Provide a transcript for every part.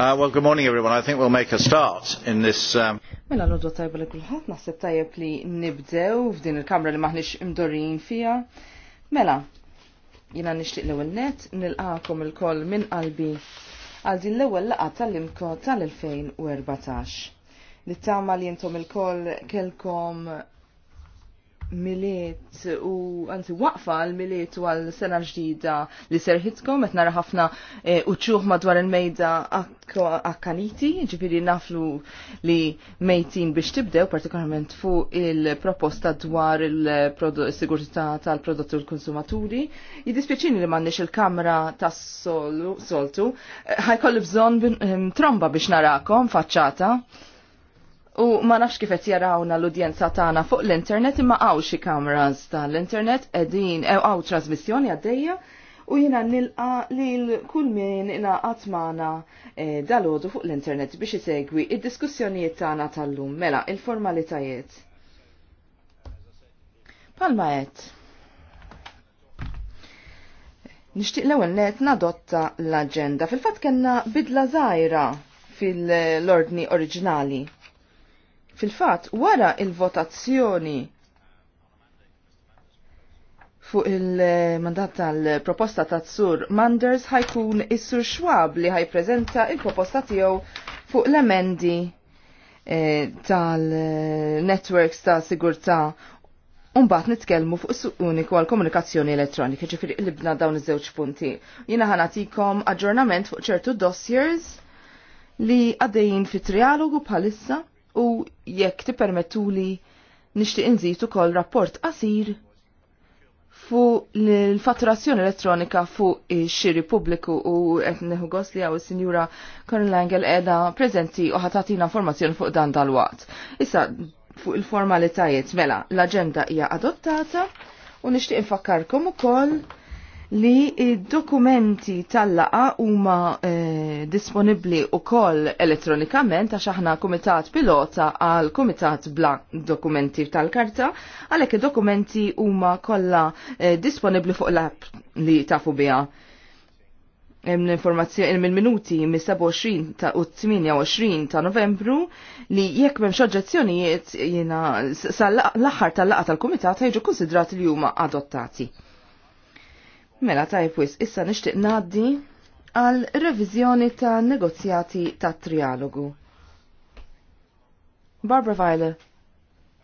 Uh, well, good morning everyone. I think we'll make a start in this... Um, mela um... l tajba li kullħat, naħseb tajjeb li nibdew f'din il-kamra li maħnix imdorin fija. Mela, jina nishtiq l ewwel net, nilqakom il-koll minn qalbi għal din l-ewel laqa tal-imko tal-2014. Nittama li jintom il-koll kelkom miliet u għanzi waqfa għal miliet u għal sena ġdida li serħitkom, et nara ħafna eh, uċuħ madwar il-mejda akkaniti, ġifiri naflu li mejtin biex tibdew, partikolarment fuq il-proposta dwar il-sigurtà tal-prodotti u l-konsumaturi. Jidispieċini li mannix il-kamra tas soltu, eh, ħajkolli bżon tromba biex narakom faċċata. U ma nafx kif qed jarawna l-udjenza tagħna fuq l-internet imma qgħu xi kameras tal-internet qegħdin hawn e, trasmissjoni għaddejja u jiena nilqa li kull min qatt magħna e, dalodu fuq l-internet biex isegwi id-diskussjonijiet tagħna tal-lum mela il-formalitajiet. Palma qed. Nixtieq l-ewwel net nadotta l-aġenda. Fil-fatt kellna bidla żgħira fil-ordni oriġinali Fil-fatt, wara il-votazzjoni fuq il-mandat tal-proposta ta' Sur Manders ħajkun is-Sur Schwab li ħajpreżenta il-proposta tiegħu fuq l-emendi eh, tal-networks ta' sigurtà Umbat nitkellmu fuq suq uniku għal komunikazzjoni elettronika, ġifiri libna dawn iż-żewġ punti. Jiena ħanatikom aġġornament fuq ċertu dossiers li għaddejjin fit trialogu bħalissa u jekk permettuli nixtieq inżid ukoll rapport qasir fu l-fatturazzjoni elettronika fu xiri pubbliku u qed neħu gost li is-sinjura Colonel Engel qiegħda preżenti u ħatatina informazzjoni fuq dan dal-waqt. Issa fuq il-formalitajiet mela l-aġenda hija adottata u nixtieq infakkarkom ukoll li id-dokumenti tal-laqa huma e, eh, disponibbli ukoll elettronikament għax aħna kumitat pilota għal kumitat bla dokumenti tal-karta għalhekk id-dokumenti huma kollha e, eh, disponibbli fuq l-app li tafu biha. Hemm Informazzjoni minn minuti mis-27 ta' u 28 ta' Novembru li jekk m'hemmx oġġezzjonijiet jiena sal-aħħar tal-laqa tal-kumitat ħejġu konsidrati li huma adottati. Mela tajpwis, issa nixtieq ngħaddi għal reviżjoni ta' negozjati ta' trialogu. Barbara Vajle,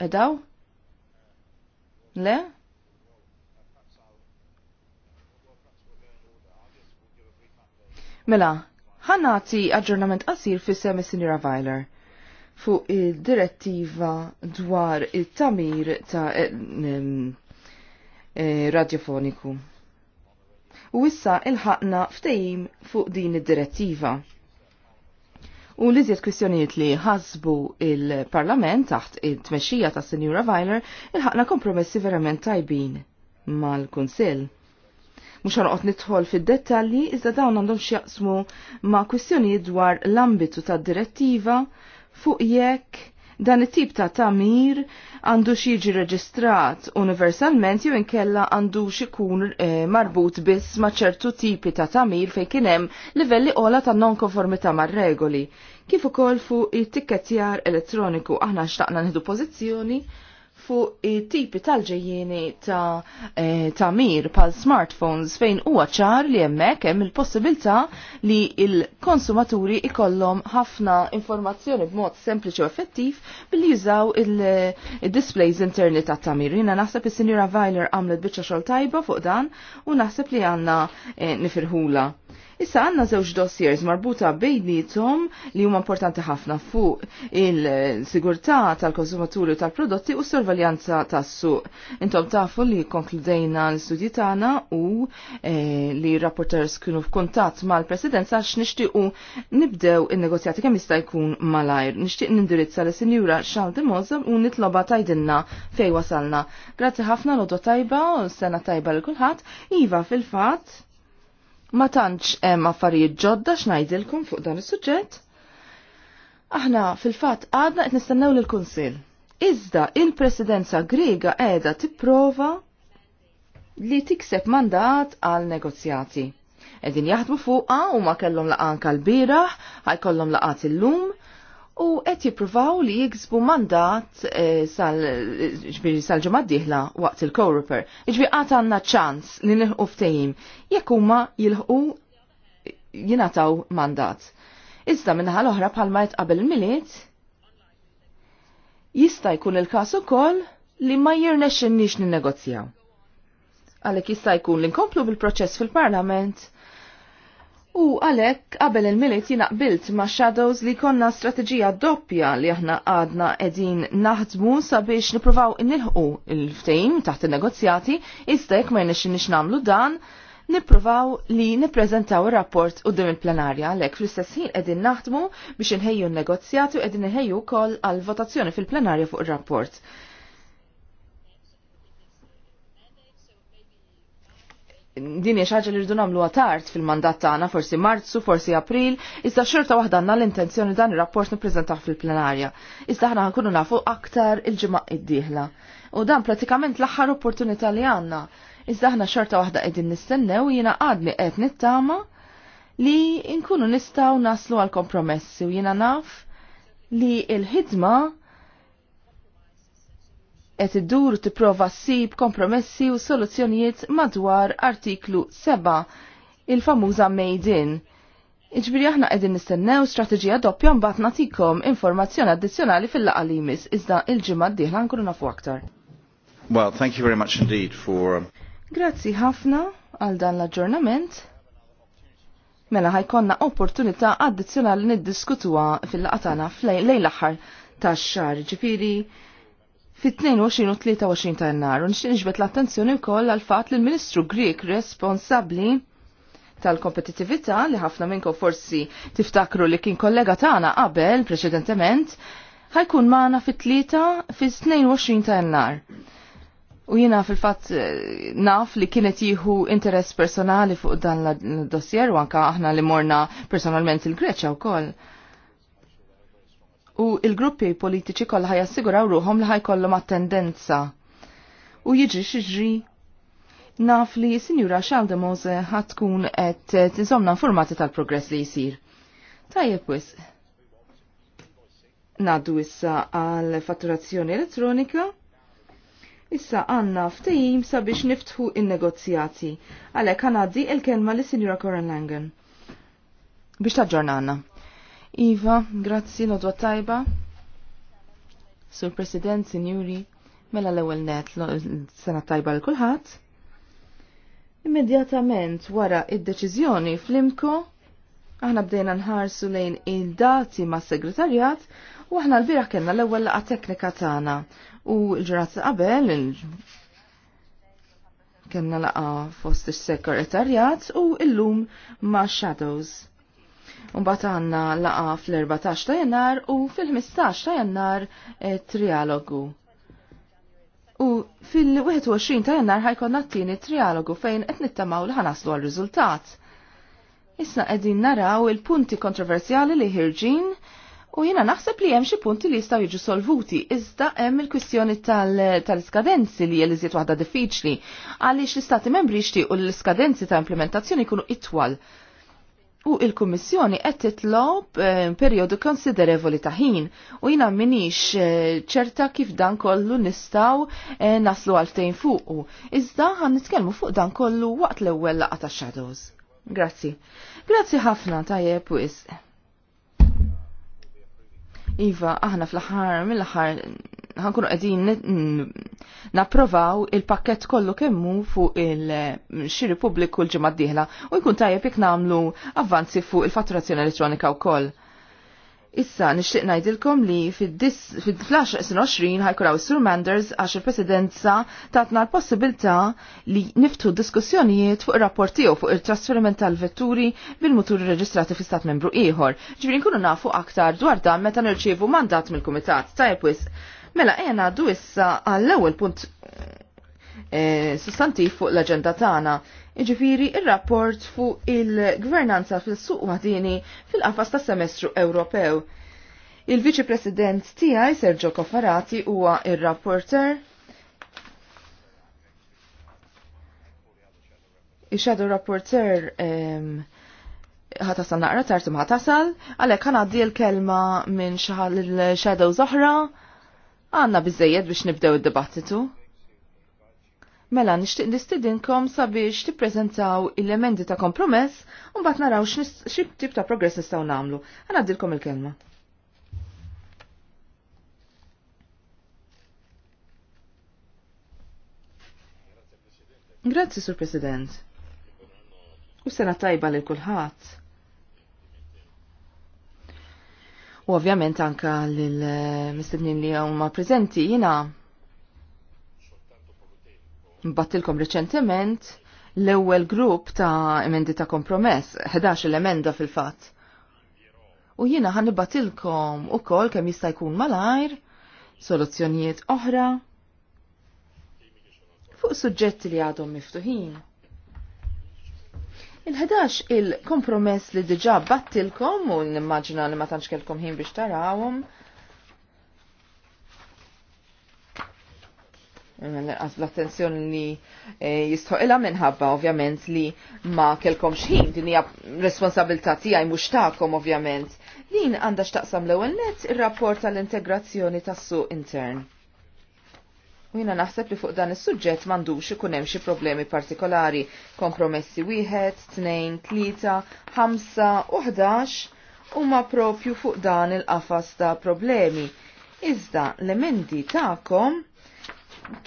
edaw? Le? Mela, ħanati aġġornament qasir fis semi Sinjora Vajler fuq il-direttiva dwar il-tamir ta' eh, mm, eh, radiofoniku u issa ilħaqna ftejim fuq din id-direttiva. U li zjed kwistjonijiet li ħasbu il-Parlament taħt il tmexxija ta' Senjura Weiler ilħaqna kompromessi verament tajbin mal-Kunsill. Mux għanqot nidħol fid-dettalji iżda dawn għandhom xjaqsmu ma' kwistjonijiet dwar l-ambitu ta' direttiva fuq jekk Dan it-tip ta' tamir għandu xieġi reġistrat universalment jew inkella għandu xikun e, marbut biss ma' ċertu tipi ta' tamir fejn kien hemm livelli ola ta' nonkonformità mar-regoli. Kif ukoll fuq it-tikketjar elettroniku aħna xtaqna nħidu pożizzjoni fuq tipi tal-ġejjieni ta', eh, ta mir pal smartphones fejn huwa ċar li hemmhekk hemm il-possibilità li il-konsumaturi ikollhom ħafna informazzjoni b'mod sempliċi u effettiv billi jużaw il-displays eh, interni ta' tamir. Jina naħseb is-Sinjura Weiler għamlet biċċa xogħol tajba fuq dan u naħseb li għandna eh, nifirħula. Issa għanna żewġ dossiers marbuta bejnietom li huma importanti ħafna fuq il-sigurtà tal-konsumaturi u tal-prodotti u s-sorvaljanza tas-suq. Intom tafu li konkludejna l-studji tagħna u e, li rapporters kienu f'kuntatt mal-Presidenza għax nixtiequ nibdew in-negozjati kemm jista' jkun malajr. Nixtieq nindirizza li sinjura Charles de Mozza u nitloba tajdinna fej wasalna. Grazzi ħafna l-odwa tajba u s-sena tajba l kulħadd Iva fil-fatt ma tantx hemm affarijiet ġodda x'ngħidilkom fuq dan is-suġġett. Aħna fil-fatt għadna qed nistennew lil kunsill. Iżda il-Presidenza Griega qiegħda tipprova li tikseb mandat għal negozjati. Edin jaħdmu fuqa u ma kellhom laqan kal-biraħ, ħajkollhom laqat illum, lum u qed jippruvaw li jiksbu mandat eh, sal-ġbiri eh, sal-ġemad diħla waqt il-co-reper. għat għanna ċans li nilħu ftejim jekk huma jilħu jinataw mandat. Iżda minnaħa l-oħra palma qabel miliet jista' jkun il-każ ukoll li ma jirnexxinniex ninnegozjaw. Għalhekk jista' jkun li nkomplu bil-proċess fil-Parlament U għalek, qabel il-milit jina qbilt ma' Shadows li konna strategija doppja li aħna għadna edin naħdmu sabiex nipruvaw nilħu il-ftejn taħt il-negozjati, istek ma' jnexin nix namlu dan, nipruvaw li niprezentaw il-rapport u dim il-plenarja għalek fl-istess ħin edin naħdmu biex nħejju il-negozjati u edin nħejju kol għal-votazzjoni fil-plenarja fuq il-rapport. din xaġa li rridu nagħmluha tard fil-mandat tagħna, forsi Marzu, forsi April, iżda xorta waħda għandna l-intenzjoni dan ir-rapport nippreżentaw fil-plenarja. Iżda aħna nkunu nafu aktar il-ġimgħa id-dieħla. U dan pratikament l-aħħar opportunità li għandna. Iżda aħna xorta waħda qegħdin nistennew jiena għadni qed nittama li nkunu nistgħu naslu għal kompromessi u jiena naf li l-ħidma qed iddur tipprova ssib kompromessi u soluzzjonijiet madwar artiklu 7 il-famuża Made in. Iġbiri aħna qegħdin nistennew strateġija doppja mbagħad nagħtikom informazzjoni addizzjonali fil-laqalimis iżda il-ġimgħa d-dieħla nkunu nafu aktar. Well, thank you very much indeed for um, Grazzi ħafna għal dan l-aġġornament. Mela ħajkonna opportunità addizzjonali niddiskutuha fil-laqatana fl-lejl aħħar tax-xahar. Ġifieri fit-22 u 23 ta' jannar u nixtieq nixbet l-attenzjoni wkoll għal fatt li l-Ministru Grieg responsabbli tal-kompetitività li ħafna minnkom forsi tiftakru li kien kollega tagħna qabel preċedentement ħajkun magħna fit-tlieta fis-22 ta' jannar. U jiena fil fatt eh, naf li kienet jieħu interess personali fuq dan l-dossier u anka aħna li morna personalment il-Greċa wkoll. koll u il-gruppi politiċi kollha jassiguraw ruhom li ħajkollhom attendenza. U jiġri xiġri naf li sinjura Xaldemose tkun qed tinżomna informati tal-progress li jsir. Tajjeb wis. Naddu issa għal fatturazzjoni elettronika. Issa għanna ftejim sabiex niftħu il-negozjati. Għalek għanaddi il-kelma li Sinjura Coran Langen. Biex taġġorna Iva, grazzi, nodwa tajba. Sur President, Sinjuri, mela l-ewel net, sena tajba l-kulħat. Immedjatament wara id-deċizjoni fl-imko, aħna bdejna nħarsu lejn il-dati ma' segretarjat u aħna l vira kena l-ewel laqa teknika tagħna u l-ġurat qabel kena laqa fost il-sekretarjat u l-lum ma' Shadows Mbagħad għandna laqa fl-14 ta' jannar u fil-15 ta' jannar eh, trialogu. U fil-21 ta' jannar ħajkonna t-tieni trialogu fejn qed nittamaw li ħanaslu għal-riżultat. Issa qegħdin naraw il-punti kontroversjali li ħirġin U jina naħseb li hemm xi punti li jistgħu jiġu solvuti, iżda hemm il-kwistjoni tal-skadenzi li hija liżiet waħda diffiċli, għaliex l-istati membri jixtiequ l-skadenzi ta' implementazzjoni jkunu itwal u il-Kummissjoni qed titlob eh, perjodu konsiderevoli ta' ħin u jina minix eh, ċerta kif dan kollu nistaw eh, naslu għalftejn fuqu. Iżda ħan nitkellmu fuq dan kollu waqt l-ewwel laqgħa ta' Shadows. Grazzi. Grazzi ħafna tajjeb u Iva, aħna fl-aħħar mill-aħħar ħankunu qegħdin napprovaw il-pakkett kollu kemmu fuq il-xiri pubbliku l-ġimgħa dieħla u jkun tajjeb jekk nagħmlu avvanzi fuq il-fatturazzjoni elettronika wkoll. Issa nixtieq ngħidilkom li fid-20 ħajkun hawn Sur Manders għax il-Presidenza tatna l-possibilità li niftu diskussjonijiet fuq ir-rapport tiegħu fuq il-trasferiment tal-vetturi bil-muturi reġistrati fi stat membru ieħor. Ġifieri nkunu nafu aktar dwar dan meta nirċievu mandat mill-Kumitat. Tajpwis, Mela, jena għaddu issa għall-ewel punt e, sustantiv fuq l-agenda tagħna. Iġifiri il-rapport fuq il-gvernanza fil-suq waħdini fil-qafas ta' semestru Ewropew. Il-Viċi President tiegħi Sergio Kofarati, huwa il rapporter Ixħadu ehm, Rapporter ħatasal naqra tartum ħatasal, għalek ħanaddi l-kelma minn xaħal il-Shadow Zohra Għanna bizzejed biex nibdew id-dibattitu. Mela nixtieq nistidinkom sabiex tippreżentaw il-emendi ta' kompromess u mbagħad naraw xi tip ta' progress nistgħu nagħmlu. dilkom il-kelma. Grazzi, Sur President. U sena tajba lil kulħadd. u ovvjament anka l-mistednin eh, li huma preżenti jina mbattilkom reċentement l-ewwel grupp ta' emendi ta' kompromess, 11 l-emenda fil-fatt. U jiena għan nibatilkom u kol kem jista' jkun malajr, soluzzjonijiet oħra, fuq suġġetti li għadhom miftuħin. Il-11 il-kompromess li diġa battilkom u nimmaġina li ma tantx kelkom ħin biex tarawhom. Mela, l-attenzjoni li eh, jistħoqila minħabba ovvjament li ma kelkom xħin din hija responsabilità tiegħi mhux tagħkom ovvjament. Din għandha x'taqsam l-ewwel net ir-rapport tal-integrazzjoni tas-suq intern. U jina naħseb li fuq dan is-suġġett m'għandux ikun hemm xi problemi partikolari. Kompromessi wieħed, tnejn, tlieta, ħamsa u ħdax huma propju fuq dan il-qafas ta' problemi. Iżda l-emendi tagħkom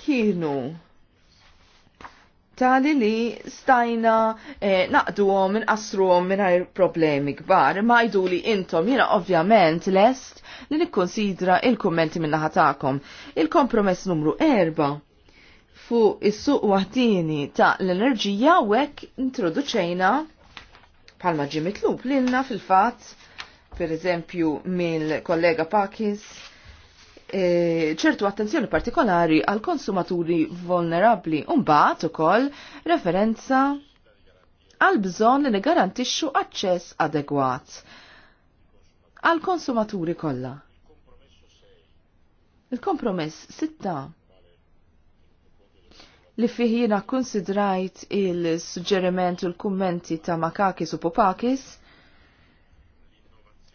kienu tali li stajna eh, naqdu għom inqasru għom minnajr problemi kbar. Ma jdu li intom jina ovvjament lest li nikkonsidra il-kommenti minna ħatakom. Il-kompromess numru 4 fuq is-suq ta' l-enerġija u hekk introduċejna palma ġimitlub lilna fil-fatt per eżempju mill-kollega Pakis E, ċertu attenzjoni partikolari għal konsumaturi vulnerabli mbagħad ukoll referenza għal bżonn li garantixxu aċċess adegwat għal konsumaturi kollha. Il-kompromess sitta li fih jiena konsidrajt il sugġeriment u l-kummenti ta' Makakis u Popakis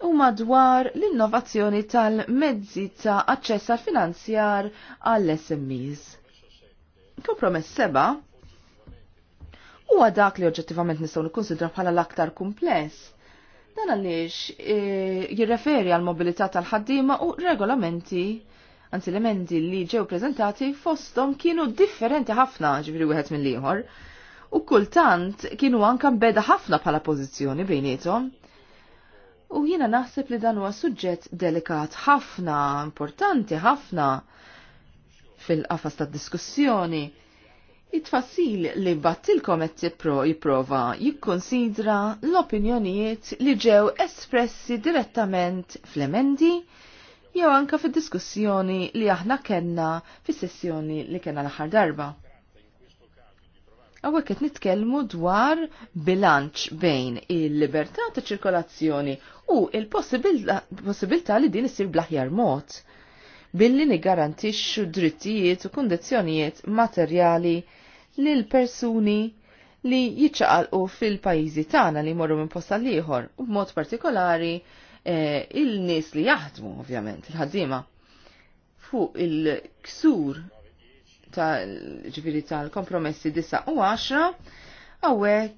u madwar l-innovazzjoni tal-mezzi ta' aċċess għal finanzjar għall-SMEs. Kompromess seba u dak li oġġettivament nistgħu nikkunsidra bħala l-aktar kumpless. Dan għaliex e, jirreferi għal mobilità tal-ħaddiema u regolamenti anzi l-emendi li ġew prezentati fostom kienu differenti ħafna ġifri wieħed mill-ieħor u kultant kienu anka beda ħafna bħala pożizzjoni bejnietom u jiena naħseb li dan huwa suġġett delikat ħafna, importanti ħafna fil-qafas tad diskussjoni. It-tfassil li battilkom qed jipprova jikkonsidra l-opinjonijiet li ġew espressi direttament fl-emendi jew anka fid-diskussjoni li aħna kellna fis-sessjoni li kellna l-aħħar darba. Għawek qed nitkellmu dwar bilanċ bejn il-libertà ta' ċirkolazzjoni u il-possibilità li din issir blaħjar mod billi nigarantixxu drittijiet u kundizzjonijiet materjali lil persuni li jiċċaqalqu fil-pajjiżi tagħna li jmorru minn posta ieħor u b'mod partikolari eh, il-nies li jaħdmu ovvjament il-ħaddiema fuq il-ksur tal-ġifiri tal-kompromessi 9 u 10, għawek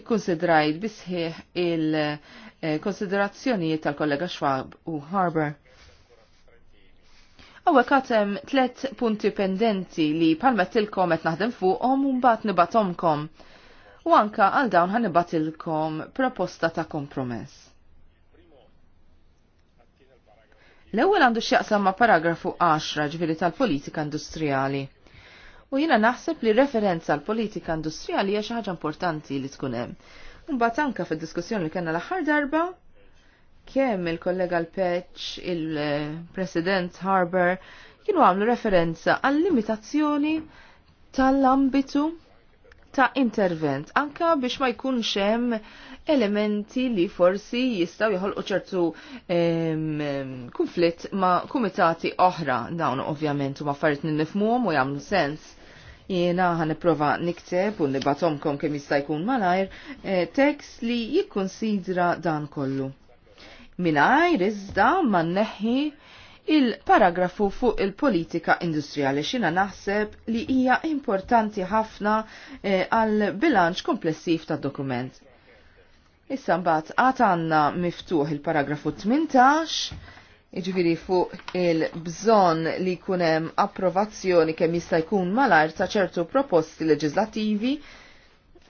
ikkonsidrajt bisħiħ il-konsiderazzjonijiet tal-kollega Schwab u Harbour. Għawek għatem tlet punti pendenti li palmettilkom et naħdem fuqom un bat nibatomkom. U anka għal dawn għan nibatilkom proposta ta' kompromess. L-ewwel għandu x'jaqsam ma' paragrafu 10 ġifieri tal-politika industrijali. U jiena naħseb li referenza għal politika industrijali hija xi ħaġa importanti li tkun hemm. Imbagħad anke fid-diskussjoni li kellna l-aħħar darba kemm il-kollega l-Peċ, il-President Harbour, kienu għamlu referenza għall limitazzjoni tal-ambitu ta' intervent, anka biex ma jkunx xem elementi li forsi jistaw jħolqu ċertu konflitt ma' kumitati oħra dawn ovvjament u ma' farit nifmuhom u jagħmlu sens. Jiena għan nipprova nikteb u nibatomkom kemm jista' jkun malajr eh, tekst li jikkonsidra dan kollu. Minajr iżda man neħi il-paragrafu fuq il-politika industrijali xina naħseb li hija importanti ħafna eh, għal bilanċ komplessiv ta' dokument. Issa mbagħad għad għandna miftuħ il-paragrafu 18 Iġviri fuq il-bżon li kunem approvazzjoni kemm jista' jkun malajr ta' ċertu proposti leġislativi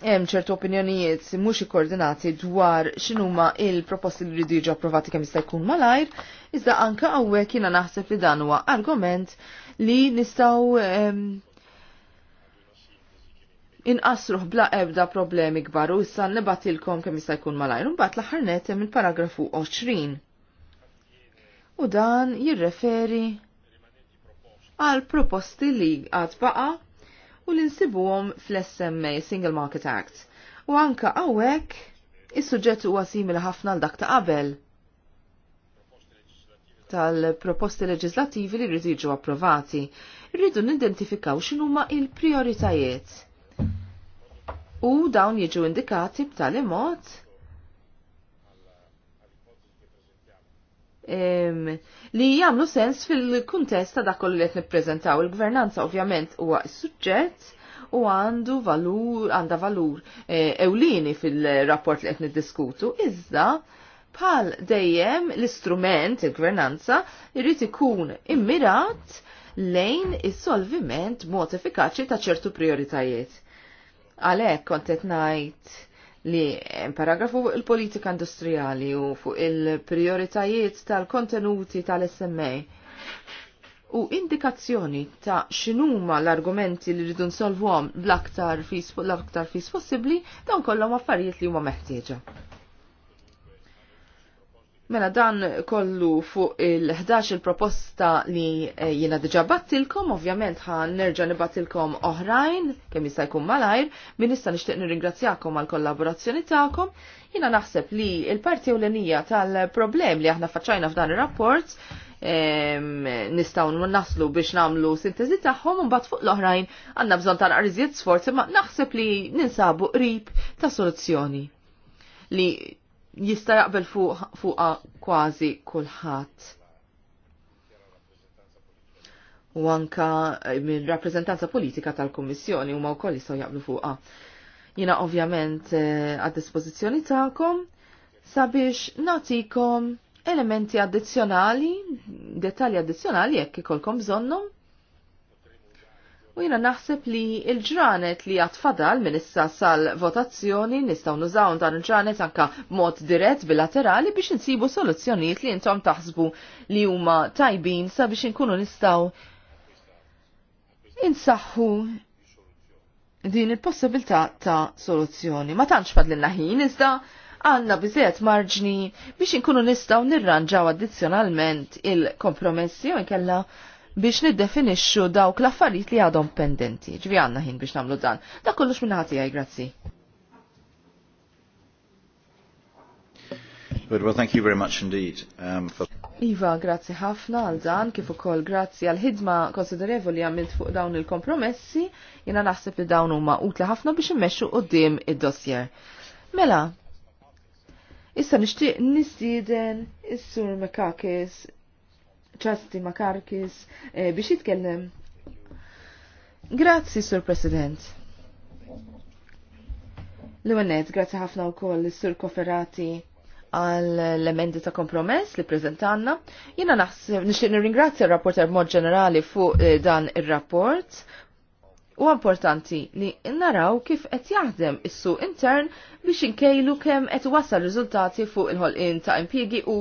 hemm ċertu opinjonijiet mhux ikkoordinati dwar x'inhuma il-proposti li jridu approvati kemm jista' jkun malajr, iżda anke hawnhekk jiena naħseb li dan huwa argument li nistgħu ehm, inqasruh bla ebda problemi kbar u issa nibatilkom kemm jista' jkun malajr. Imbagħad l-aħħar net hemm il-paragrafu 20. U dan jirreferi għal proposti li għad baqa' u li nsibuhom fl-SMA Single Market Act. U anka għawek, is-suġġett huwa simili ħafna l dak ta' qabel tal-proposti leġislativi li rridu jiġu approvati. Rridu nidentifikaw x'inhuma il-prioritajiet. U dawn jiġu indikati b'tali mod li jagħmlu sens fil-kuntest ta' dak li qed nippreżentaw. Il-gvernanza ovvjament huwa suġġett u għandu valur, għanda valur eh, ewlini fil-rapport li qed niddiskutu, iżda bħal dejjem l-istrument, il-gvernanza, irrid ikun immirat lejn is-solviment mod effikaċi ta' ċertu prioritajiet. Għalhekk kont qed ngħid li paragrafu fuq il-politika industrijali u fuq il-prioritajiet tal-kontenuti tal-SMA u indikazzjoni ta' xinuma l-argumenti li rridu solvu għom bl-aktar l-aktar fis possibli, dawn kollha affarijiet li huma meħtieġa. Mela dan kollu fuq il-11 il-proposta li eh, jiena diġa battilkom, ovvjament ħan nerġa nibattilkom oħrajn, kemm jista' jkun malajr, min nista' nixtieq nirringrazzjakom għal kollaborazzjoni tagħkom. Jiena naħseb li l-parti ewlenija tal-problem li aħna faċċajna f'dan ir-rapport nistgħu naslu biex nagħmlu sintesi tagħhom u mbagħad fuq l-oħrajn għandna bżonn ta' naqriżiet sforzi ma naħseb li ninsabu qrib ta' soluzzjoni li jista' jaqbel fuqa kważi kulħadd. U anka eh, minn rappreżentanza politika tal-Kummissjoni huma wkoll jistgħu jaqblu fuqha. Jiena ovvjament eh, għad dispożizzjoni tagħkom sabiex natikom elementi addizzjonali, dettalji addizzjonali jekk ikolkom bżonnhom u jina naħseb li il-ġranet li għatfadal minn issa sal-votazzjoni nistaw nużaw dan il-ġranet anka mod dirett bilaterali biex nsibu soluzzjonijiet li intom taħsbu li huma tajbin sabiex inkunu nistaw insaħħu din il-possibilità ta' soluzzjoni. Ma tantx fadlilna ħin iżda għanna bizet marġni biex inkunu nistaw nirranġaw addizjonalment il-kompromessi u nkella biex niddefinixxu dawk l-affarijiet li għadhom pendenti. Ġvi għandna ħin biex nagħmlu dan. Da kollox minn ħati għaj, grazzi. Good, well, thank you very much indeed. Um, for... Iva, grazzi ħafna għal dan, kif ukoll grazzi għal ħidma konsiderevoli għamilt fuq dawn il-kompromessi, jena naħseb li dawn huma utli ħafna biex immexxu qudiem id-dossier. Mela, issa nixtieq nistieden is-Sur Mekakis Trusty Makarkis eh, biex jitkellem. Grazzi, Sur President. L-għanet, grazzi ħafna u koll Sur Koferati għal l-emendi ta' kompromess li prezentanna. Jena naħseb, nixtieq nirringrazzja r-rapporter mod ġenerali fuq eh, dan ir-rapport U importanti li naraw kif qed jaħdem is-suq intern biex inkejlu kemm qed wasal riżultati fuq il-ħolqien ta' impjiegi u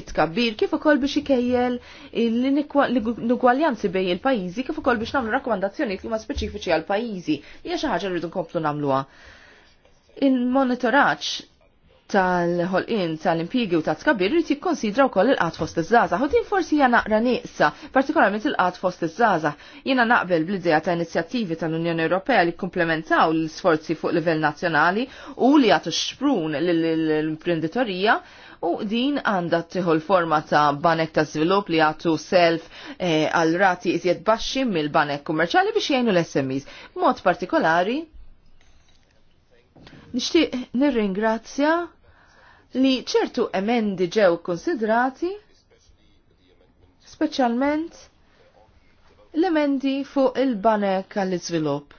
it-tkabbir kif ukoll biex ikejjel l-ugwaljanzi bejn il-pajjiżi kif ukoll biex nagħmlu rakkomandazzjonijiet li huma speċifiċi għal pajjiżi hija xi ħaġa rridu nkomplu nagħmluha. Il-monitoraġġ tal-ħolqin tal impigi u tal tkabir rrit jikkonsidra wkoll il qat fost iż-żgħażagħ u din forsi hija naqra nieqsa, partikolarment il qat fost iż żaza Jiena naqbel bl-idea ta' inizjattivi tal-Unjoni Ewropea li komplementaw l-sforzi fuq livell nazzjonali u li jagħtu xprun l-imprenditorija u din għandha tieħu forma ta' banek ta' żvilupp li għatu self eh, għal rati iżjed baxxi mill-banek kummerċali biex jgħinu l-SMEs. Mod partikolari Nixtieq nirringrazzja li ċertu emendi ġew konsidrati, speċjalment l-emendi fuq il-banek għall izvilup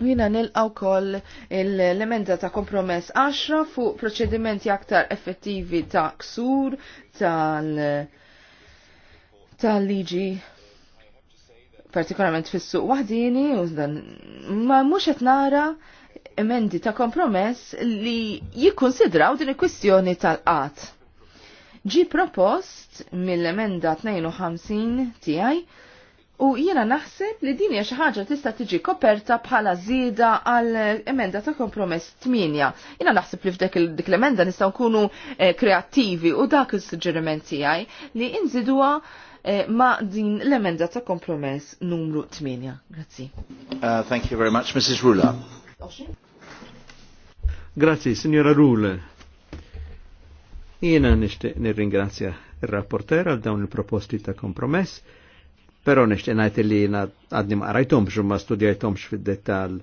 Jina nilqaw koll l-emenda ta' kompromess 10 fuq proċedimenti aktar effettivi ta' ksur tal-liġi partikolarment fis-suq waħdini u dan ma mhux qed nara emendi ta' kompromess li jikkonsidraw din il-kwistjoni tal-qat. Ġi propost mill-emenda 52 tiegħi u jiena naħseb li din hija xi ħaġa tista' tiġi koperta bħala żieda għal emenda ta' kompromess 8. Jiena naħseb li f'dek dik l-emenda nistgħu nkunu eh, kreattivi u dak il-suġġeriment tiegħi li inżiduha eh, ma din l-emenda ta' kompromess numru 8. Grazzi. Uh, thank you very much, Mrs. Rula. Grazzi, signora Rule. Jiena nishtiq nirringrazzja il-rapporter għal dawn il-proposti ta' kompromess, pero nishtiq najt li jena għadni ma rajtom u ma studjajtomx fid-dettal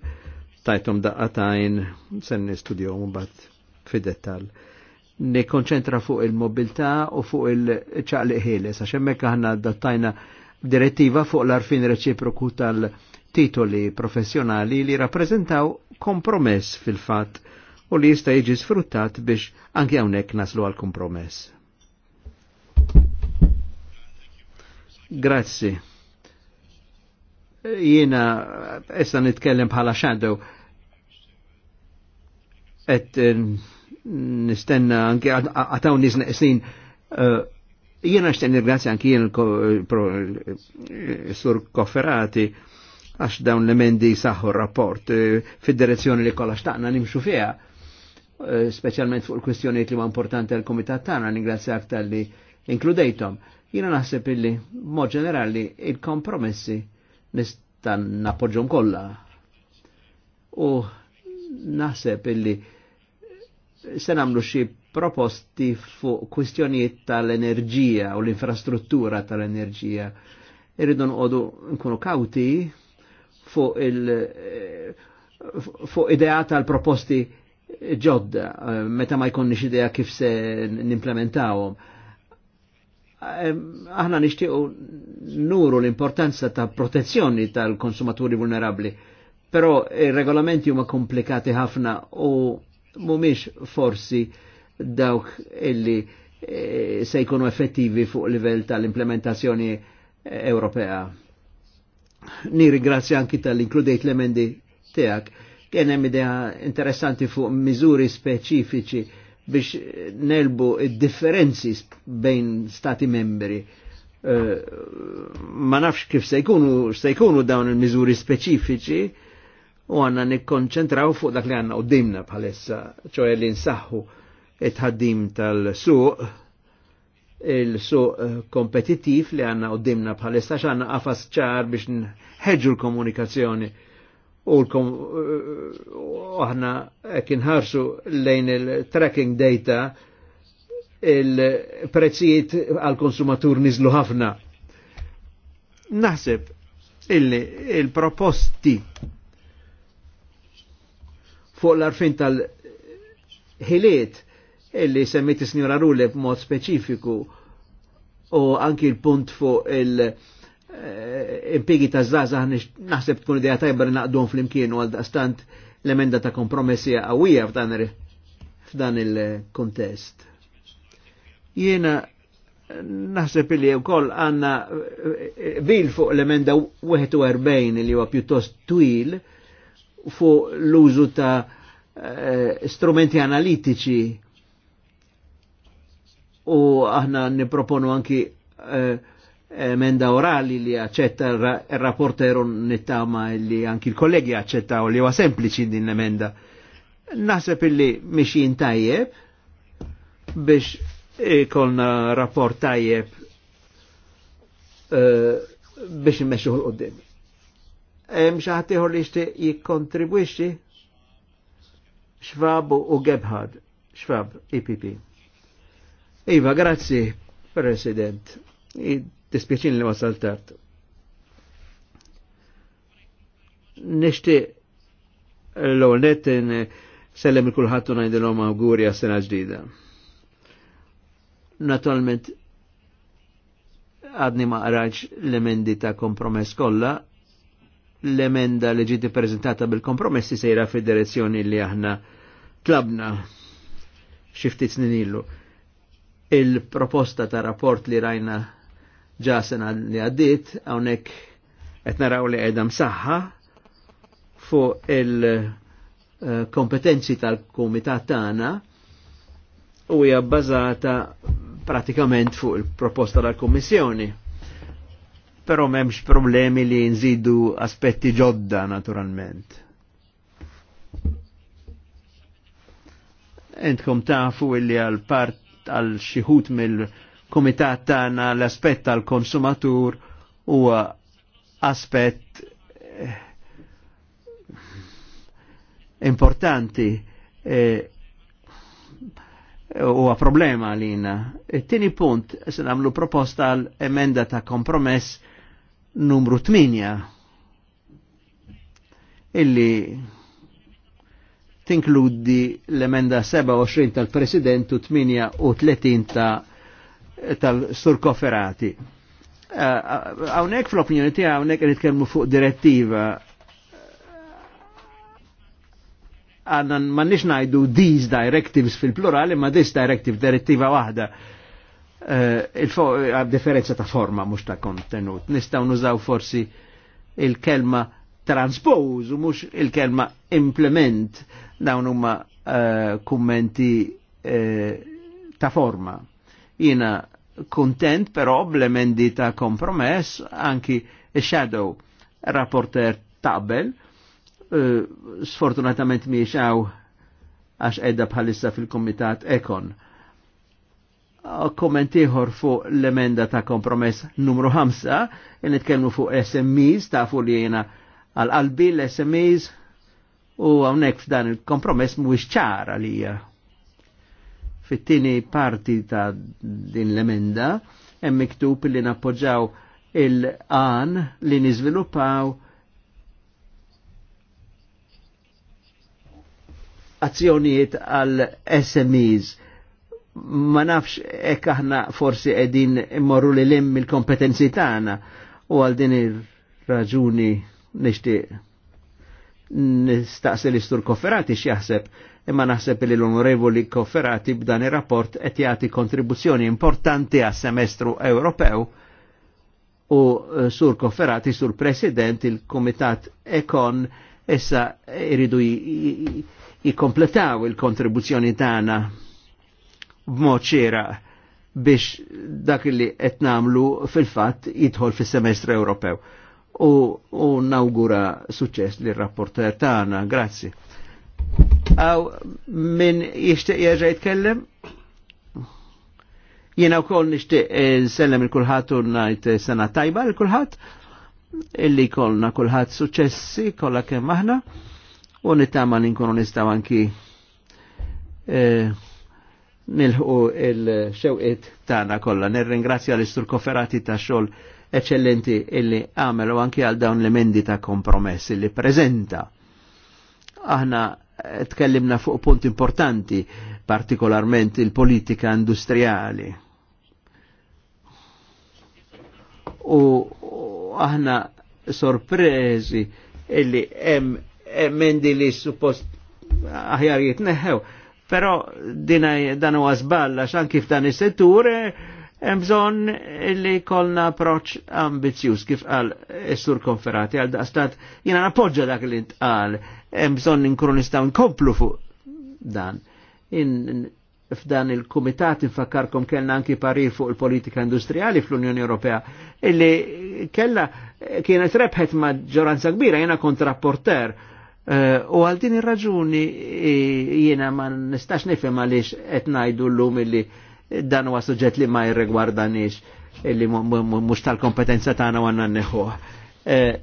tajtom daqqatajn sen nistudjom u bat fid-dettal. konċentra fuq il-mobilità u fuq il-ċaqli ħieles, għax hemmhekk aħna dattajna direttiva fuq l-arfin reċiproku tal- titoli professjonali li rappresentaw kompromess fil-fat u li jista' jiġi sfruttat biex anke hawnhekk naslu għal kompromess. Grazzi. Jiena issa nitkellem bħala shadow qed eh, nistenna anke għataw nisnaqsin eh, jiena xten nirgrazzja anki jien sur kofferati għax dawn l-emendi saħħu rapport eh, fid-direzzjoni li kolla xtaqna nimxu fija Eh, specialment fuq il-kwestjoniet li ma importanti għal komitat tagħna ningrazzjak tal-li inkludejtom. Jina naħseb illi mod ġenerali il-kompromessi nistan nappoġġhom kolla. U naħseb illi se nagħmlu xie proposti fuq kwistjonijiet tal-enerġija u l-infrastruttura tal-enerġija. Irridu nqogħdu nkunu kauti fuq il- eh, fuq idea tal-proposti ġodda, eh, meta ma jkunni idea kif se nimplementawhom. Ehm, aħna nixtiequ nuru l-importanza ta' protezzjoni tal-konsumaturi vulnerabli, pero il regolamenti huma komplikati ħafna u mhumiex forsi dawk illi eh, se jkunu effettivi fuq livell tal-implementazzjoni eh, Ewropea. ringrazzja anki tal-inkludejt l-emendi tijak kien hemm idea interessanti fuq miżuri speċifiċi biex nelbu differenzi bejn stati membri. Eh, ma nafx kif se jkunu se jkunu dawn il-miżuri speċifiċi u għanna nikkonċentraw fuq dak li għanna u dimna bħalissa, ċoħe li nsaħħu it-ħaddim tal-suq, il-suq eh, kompetitiv li għanna u dimna bħalissa xanna għafas ċar biex nħedġu l-komunikazzjoni u l-kom aħna kienħarsu lejn il-tracking data il-prezzijiet għal-konsumatur nizlu ħafna. Naħseb illi il-proposti fuq l-arfin tal-ħiliet illi semmiti signora Rule b'mod speċifiku u anki il punt fuq il- Eh, impigi ta' zaza naħseb tkun idea tajba li naqdum fl-imkien u għal-dastant l-emenda ta' kompromessi għawija f'dan il-kontest. Jiena naħseb li u koll għanna eh, bil fuq l-emenda 41 li huwa pjuttost twil fuq l-użu ta' eh, strumenti analitiċi u aħna niproponu anki uh, emenda orali li accetta il-rapportero nittama e li anche il-kollegi accettaw li va semplici din l-emenda. Naħseb illi mixin tajjeb biex ikolna e eh, rapport tajjeb uh, biex immexxu l-qoddim. Hemm xi ħadd li jixtieq jikkontribwixxi Xfab u Gebhard, Xfab, IPP. E iva, grazie President. Tispieċin li wasal tard. Nishti l-għolnet sellem il-kulħattu najdilom auguri għas-sena ġdida. Naturalment, għadni ma l-emendi ta' kompromess kolla, l-emenda li ġiti prezentata bil-kompromessi sejra fi direzzjoni li aħna tlabna xiftit snin illu. Il-proposta ta' rapport li rajna ġa sena li għaddit għonek qed naraw li għedam msaħħa fuq il-kompetenzi tal-kumitat tagħna u hija bbażata pratikament fuq il-proposta tal-Kummissjoni. Però m'hemmx problemi li nżidu aspetti ġodda naturalment. Entkom tafu illi għal part għal xiħut mill- kumitat tana l aspet tal-konsumatur huwa aspett eh, importanti eh, u a problema lina. It-tieni punt se namlu proposta l emenda ta' kompromess numru 8 illi tinkludi l-emenda 27 tal-President u 38 ta' tal-sur koferati. Għawnek fl-opinjoni ti għawnek nitkellmu fuq direttiva għanna nix najdu these directives fil-plurali ma this directive direttiva wahda eh, għab differenza ta' forma mux ta' kontenut nistaw nużaw forsi il-kelma transpose u mux il-kelma implement dawn huma eh, kummenti eh, ta' forma Jina kontent però bl-emendi ta' kompromess anki shadow rapporter tabel eh, sfortunatament mi xaw għax edda bħalissa fil-komitat ekon. Kommentiħor fuq l-emenda ta' kompromess numru 5, nitkellmu fuq SMEs, ta' fuq li jena għal-qalbi l-SMEs u għawnek f'dan il-kompromess mhuwiex ċara li fit-tieni parti ta' din l-emenda hemm miktub li nappoġġaw il-qan li niżviluppaw azzjonijiet għal SMEs. Ma nafx ek aħna forsi edin immorru li lim il-kompetenzi tagħna u għal din ir-raġuni nixtieq nistaqsi l-istur kofferati x'jaħseb imma naħseb li l-onorevoli kofferati b'dan ir-rapport qed jagħti kontribuzzjoni importanti għas semestru Ewropew u eh, sur kofferati sur president il-Komitat Ekon issa iridu jikompletaw il-kontribuzzjoni tagħna b'mod ċera biex dak li qed nagħmlu fil-fatt jidħol fis-semestru Ewropew. U, u nawgura suċċess lir rapporter tagħna. Grazzi. Għaw minn jishtiq jerġa' jitkellem? Jiena wkoll nixtieq eh, nsellem il kulħadd u ngħid eh, sena tajba il kulħadd illi kolna kulħadd suċessi kollha kemm aħna u nittama li nkunu nistgħu anki eh, nilħu il xewqit tana kollha. Nirringrazzja l-istur koferati ta' xogħol eccellenti illi għamelu anki għal dawn l-emendi ta' kompromess li prezenta. Aħna tkellimna fuq punt importanti, partikolarment il-politika industrijali. U aħna sorpresi illi hemm emendi li suppost aħjar jitneħħew, però dina dan huwa żballa xan kif dan is-settur hemm bżonn li kolna approċ ambizzjuż kif qal is-sur konferati għal daqstat jiena nappoġġa dak li ntqal hemm bżonn inkunu nistgħu nkomplu fuq dan. In, in f'dan il-kumitat infakkarkom kellna anki parir fuq il-politika industriali fl-Unjoni Ewropea illi kella kienet rebħet maġġoranza kbira jena kontrapporter eh, u għal din ir-raġuni jiena ma nistax nifhem għaliex qed ngħidu llum illi dan huwa suġġett li ma jirregwardanix illi mhux tal-kompetenza tagħna għandna nneħħuh. Uh,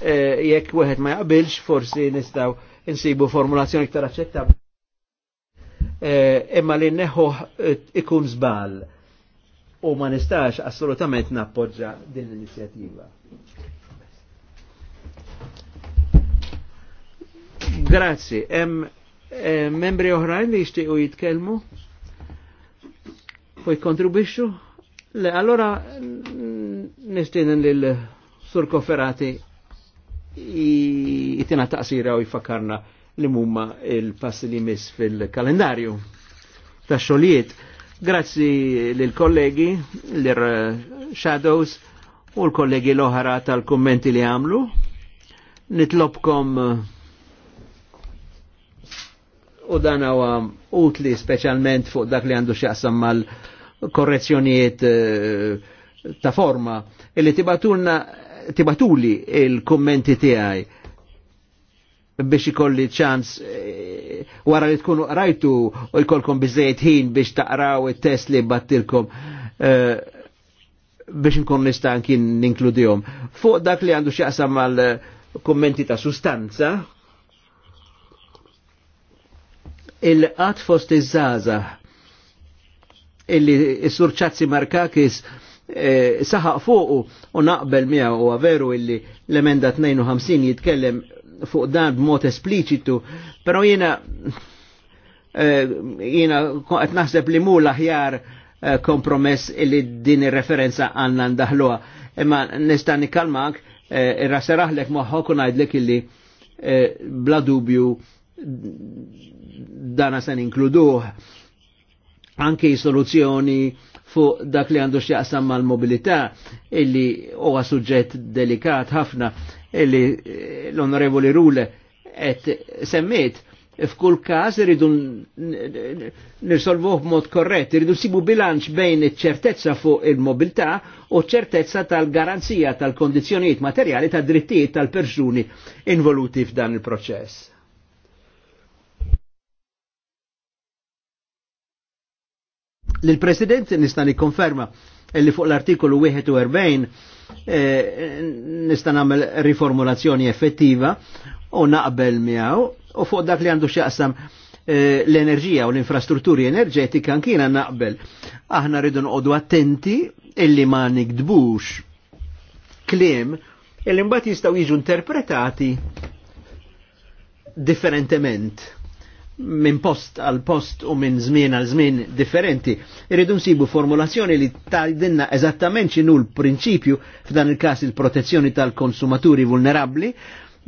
Eh, jekk wieħed ma jaqbilx forsi nistgħu insibu formulazzjoni iktar aċċettabbli. Eh, imma li neħuħ eh, ikun żball u ma nistax assolutament nappoġġa din l-inizjattiva. Grazzi, membri oħrajn li jixtiequ jitkellmu u jikkontribwixxu. Le, allora nistinen lil Sur Koferati jitina taqsira u jifakarna li mumma il-passi li mis fil-kalendarju ta' xolijiet. Grazzi l-kollegi, l-shadows u l-kollegi l-oħra tal-kommenti li għamlu. Nitlobkom u dan għu utli speċjalment fuq dak li għandu x'jaqsam mal-korrezzjonijiet eh, ta' forma illi tibatulna tibatuli il-kommenti tiegħi biex ikolli ċans eh, wara li tkunu rajtu u jkolkom bizzejt ħin biex taqraw it-test li battilkom eh, biex nkun nistan kien ninkludijom. Fuq dak li għandu x'jaqsam mal kommenti ta' sustanza, il-qat fost iż-żaza illi s-surċazzi markakis Eh, saħaq fuqu u naqbel miegħu u veru illi l-emenda 52 jitkellem fuq dan b'mod espliċitu, però jiena eh, jiena qed naħseb li mhu l-aħjar eh, kompromess illi din ir-referenza għandna ndaħluha. Imma nista' nikkalmak irraseraħlek moħħok u ngħidlek illi bla dubju dana se inkluduh anki soluzzjoni fuq dak li għandu xjaqsam mal-mobilità illi huwa suġġett delikat ħafna illi eh, l-onorevoli Rule et semmit, f'kull każ iridu nirsolvuh b'mod korrett, iridu sibu bilanċ bejn ċertezza fuq il-mobilità u ċertezza tal-garanzija tal-kondizzjonijiet materjali tad drittijiet tal-persuni involuti f'dan il-proċess. L-President nista' nikkonferma li fuq l-artikolu 41 eh, nista' nagħmel riformulazzjoni effettiva u naqbel miegħu u fuq dak li għandu x'jaqsam eh, l-enerġija u l-infrastrutturi enerġetika kien naqbel. Aħna rridu noqogħdu attenti illi ma nikdbux kliem illi mbagħad jistgħu jiġu interpretati differentement minn post għal post u minn żmien għal żmien differenti. Irridu nsibu formulazzjoni li tajdinna eżattament x'inhu l-prinċipju f'dan il-każ il-protezzjoni tal-konsumaturi vulnerabbli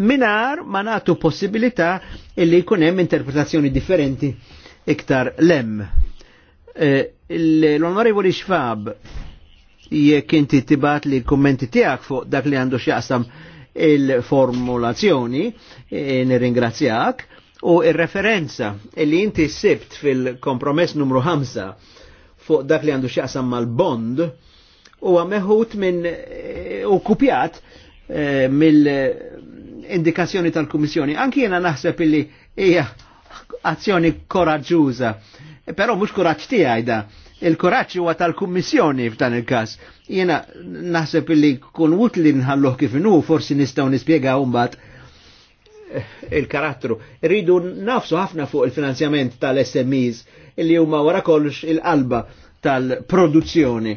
minar ma nagħtu possibilità li jkun hemm interpretazzjoni differenti iktar lem. Eh, l-onorevoli Xfab jekk inti tibat li kommenti tiegħek fuq dak li għandu x'jaqsam il-formulazzjoni, e, U il referenza li inti sibt fil-kompromess numru 5 fuq dak li għandu xaqsam mal-bond u għameħut minn eh, u kupjat eh, mill-indikazzjoni tal-Kummissjoni. Anki jena naħseb illi hija azzjoni koraġġuża, però mhux kuraġġ tiegħi da. il kuraġġ huwa tal-Kummissjoni f'dan il-każ. Jiena naħseb illi kun wut li nħalluh kif inhu, forsi nistgħu nispjegaw mbagħad il-karattru. Rridu nafsu ħafna fuq il-finanzjament tal-SMEs li huma wara kollox il-qalba tal-produzzjoni,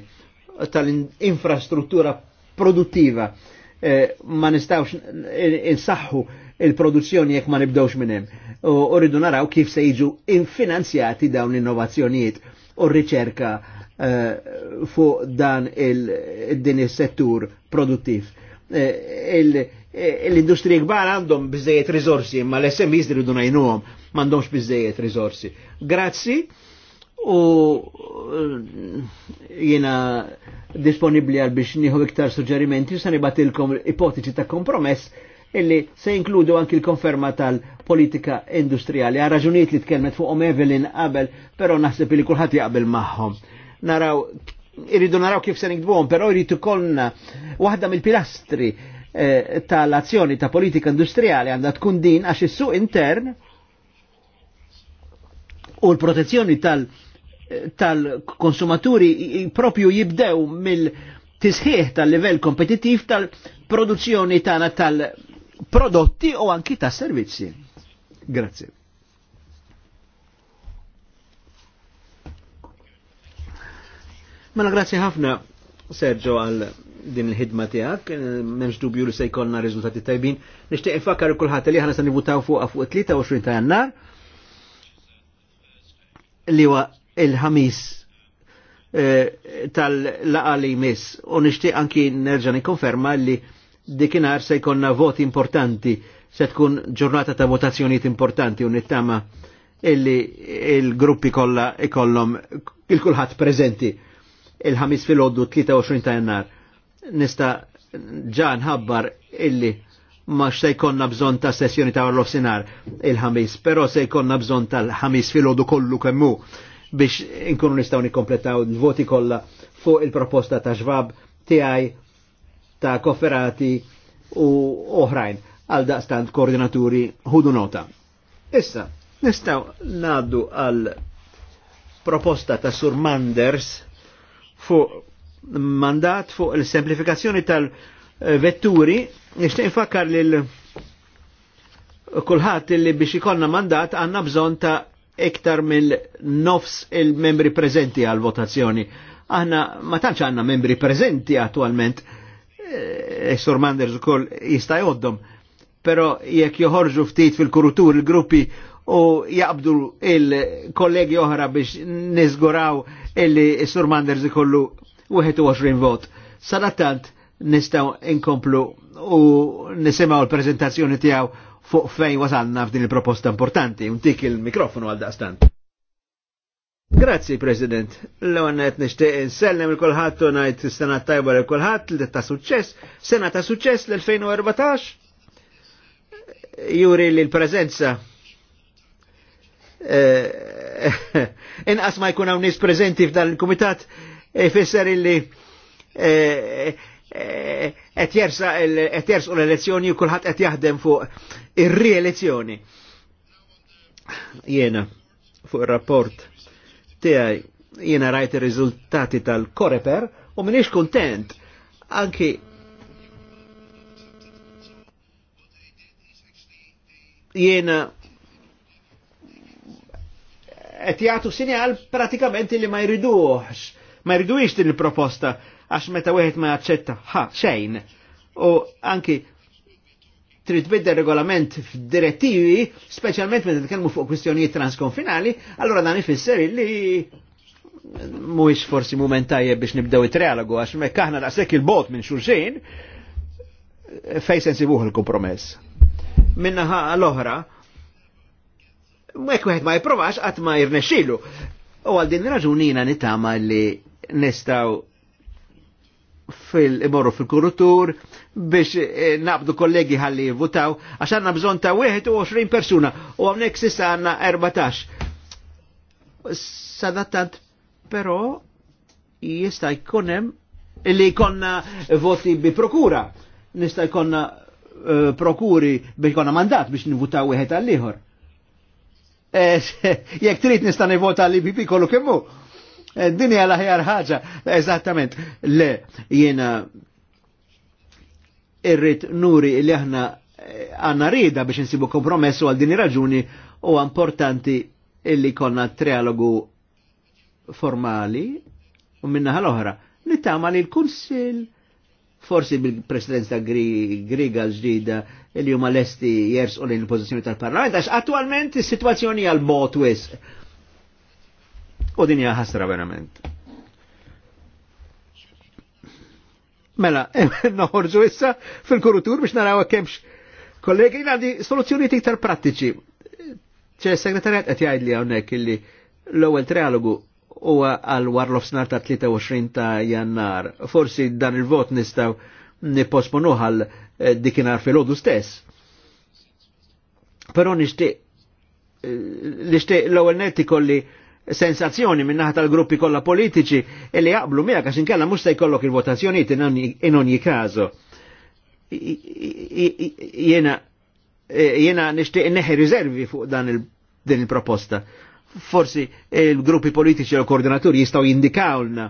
tal-infrastruttura produttiva. Eh, ma nistawx insaħħu il-produzzjoni jekk ma nibdewx minn hemm. U rridu naraw kif se jiġu infinanzjati dawn l-innovazzjonijiet u r-riċerka eh, fuq dan il-din is-settur produttiv. Eh, Eh, l-industrija kbar għandhom bizzejiet rizorsi, ma l-SMIs li rridu najnuhom m'għandhomx bizzejiet rizorsi. Grazzi u eh, jiena disponibli għal biex nieħu iktar suġġerimenti u se nibatilkom ipotiċi ta' kompromess illi se inkludu anki l-konferma tal-politika industrijali. Għal raġunijiet li tkellmet fuqhom Evelyn qabel, però naħseb li kulħadd jaqbel magħhom. Naraw irridu naraw kif se nikdbuhom, però jrid ikollna waħda mill-pilastri ta' eh, tal-azzjoni ta' politika industrijali għandha tkun din għax is-suq intern u l-protezzjoni tal-konsumaturi tal propju jibdew mill-tisħiħ tal-livell kompetittiv tal-produzzjoni tagħna tal-prodotti u anki tas-servizzi. Grazie. Mela grazie ħafna Sergio għal din il-ħidma tiegħek, eh, m'hemmx dubju li se jkollna riżultati tajbin. Nixtieq infakkar kulħadd li aħna se nibutaw fuqha fuq 23 ta' Jannar li huwa il-ħamis eh, tal-laqa li jmiss u nixtieq anki nerġa' nikkonferma li dikinar se jkollna voti importanti se tkun ġurnata ta' votazzjonijiet importanti u nittama illi il-gruppi kollha ikollhom il-kulħadd preżenti il-ħamis fil-oddu 23 ta' jannar nista ġan ħabbar illi ma se jkonna bżon ta' sessjoni ta' l-offsinar il-ħamis, pero se jkonna bżon tal-ħamis fil-ħodu kollu kemmu biex inkunu nistaw nikompletaw l-voti kollha fuq il-proposta ta' ġvab tiegħi ta' kofferati u oħrajn għal daqstant koordinaturi ħudu nota. Issa, nistaw naddu għal proposta ta' Sur Manders fuq mandat fuq il-semplifikazzjoni tal-vetturi, nixtieq infakkar lil kulħadd li biex ikollna mandat għandna bżonn ta' iktar mill-nofs il-membri preżenti għal-votazzjoni. Aħna ma tantx għandna membri preżenti attualment, e, Sur Manders ukoll jista' jgħoddhom, però jekk joħorġu ftit fil-kurutur il-gruppi u jaqbdu il-kollegi oħra biex nizguraw illi Sur Manders ikollu 21 vot. Sarattant nistaw inkomplu u nisimaw l-prezentazzjoni tijaw fuq fejn wasalna f'din il-proposta importanti. Untik il-mikrofonu għal daqstant. Grazzi, President. L-għonet nishtiq insellem il-kolħat u najt sena tajba il-kolħat li ta' suċċess, sena ta' suċċess l-2014. Juri li l-prezenza eh, inqas ma jkun hawn nis prezenti f'dan il-kumitat ifisser illi eh, eh, qed l-elezzjoni u kullħat qed jaħdem fuq ir-rielezzjoni. Jena fuq ir-rapport tiegħi jena rajt ir-riżultati tal-Koreper u m'iniex kuntent anki jena qed jagħtu sinjal pratikament li ma jriduhx Ma jridux din il-proposta għax meta wieħed ma jaċċetta ha, xejn. U anki trid bidda regolament f'direttivi, speċjalment meta tkellmu fuq kwistjonijiet transkonfinali, allora dan ifisser li mhuwiex forsi mument tajjeb biex nibdew it-trialogu għax mekk aħna daqshekk il-bot minn xulxin fejn se nsibuh il-kompromess. Minnaħa l-oħra, mwek wieħed ma jipprovax qatt ma jirnexxilu. U għal din raġunina nitama li nistaw fil-imorru fil-kurutur biex eh, nabdu kollegi ħalli votaw għax għanna bżon ta' 21 persuna u għamnek sissa għanna 14. Sadattant però jista' jkunem li konna voti bi prokura. Nista' jkonna eh, prokuri biex konna mandat biex nivutaw wieħed għall-ieħor. Eh, jekk trid nista' nivota li bibi kollu kemmu. Eh, Dinja hija l ħaġa, eżattament, le jiena irrit nuri li aħna eh, għanna rida biex nsibu kompromessu għal din raġuni u importanti illi konna trialogu formali u minna l oħra Nittama li l-Kunsil forsi bil-presidenza griga ġdida il huma lesti jers u l-pozizjoni tal-parlament, għax attualment is-situazzjoni għal botwis wisq U din hija ħasra verament. Mela, noħorġu issa fil-kurutur biex naraw kemx kollegi għandi soluzzjoni iktar prattiċi. ċe segretarjat qed jgħid li hawnhekk illi l-ewwel trialogu huwa għal warlof snar ta' 23 ta' jannar. Forsi dan il-vot nistaw nipposponu għal eh, dikinar fil-ħodu stess. Pero nishtiq eh, l-ewwel netti kolli sensazzjoni minnaħa tal-gruppi kollha politiċi li jaqblu miegħek għax inkella mhux se jkollok il-votazzjonijiet in ogni kazo. Jena e, jena nixtieq neħi riservi fuq dan din il-proposta. Forsi il-gruppi politiċi u koordinaturi jistgħu jindikawlna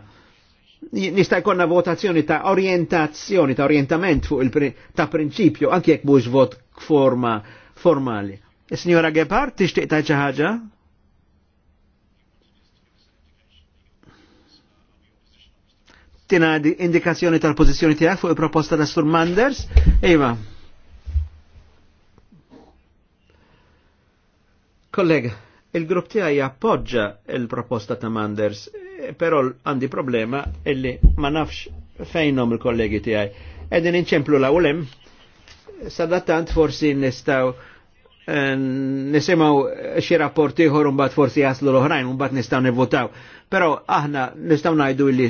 nista' jkollna votazzjoni ta' orientazzjoni, ta' orientament fuq il ta' prinċipju, anke jekk mhux vot forma formali. E, signora Gepard, tixtieq ta' xi ħaġa? tina indikazzjoni tal-pozizjoni tijak fuq il-proposta ta' Sur Manders. Iva. Kollega, il-grupp tijak jappoġġa il-proposta ta' Manders, pero għandi problema illi ma nafx fejnom il-kollegi tijak. Edin inċemplu la' ulem, sadattant forsi nistaw eh, nisimaw xie rapporti ħor un forsi jaslu l-oħrajn, un bat nistaw nivvotaw. Pero aħna nistaw najdu illi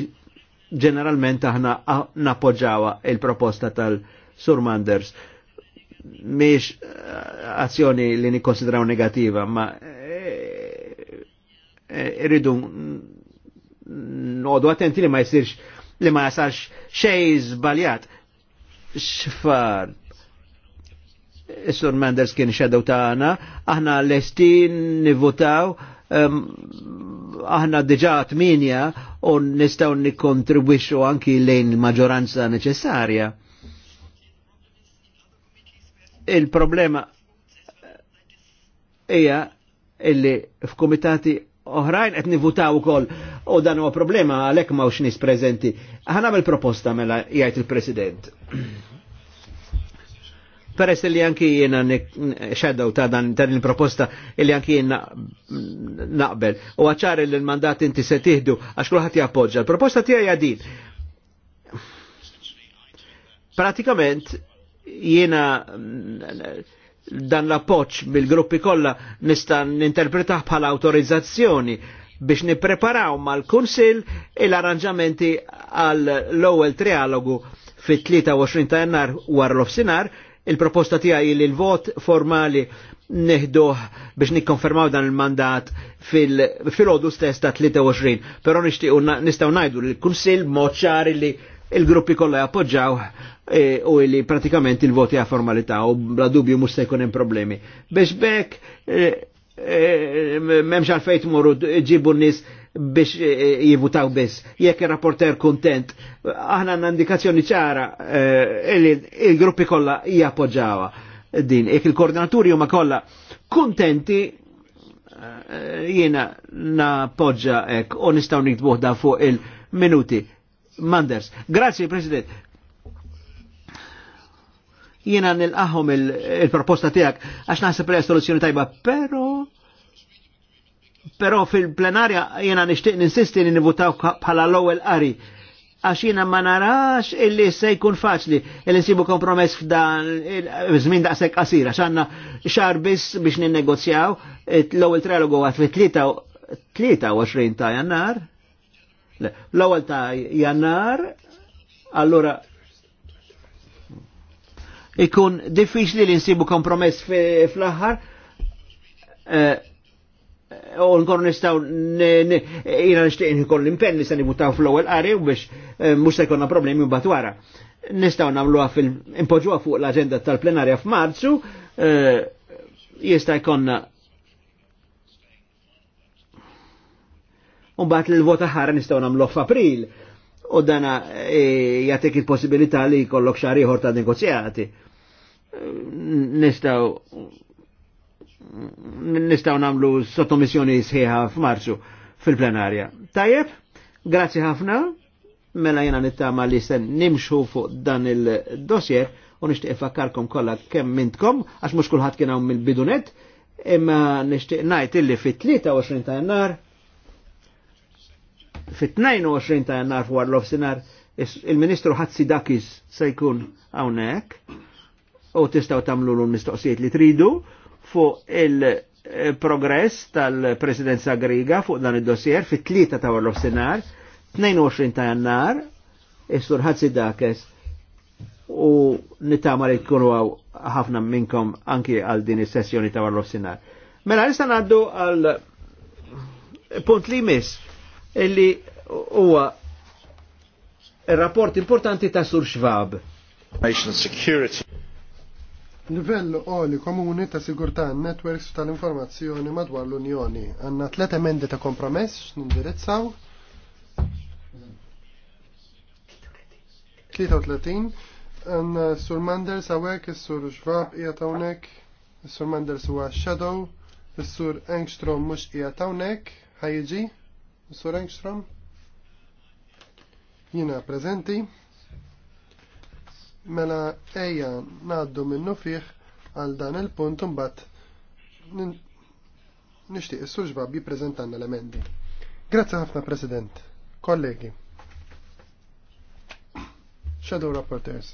ġeneralment aħna napoġawa il-proposta tal-Sur Manders miex azzjoni li nikonsidraw negativa, ma irridu nodu attenti li ma jisirx li ma jasarx xej zbaljat. Xfar, Sur Manders kien xedaw ta' aħna l-estin aħna diġa tminja u nistaw nikontribwixxu anki lejn maġoranza neċessarja. Il-problema hija illi f'komitati oħrajn qed nivutaw ukoll u dan huwa problema għalhekk m'hawnx nies preżenti. Ħanamel proposta mela jgħid il-President. Peress li anki jena xeddaw ta' dan il-proposta li anki jena naqbel. U għacċar li l-mandat inti se tiħdu għax kruħat jappoġġa. l proposta tiegħi hija din. Pratikament jiena dan l-appoċ bil-gruppi kollha nista' ninterpretaħ bħala autorizzazzjoni biex nippreparaw mal-Kunsil il-arranġamenti għall l-ewwel trialogu fit-23 ta' jannar war l-ofsinar il-proposta tiegħi li l-vot formali neħduh biex nikkonfermaw dan il-mandat fil-ħodu stess ta' 23, però nixtiequ nistgħu ngħidu li l-Kunsill mod ċari li il-gruppi kollha jappoġġaw e, u li pratikament il-voti għal formalità u bla dubju musta se jkun hemm problemi. Biex bekk e, e, memx għalfejn morru ġibu nis nies biex eh, eh, jivutaw biss. Jekk il-rapporter kontent, aħna għandna indikazzjoni ċara eh, li il-gruppi kollha jappoġġawha din. Jekk il-koordinaturi huma kollha kontenti jiena napoġġa hekk u nistgħu nikdbuh da fuq il-minuti. Manders. Grazie President. Jiena nilqahom il-proposta tiegħek għax naħseb li soluzzjoni tajba, pero pero fil-plenarja jena nishtiq ninsisti li nivutaw bħala l-ewwel qari għax jiena ma narax illi se jkun faċli illi nsibu kompromess f'dan żmien daqshekk qasira għax għandna xahar biss biex ninnegozjaw l-ewwel trialogu għad fit-23 ta' jannar. L-ewwel ta' jannar allura ikun diffiċli li nsibu kompromess fl-aħħar eh, u nkonu nistaw jina nishtiq nkoll l-impenn li mutaw nibutaw fl-ewwel u biex eh, mux sekonna jkollna problemi mbagħad wara. Nistaw nagħmluha fil impoġuwa fuq l agenda tal-plenarja f f'Marzu eh, jista' Un bat l-vota ħara nistaw f-april, u dana eh, jatek il possibilita li kollok xariħor ieħor ta' negozjati. Nistaw nistaw namlu sottomissjoni sħiħa f'Marzu fil-plenarja. Tajjeb, grazzi ħafna, mela jena nittama li sen nimxu fuq dan il-dossier u nishtiq fakkarkom kollha kemm mintkom għax mhux kulħadd kien hawn mill-bidunet, imma nixtieq ngħid illi fit-23 ta' jannar fit-22 ta' jannar fuq l-ofsinar il-Ministru dakis se jkun hawnhekk u tistgħu tagħmlu l-mistoqsijiet li tridu fuq il-progress tal-presidenza griga fuq dan il-dossier fit tlieta ta' warlof senar, 22 ta' jannar, Istur ħadsi dakes u nitama li tkunu għaw ħafna minnkom anki għal din is-sessjoni ta' warlof senar. Mela nista' għaddu għal punt li miss illi huwa il-rapport importanti ta' Sur Schwab. Security Livell oli komuni ta' sigurta' networks tal-informazzjoni madwar l-Unjoni. Għanna tlet emendi ta' kompromess nindirizzaw. 33 għanna Sur Manders għawek, Sur Xvab ija tawnek, Sur Manders huwa Shadow, Sur Engstrom mux ija tawnek, ħajġi, Sur Engstrom, jina prezenti. Mela ejja ngħaddu minnu fiħ għal dan il-punt mbagħad nixtieq is-sur bi prezentan l-emendi. Grazzi ħafna President, kollegi. Shadow Rapporteurs.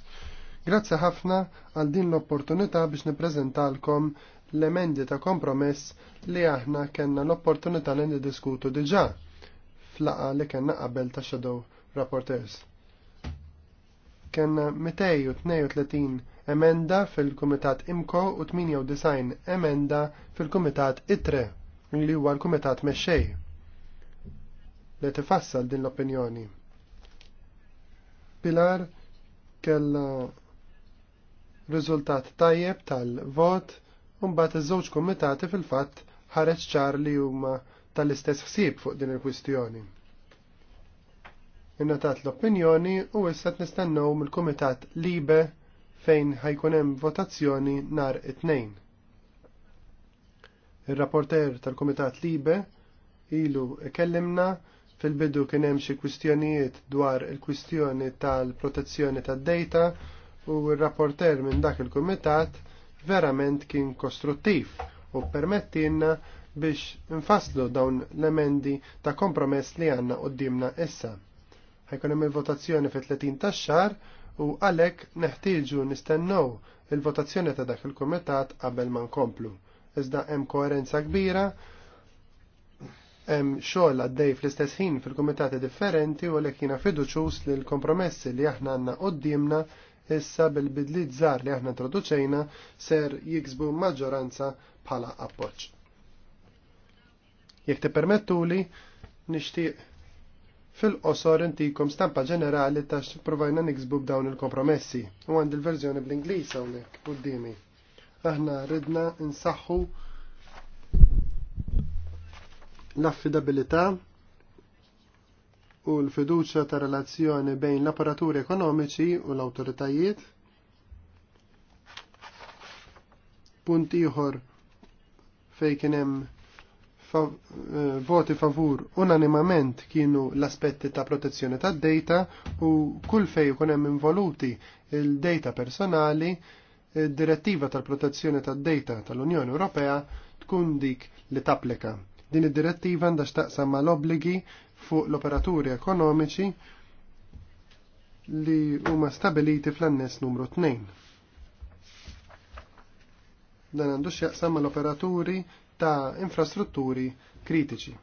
Grazzi ħafna għal din l-opportunità biex niprezentalkom l-emendi ta' kompromess li aħna kena l-opportunità li niddiskutu diġà flaqa li kena qabel ta' Shadow Rapporteurs. Kenna 232 emenda fil-Kumitat Imko u 98 emenda fil-Kumitat ITRE li huwa l-Kumitat Mexxej li tifassal din l-opinjoni. Pilar kella riżultat tajjeb tal-vot u mbagħad iż-żewġ kumitati fil-fatt ħareġ ċar li huma tal-istess ħsieb fuq din il-kwistjoni innotat l-opinjoni u issa nistennew mill-Kumitat Libe fejn ħajkun hemm votazzjoni nar it-tnejn. Ir-rapporter tal-Kumitat Libe ilu ikellimna fil-bidu kien hemm xi kwistjonijiet dwar il-kwistjoni tal-protezzjoni tad-data u r-rapporter minn dak il-kumitat verament kien kostruttiv u permettilna biex nfasslu dawn l-emendi ta' kompromess li għanna qoddimna issa ħajkun hemm il-votazzjoni fit-30 tax-xahar u għalhekk neħtieġu nistennew il-votazzjoni ta' dak il-kumitat qabel ma nkomplu. Iżda hemm koerenza kbira, hemm xogħol għaddej fl-istess ħin fil-kumitati differenti u għalhekk jiena fiduċus li l-kompromessi li aħna għandna qudiemna issa bil-bidliet żgħar li aħna introduċejna ser jiksbu maġġoranza bħala appoġġ. Jekk tippermettuli, nixtieq Fil-qosor intikom stampa ġenerali ta' xiprovajna niksbu b'dawn il-kompromessi. U għand il-verżjoni bl-Inglis hawnhekk qudiemi. Aħna ridna nsaħħu l-affidabilità u l-fiduċa ta' relazzjoni bejn l-apparaturi ekonomiċi u l-autoritajiet. Punt ieħor fejn hemm Eh, voti favur unanimament kienu l-aspetti ta' protezzjoni ta' data u kull fej ikun hemm involuti il-data personali id-direttiva tal-protezzjoni ta' data tal-Unjoni Ewropea tkun dik li tapplika. Din id-direttiva għandha x'taqsam mal-obbligi fuq l-operaturi ekonomiċi li huma stabiliti fl-annes numru 2. Dan għandu x'jaqsam mal-operaturi ta' infrastrutturi kritiċi.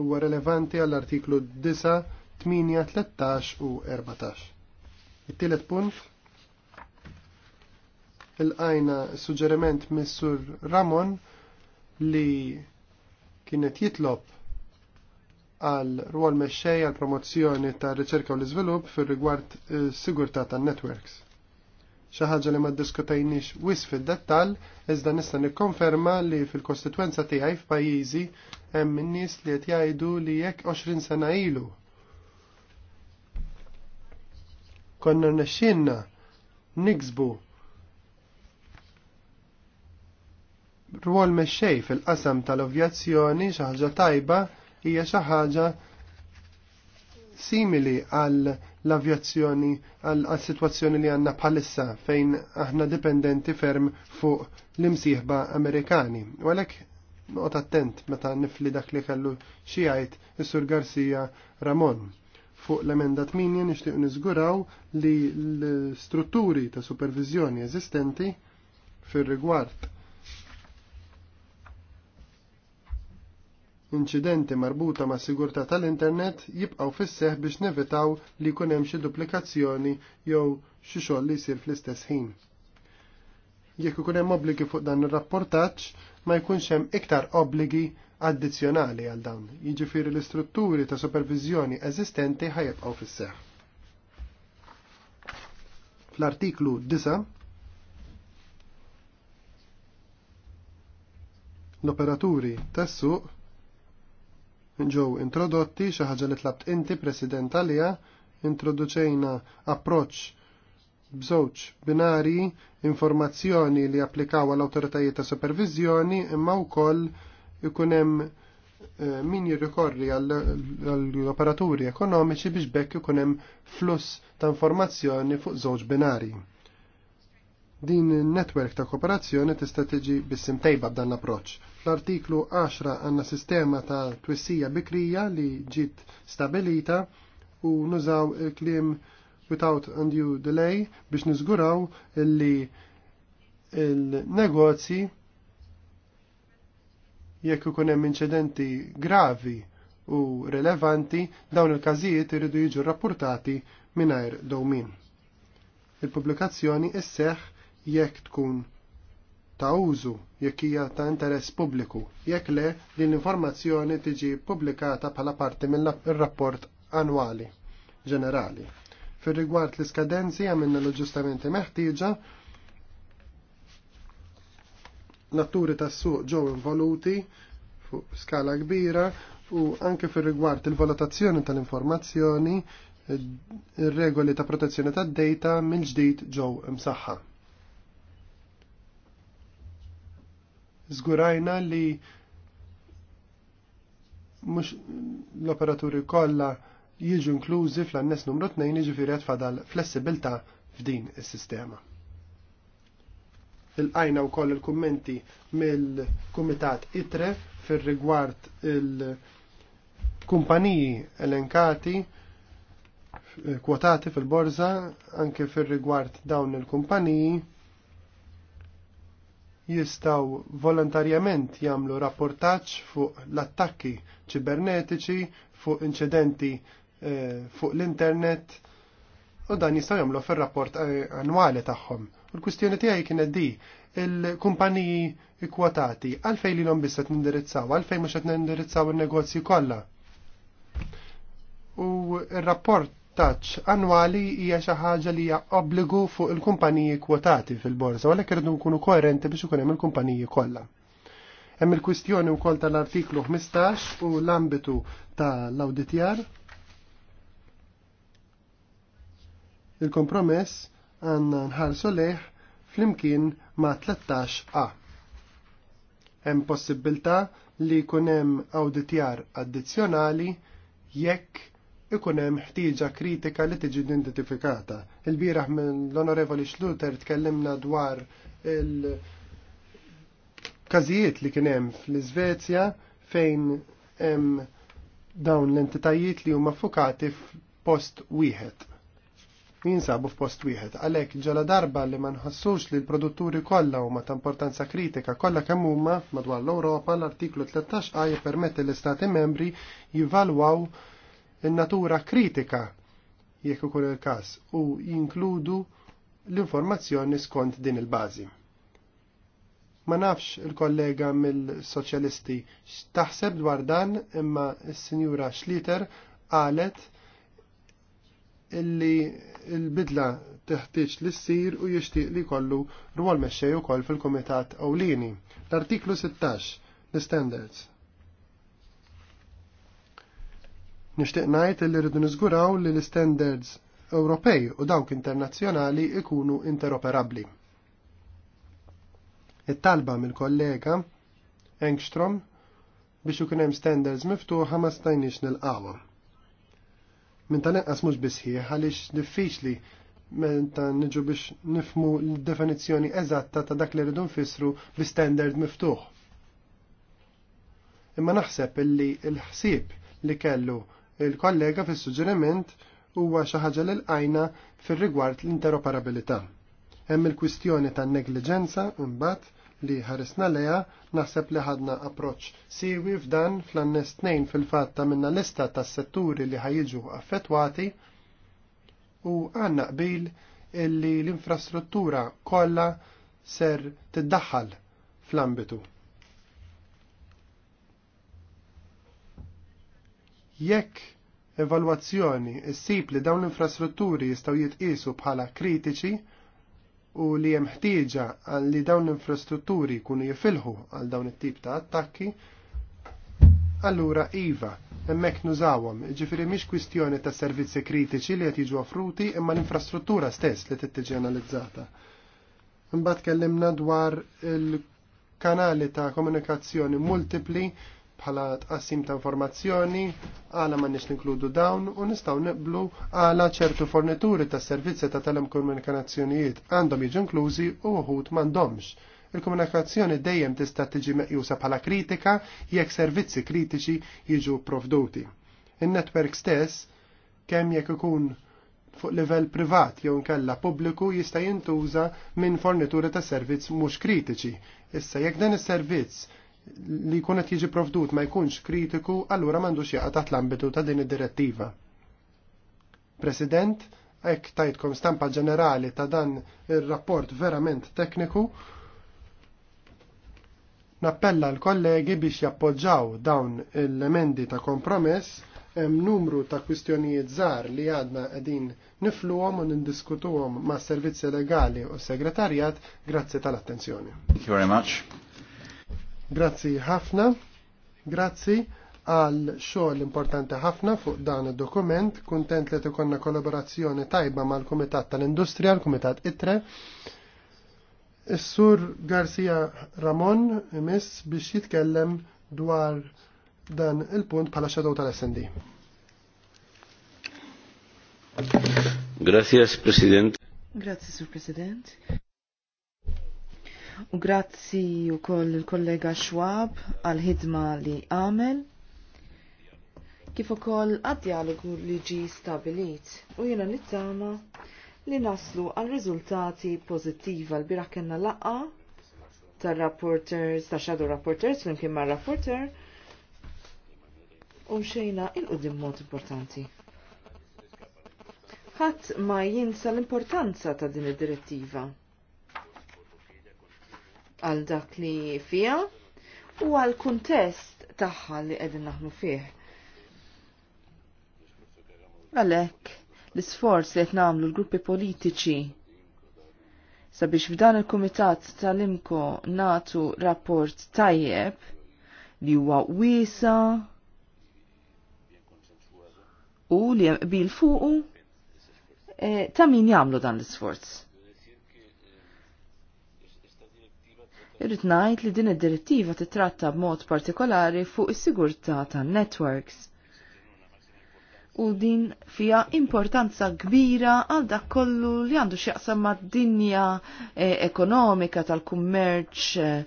Huwa relevanti għall-artiklu 9, 8, 13 u 14. It-tielet punt il-għajna suġġeriment missur Ramon li kienet jitlob għal rwol mexxej għal promozzjoni ta' riċerka u l-iżvilupp fir rigward eh, sigurtà tan networks xi ħaġa li ma ddiskutejniex wis fid-dettall, iżda nista' nikkonferma li fil-kostitwenza tiegħi f'pajjiżi hemm min nies li qed jgħidu li jekk 20 sena ilu. Konna nexxinna niksbu rwol mexxej fil-qasam tal-ovjazzjoni xi ħaġa tajba hija xi ħaġa simili għal l-avjazzjoni għal situazzjoni li għanna bħalissa fejn aħna dipendenti ferm fuq l-imsieħba Amerikani. U għalek noqgħod attent meta nifli dak li kellu xijajt is-Sur Garcia Ramon. Fuq l-emenda 8 nishtiq niżguraw li l-strutturi ta' supervizjoni eżistenti fir-rigward inċidenti marbuta ma' sigurtà tal-internet jibqgħu fis seħħ biex nevitaw li jkun hemm xi duplikazzjoni jew xi xogħol li jsir fl-istess ħin. Jekk ikun hemm obbligi fuq dan ir-rapportaġġ, ma jkunx hemm iktar obbligi addizzjonali għal dawn, jiġifieri l-istrutturi ta' supervizjoni eżistenti ħajibqgħu fis Fl-artiklu 9 l-operaturi tas-suq ġew introdotti xi ħaġa li tlabt inti President għalija introduċejna approċċ bżewġ binari informazzjoni li applikaw għall awtoritajiet ta' supervizjoni imma wkoll ikun hemm eh, min jirrikorri għall-operaturi ekonomiċi biex bekk ikun hemm fluss ta' informazzjoni fuq żewġ binari. Din il-netwerk ta' kooperazzjoni tista' tiġi bissim tejba b'dan l-approċ. L-artiklu 10 għanna sistema ta' twissija bikrija li ġiet stabilita u nużaw il-klim without undue delay biex nizguraw li il-negozji jekk ikun hemm inċidenti gravi u rilevanti dawn il-każijiet iridu jiġu rrappurtati mingħajr dowmin. Il-pubblikazzjoni isseħħ jekk tkun ta' użu jekk hija ta' interess pubbliku, jekk le din l-informazzjoni tiġi pubblikata bħala parti mill-rapport annwali ġenerali. Fir rigward l-iskadenzi għamilna l-ġustamenti meħtieġa l-atturi tas-suq ġew involuti fuq skala kbira u anke fir rigward il-valutazzjoni tal-informazzjoni ir-regoli ta' protezzjoni tad-data mill-ġdid ġew imsaħħa. zgurajna li mux l-operaturi kolla jiġu inklużi fl-annes numru 2 jiġifieri qed fadal flessibilità f'din is-sistema. il u wkoll il-kummenti mill-Kumitat ITRE fir-rigward il-kumpaniji elenkati kwotati fil-borza anke fir-rigward dawn il-kumpaniji jistaw volontarjament jamlu rapportaċ fuq l-attakki ċibernetiċi, fuq incidenti eh, fuq l-internet, u dan jistaw jamlu fil-rapport eh, annwali tagħhom. U l-kustjoni tiegħi kienet di, il-kumpaniji kwotati, għalfej li l-om bisset nindirizzaw, għalfej mux nindirizzaw il-negozji kolla. U il-rapport taċ annwali hija xi ħaġa li hija obbligu fuq il-kumpaniji kwotati fil-borsa, għalhekk irridu nkunu koerenti biex ikun hemm il-kumpaniji kollha. Hemm il-kwistjoni wkoll tal-artiklu 15 u l-ambitu tal-awditjar. Il-kompromess għandna nħarsu leħ flimkien ma' 13a. Hemm possibilità li jkun hemm awditjar addizzjonali jekk ikun hemm ħtieġa kritika li tiġi identifikata. Il-bieraħ minn l-Onorevoli Schluter tkellimna dwar il- każijiet li kien hemm fl-Iżvezja fejn hemm dawn l-entitajiet li huma fukati f'post wieħed. Jinsabu f'post wieħed. Għalhekk ġala darba li ma nħassux li l-produtturi kollha huma ta' importanza kritika kollha kemm huma madwar l-Ewropa l-artiklu 13a jippermetti l-Istati membri jivalwaw in-natura kritika jekk ukoll il-każ u jinkludu l-informazzjoni skont din il-bażi. Ma nafx il-kollega mill-soċjalisti x'taħseb dwar dan imma s-sinjura Schlitter qalet illi il-bidla teħtieġ li ssir u jixtieq li kollu rwol mexxej ukoll fil-Kumitat Ewlieni. L-artiklu 16 l-Standards Nixtieq ngħid li rridu niżguraw li l-standards Ewropej u dawk internazzjonali ikunu interoperabbli. It-talba mill-kollega Engstrom biex ikun hemm standards miftuħa ma stajniex nilqawha. Min tal-inqas mhux bisħieħ għaliex diffiċli meta niġu biex nifmu l-definizzjoni eżatta ta' dak li rridu nfissru bi standard miftuħ. Imma naħseb illi l-ħsieb li kellu il-kollega fis-suġġeriment huwa xi ħaġa l qajna fir-rigward l-interoperabilità. Hemm il-kwistjoni tan-negliġenza imbagħad li ħaresna leja naħseb li ħadna approċċ siwi f'dan fl-annes tnejn fil-fatt ta' minna lista tas-setturi li ħajjiġu affettwati u għandna qbil illi l-infrastruttura kollha ser tiddaħħal fl-ambitu. Jekk evalwazzjoni ssib li dawn l-infrastrutturi jistgħu jitqisu bħala kritiċi u li hemm ħtieġa li dawn l-infrastrutturi jkunu jifilħu għal dawn it-tip ta' attakki, allura iva, hemmhekk nużawhom, jiġifieri mhix kwistjoni ta' servizzi kritiċi li qed jiġu offruti imma l-infrastruttura stess li tittiġi analizzata. Imbagħad kellimna dwar il- kanali ta' komunikazzjoni multipli bħala tqassim ta' informazzjoni, għala ma nix ninkludu dawn u nistaw neqblu għala ċertu fornituri ta' servizzi ta' telekomunikazzjonijiet għandhom jiġu inklużi u uħut m'għandhomx. Il-komunikazzjoni dejjem tista' tiġi meqjusa bħala kritika jekk servizzi kritiċi jiġu provduti. In-netwerk stess kemm jekk ikun fuq livell privat jew nkella pubbliku jista' jintuża minn fornituri ta' servizz mhux kritiċi. Issa jekk dan is-servizz li jkun qed jiġi provdut ma jkunx kritiku, allura m'għandux jaqa' taħt l-ambitu ta' din id-direttiva. President, hekk tajtkom stampa ġenerali ta' dan ir-rapport verament tekniku, nappella l-kollegi biex jappoġġaw dawn l-emendi ta' kompromess hemm numru ta' kwistjonijiet żgħar li għadna qegħdin nifluhom u nindiskutuhom mas servizzi legali u segretarjat. Grazzi tal-attenzjoni. Thank you very much. Grazzi ħafna, grazzi għal xogħol importanti ħafna fuq dan id-dokument, kuntent li tikonna kollaborazzjoni tajba mal-Kumitat tal-Industrija, l-Kumitat ITRE. Is-Sur Garcia Ramon imiss biex jitkellem dwar dan il-punt bħala xedow tal-SND. Grazie, President. Grazie, Sur President u grazzi u koll il-kollega Schwab għal-ħidma li għamel kif ukoll għad-dialogu li ġi stabilit u jena nittama li naslu għal riżultati pozittiva l-bira kena laqqa tar rapporters ta' shadow rapporters flimkien mar rapporter u xejna il-qudiem mod importanti. Ħadd ma jinsa l-importanza ta' din id-direttiva għal dak li fija u għal kuntest tagħha li qegħdin naħnu fih. Għalhekk l-isforz li qed nagħmlu l-gruppi politiċi sabiex f'dan il-Kumitat tal-Imko natu rapport tajjeb li huwa wiesa u li bil fuqu eh, ta' min jagħmlu dan l-isforz. Irrid ngħid li din id-direttiva titratta b'mod partikolari fuq is-sigurtà tan-networks. U din fija importanza kbira għal dak kollu li għandu x'jaqsam mad-dinja eh, ekonomika tal-kummerċ eh,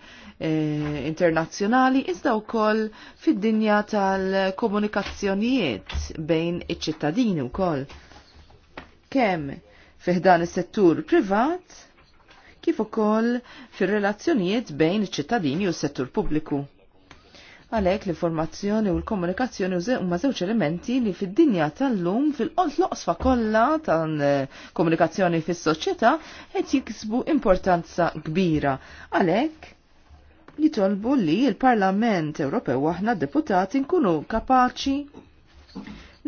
eh, internazzjonali iżda wkoll fid-dinja tal-komunikazzjonijiet bejn iċ-ċittadini wkoll. Kemm fiħdan is-settur privat, kif ukoll fir-relazzjonijiet bejn iċ-ċittadini u s-settur pubbliku. Għalhekk l-informazzjoni u l-komunikazzjoni huma żewġ elementi li fid-dinja tal-lum fil-qod kollha tal-komunikazzjoni fis-soċjetà qed jiksbu importanza kbira. Għalhekk tolbu li l-Parlament Ewropew aħna deputati nkunu kapaċi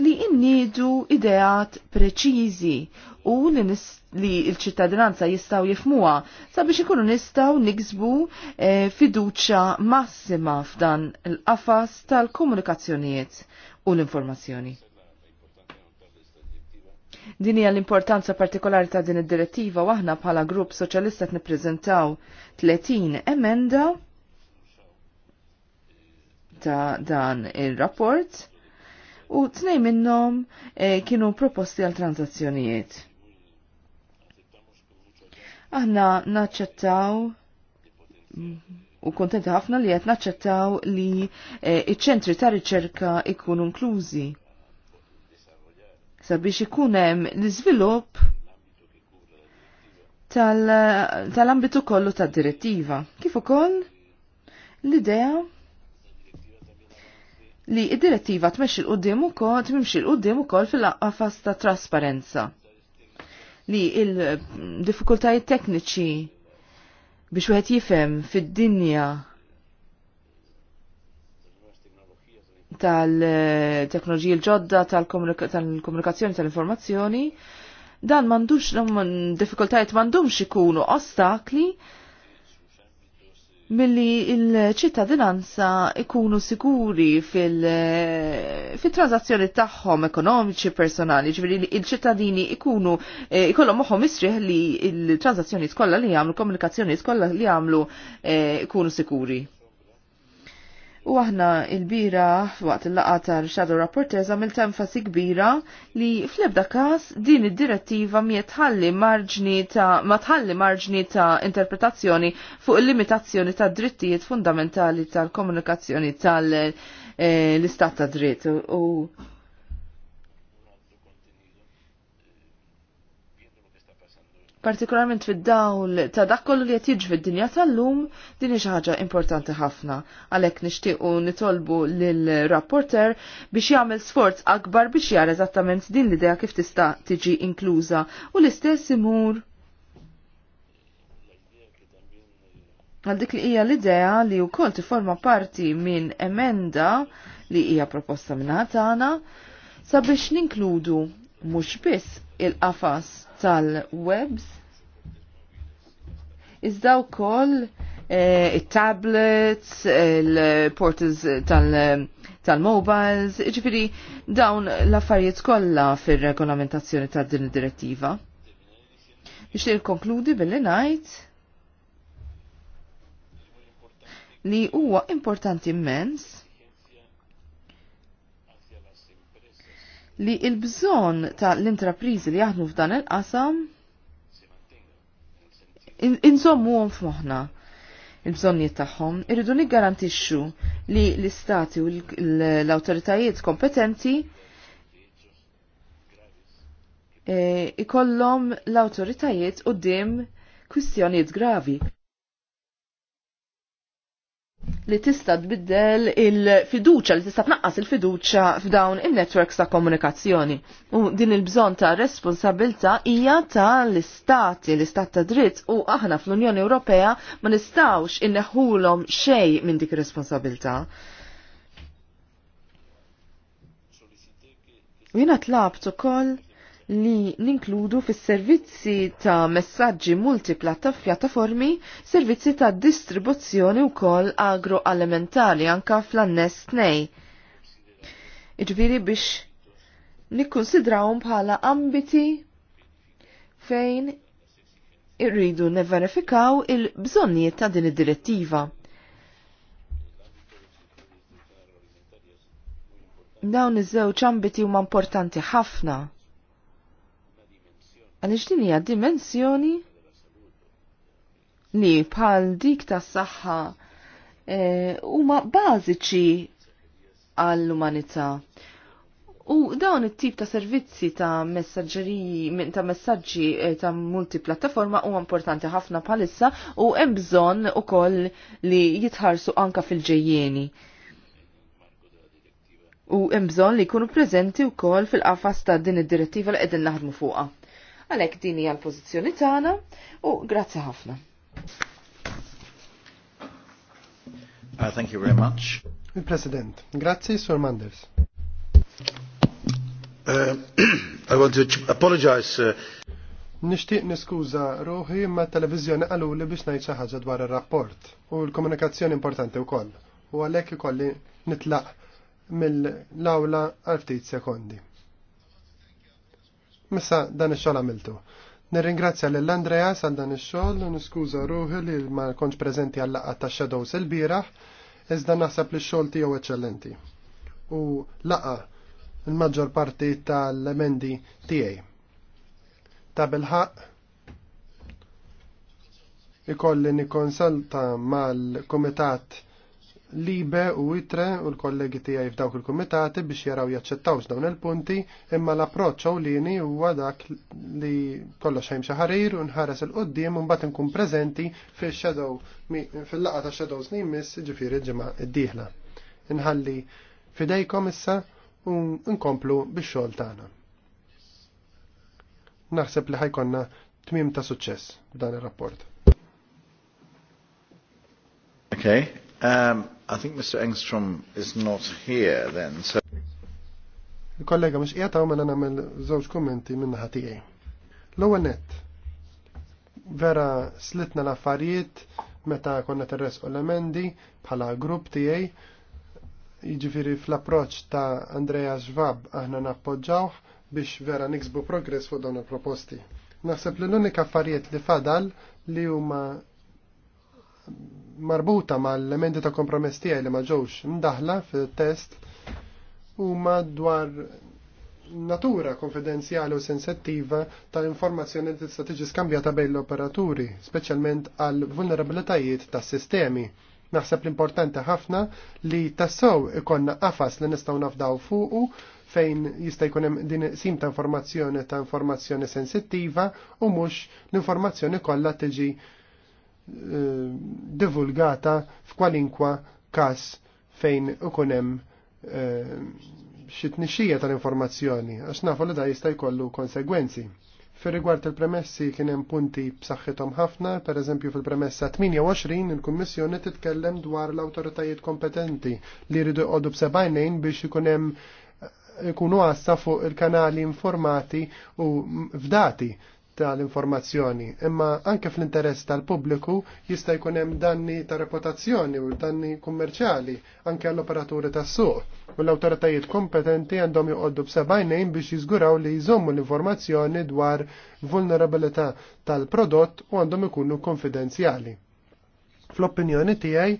li innidu ideat preċizi u li, li il-ċittadinanza jistaw jifmuha sabiex ikunu nistaw niksbu e, fiduċa massima f'dan l-qafas tal-komunikazzjonijiet u l-informazzjoni. Din hija l-importanza partikolari ta' din id-direttiva u aħna bħala grupp soċjalista qed nippreżentaw 30 emenda ta' dan il-rapport u tnej minnom e, eh, kienu proposti għal tranzazzjonijiet. Aħna naċċettaw u kontenta ħafna li qed naċċettaw li eh, iċ-ċentri ta' riċerka jkunu inklużi. Sabiex ikun hemm l-iżvilupp tal-ambitu kollu tad-direttiva. Kif ukoll l-idea li id-direttiva tmexxi l-qudiem ukoll tmimxi l-qudiem ukoll fil-qafas ta' trasparenza li il-diffikultajiet tekniċi biex wieħed jifhem fid-dinja tal teknoloġija l-ġodda tal-komunikazzjoni tal-informazzjoni dan mandux diffikultajiet mandumx ikunu ostakli milli il-ċittadinanza ikunu sikuri fil-transazzjoni fil tagħhom ekonomiċi personali, ġifieri il-ċittadini ikunu e, ikollhom moħħom isriħ li il-transazzjoni kollha li jagħmlu, komunikazzjoni kollha li jagħmlu e, ikunu sikuri. U aħna il-bira waqt il-laqa tal-Shadow Rapporteza għamilt enfasi kbira li fl-ebda kas din id-direttiva mi tħalli marġni ta' ma tħalli marġni ta' interpretazzjoni fuq il-limitazzjoni ta' drittijiet fundamentali tal-komunikazzjoni tal-istat eh, ta' dritt. U partikolarment fid-dawl ta' dak kollu li qed jiġri fid-dinja tal-lum din hi ħaġa importanti ħafna. Għalhekk nixtiequ nitolbu lil rapporter biex jagħmel sforz akbar biex jara eżattament din l-idea kif tista' tiġi inkluża u l-istess imur għal dik li hija l-idea li wkoll tiforma parti minn emenda li hija proposta minn tagħna sabiex ninkludu mhux biss il-qafas tal-webs iżda wkoll e, eh, tablets il-portals tal-mobiles, tal ġifiri dawn l-affarijiet kollha fir-regolamentazzjoni tad din id-direttiva. Biex konkludi billi ngħid li huwa importanti immens li il-bżon ta' l-intraprizi li jaħdmu f'dan il-qasam insommu għom f'moħna il-bżonniet tagħhom, irridu niggarantixxu li l-istati u l-awtoritajiet kompetenti eh, ikollhom l-awtoritajiet dim kwistjonijiet gravi li tista' tbiddel il-fiduċa, li tista' tnaqqas il-fiduċa f'dawn in-networks ta' komunikazzjoni. U din il-bżonn ta' responsabilta hija ta' l-istati, l-istat ta' dritt u aħna fl-Unjoni Ewropea ma nistawx inneħulhom xejn minn dik ir-responsabilta. Jina tlabt ukoll li ninkludu fis servizzi ta' messaġġi pjattaformi, servizzi ta' distribuzzjoni u kol agroalimentari anka fl-annes tnej. Iġviri biex nikkonsidrawhom bħala ambiti fejn irridu neverifikaw il-bżonniet ta' din id-direttiva. Dawn iż-żewġ ambiti huma importanti ħafna Għaliex din hija dimensjoni li bħal dik tas saħħa e, huma e, bażiċi għall-umanità. U dawn it-tip ta' servizzi ta' messaġġeriji, ta' messaġġi e, ta' multiplattaforma u importanti ħafna palissa u hemm bżonn ukoll li jitħarsu anka fil-ġejjeni. U hemm bżonn li jkunu preżenti wkoll fil-qafas ta' din id-direttiva li qegħdin naħdmu fuqha. Għalhekk din hija l-pożizzjoni tagħna u grazzi ħafna. Uh, thank you very much. Il-President, grazie, Sur Manders. Uh, I want to apologize. Uh... Nishtiq niskuża ruħi ma televizjoni għalu li biex ngħid xi ħaġa dwar ir-rapport u l-komunikazzjoni importanti wkoll u għalhekk ikolli nitlaq mill-awla għal ftit sekondi. Missa dan ix-xogħol għamiltu. Nirringrazzja lill Andreas għal dan ix-xogħol niskuża ruħi li ma kontx preżenti għal laqgħa ta' Shadows il-bieraħ, iżda naħseb li x-xogħol tiegħu eċċellenti. U laqgħa il-maġġor parti tal-emendi tiegħi. Ta' bil-ħaq ikolli nikonsalta mal-Komitat libe u itre u l-kollegi tiegħi f'dawk il-kumitati biex jaraw jaċċettawx dawn il-punti, imma l-approċċ lini huwa dak li kollox ħajm ħarir u nħares il-qoddim un bat nkun prezenti fil-shadow fil-laqgħa ta' shadows snin jmiss ġifieri ġimgħa d-dieħla. Inħalli fidejkom issa u nkomplu bix-xogħol tagħna. Naħseb li ħajkonna tmim ta' suċċess b'dan ir-rapport. Okay. Um, I think Mr. Engstrom is not here then, so... Il-kollega mux qiegħed hawn mela nagħmel żewġ kommenti minna naħa L-ewwel nett. Vera slitna l-affarijiet meta konna terres u l-emendi bħala grupp tiegħi. Jiġifieri fl-approċċ ta' Andrea Zvab aħna nappoġġaw biex vera niksbu progress fuq dawn il-proposti. Naħseb li l-unika affarijiet li fadal li huma marbuta mal-emendi ta' kompromess tiegħi li ma ġewx mdaħla fit-test huma dwar natura konfidenzjali u sensettiva tal-informazzjoni li tista' tiġi skambjata bejn l-operaturi, speċjalment għal vulnerabilitajiet tas-sistemi. Naħseb l-importanti ħafna li tassew ikonna qafas li nistgħu nafdaw fuqu fejn jista' jkun hemm din sim ta' informazzjoni ta' informazzjoni sensittiva u mhux l-informazzjoni kollha tiġi Eh, divulgata f'kwalinkwa każ fejn ikun hemm eh, xi tnixxija tal-informazzjoni għax nafu li da jista' jkollu konsegwenzi. Fir rigward il-premessi kien hemm punti b'saħħithom ħafna, pereżempju fil-premessa 28 il-Kummissjoni titkellem dwar l-awtoritajiet kompetenti li jridu jqogħdu b'sebajnejn biex ikun hemm ikunu għassa fuq il-kanali informati u fdati tal-informazzjoni, imma anke fl-interess tal-pubbliku jista' jkun hemm danni ta' reputazzjoni u danni kummerċjali anke għall-operaturi tas-suq u l-awtoritajiet kompetenti għandhom joqogħdu b'sebajnejn biex jiżguraw li jżommu l-informazzjoni dwar vulnerabilità tal-prodott u għandhom ikunu konfidenzjali. Fl-opinjoni tiegħi,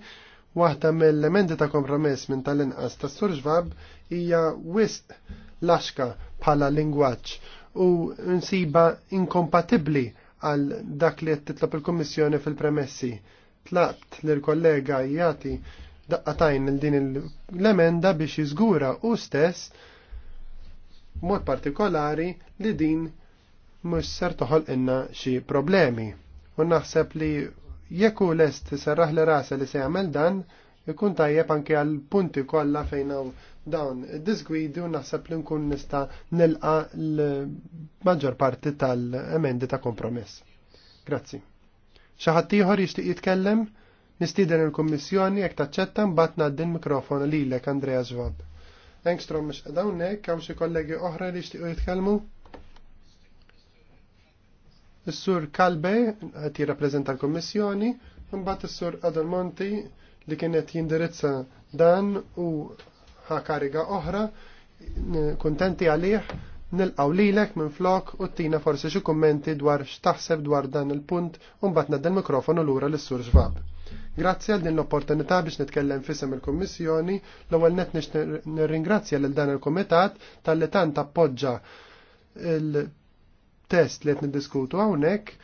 waħda mill-elementi ta' kompromess minn tal-inqas tas-Sur hija wisq l l-axka bħala lingwaġġ u nsiba inkompatibbli għal dak li qed titlob il-Kummissjoni fil-premessi. Tlaqt lill kollega jagħti daqqatajn il din l-emenda biex jiżgura u stess mod partikolari li din mhux ser toħol inna xi problemi. U naħseb li jekku lest serraħ l rasa li se jagħmel dan, ikun tajjeb anke għal punti kollha fejn hawn dawn id-disgwidi u naħseb li nkun nista' nilqa l-maġġor parti tal-emendi ta' kompromess. Grazzi. Xi ħadd ieħor jixtieq jitkellem? Nistieden il-Kummissjoni jekk taċċetta mbagħad ngħaddi l-mikrofon lilek Andrea Żvab. Engstrom mhux qed hawnhekk hawn xi kollegi oħra li jixtiequ jitkellmu? Is-Sur Kalbe qed jirrappreżenta l-Kummissjoni, mbagħad is-Sur Adel Monti li kienet jindirizza dan u ħa kariga oħra, kuntenti għalih, nilqaw lilek minn flok u tina forsi xi kummenti dwar x'taħseb dwar dan il-punt u mbagħad mikrofonu l-mikrofonu lura lis-Sur xvab. Grazzi għal din l-opportunità biex nitkellem fisem il-Kommissjoni, l-ewwel net nirringrazzja lil dan il-Kumitat tal-li tant appoġġa il-test li qed niddiskutu hawnhekk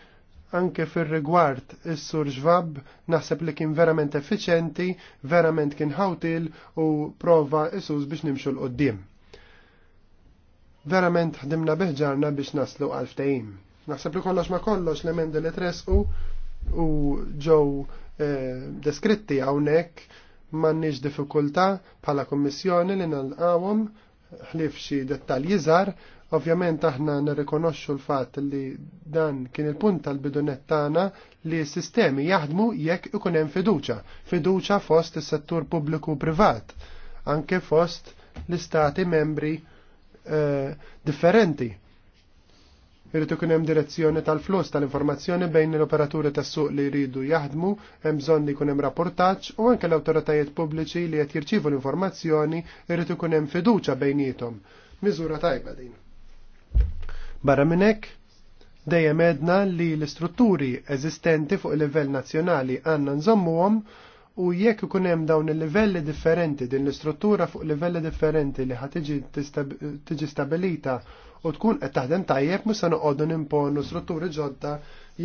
anke fir-rigward is-sur ġvab naħseb li kien verament effiċenti, verament kien ħawtil u prova isus biex nimxu l-qoddim. Verament ħdimna biħġarna biex naslu għal-ftejim. Naħseb li kollox ma kollox li emendi li tresqu u ġew eh, deskritti hawnhekk m'għandniex diffikultà bħala kummissjoni li nalqawhom ħlif xi dettalji żgħar Ovvjament aħna nirrikonoxxu l-fatt li dan kien il-punt tal-bidunet tagħna li s-sistemi jaħdmu jekk ikun hemm fiduċa, fiduċa fost is-settur pubbliku privat, anke fost l-istati membri eh, differenti. Irrid ikun hemm direzzjoni tal-flus tal-informazzjoni bejn l-operaturi tas-suq li jridu jaħdmu, hemm bżonn li jkun hemm rapportaġġ u anke l-awtoritajiet pubbliċi li qed jirċievu l-informazzjoni irrid ikun hemm fiduċa bejniethom. Miżura tajba din. Barra minnek, dejjem edna li l-istrutturi eżistenti fuq il-livell nazzjonali għanna nżommuhom u jekk ikun hemm dawn il-livelli differenti din l-istruttura fuq livelli differenti li ħad tiġi stabilita u tkun qed taħdem tajjeb mhux se noqogħdu nimponu strutturi ġodda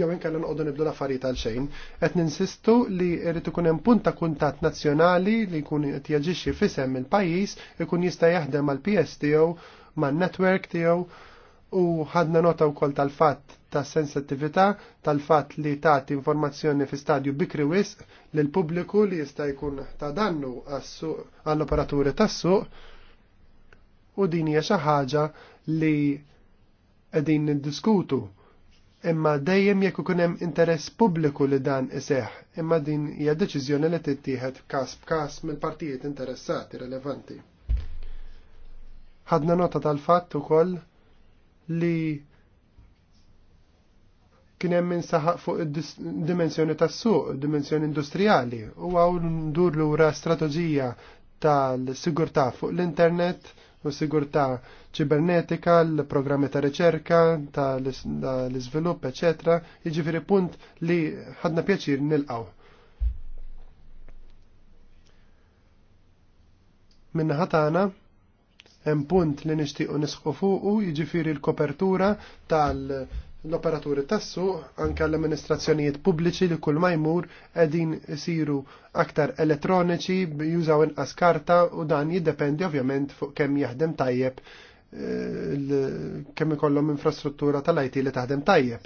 jew inkella noqogħdu nibdu l-affarijiet għal xejn. Qed ninsistu li jrid ikun hemm punt ta' kuntatt nazzjonali li jkun qed jaġixxi f'isem il-pajjiż ikun jista' jaħdem mal ps tiegħu man-netwerk tiegħu u ħadna nota wkoll tal-fatt ta' sensittività tal-fatt li tagħti informazzjoni fi stadju bikri wisq l pubbliku li jista' jkun ta' dannu għall-operaturi tas-suq u din hija xi ħaġa li qegħdin niddiskutu imma dejjem jekk ikun hemm interess pubbliku li dan iseħħ, imma din hija deċiżjoni li tittieħed każ b'każ mill-partijiet interessati relevanti. Ħadna nota tal-fatt ukoll li kien hemm saħaq fuq id-dimensjoni tas-suq, dimensjoni industrijali, u għaw ndur lura strategija tal-sigurtà fuq l-internet u sigurtà ċibernetika, l-programmi ta' riċerka, tal-iżvilupp, eċetera, jiġifieri punt li ħadna pjaċir nilqgħu. Minna ħatana, hemm punt li nixtiequ nisħu fuqu jiġifieri l-kopertura tal-operaturi tas-suq anke l-amministrazzjonijiet pubbliċi li kull ma jmur qegħdin isiru aktar elettroniċi jużaw inqas karta u dan jiddependi ovvjament fuq kemm jaħdem tajjeb eh, kemm ikollhom infrastruttura tal-IT li taħdem tajjeb.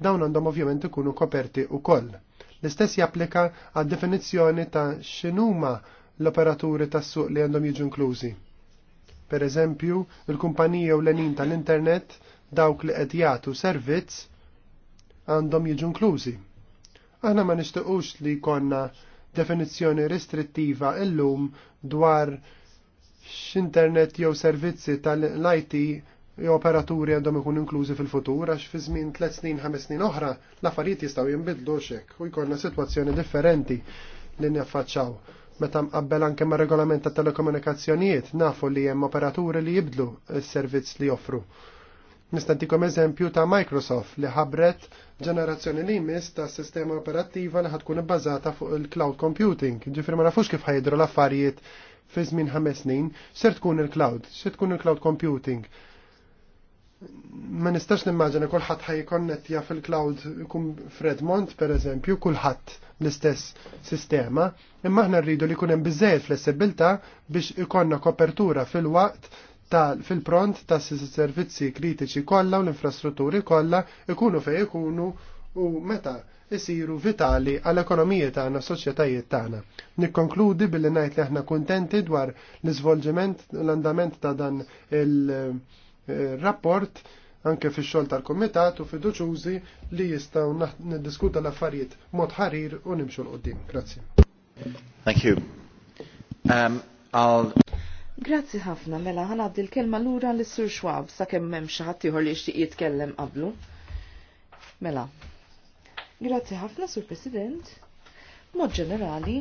Dawn għandhom ovvjament ikunu koperti ukoll. L-istess japplika għad definizzjoni ta' x'inhuma l-operaturi tas-suq li għandhom jiġu inklużi Per eżempju, il-kumpanija u l-enin tal-internet dawk li qed jagħtu servizz għandhom jiġu inklużi. Aħna ma nixtiequx li jkollna definizzjoni restrittiva illum dwar x'internet jew servizzi tal-IT jew operaturi għandhom ikun inklużi fil-futur għax fi żmien tliet snin, ħames snin oħra l-affarijiet jistgħu jinbidlu xek u jkollna sitwazzjoni differenti li naffaċċaw meta mqabbel anke ma' regolament ta' telekomunikazzjonijiet nafu li hemm operaturi li jibdlu s-servizz li joffru. Nistantikom eżempju ta' Microsoft li ħabret ġenerazzjoni li jmiss ta' sistema operattiva li ħatkun bbażata fuq il-cloud computing. Ġifri ma nafux kif ħajdru l-affarijiet fi żmien ħames snin, ser tkun il-cloud, ser tkun il-cloud computing ma nistax nimmaġina kulħadd ħajkonnettja fil-cloud kum Fredmont per eżempju, kulħadd l-istess sistema, imma aħna rridu li kunem bizzejt flessibilta biex ikonna kopertura fil-waqt fil-pront ta' servizzi kritiċi kollha u l-infrastrutturi kollha ikunu fej ikunu u meta isiru vitali għall ekonomija tagħna soċjetajiet tagħna. Nikkonkludi billi ngħid li aħna kuntenti dwar l-iżvolġiment l-andament ta' dan il-rapport eh, anke fi xol tal-komitat u fiduċuzi li jistaw niddiskuta l-affarijiet mod ħarir u nimxu l-qoddim. Grazzi. Thank you. Um, I'll... Grazzi ħafna, mela għaddi l-kelma l-ura l-Sur Schwab sa' kemm hemm xi li xtiq jitkellem qablu. Mela. Grazzi ħafna, Sur President. Mod ġenerali,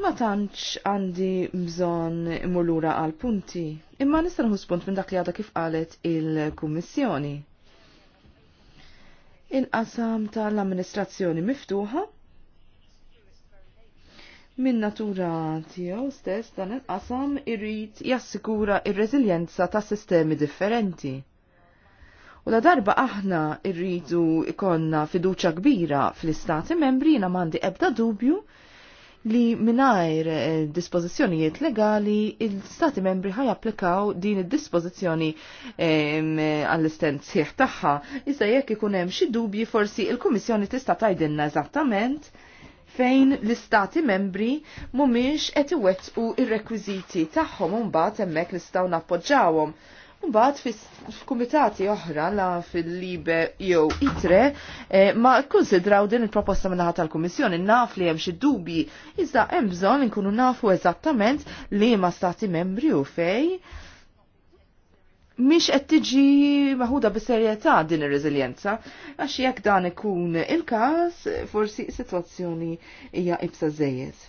ma tantx għandi bżonn imur lura għal punti, imma nista' nħu spunt minn dak li għadha kif qalet il-Kummissjoni. Il-qasam tal-amministrazzjoni miftuħa minn natura tiegħu stess dan il-qasam irrid jassikura ir-reżiljenza ta' sistemi differenti. U la darba aħna irridu ikonna fiduċa kbira fl-istati membri jiena mandi ebda dubju li minajr eh, dispożizzjonijiet legali il-Stati membri ħaj applikaw din id-dispożizzjoni għall-istent sieħ tagħha. Iżda jekk ikun hemm xi dubji forsi il-Kummissjoni tista' tgħidilna eżattament fejn l-istati membri mhumiex qed iwettqu ir-rekwiżiti tagħhom u mbagħad hemmhekk nistgħu nappoġġawhom. Mbagħad f'kumitati oħra la fil-Libe jew ITRE eh, ma kkunsidraw din il-proposta minnaħat tal-Kummissjoni naf li hemm xi dubji iżda hemm bżonn inkunu nafu eżattament li ma stati membri u fej miex qed tiġi maħuda b'serjetà din ir-reżiljenza għax jekk dan ikun il-każ forsi sitwazzjoni hija ibsa żejjed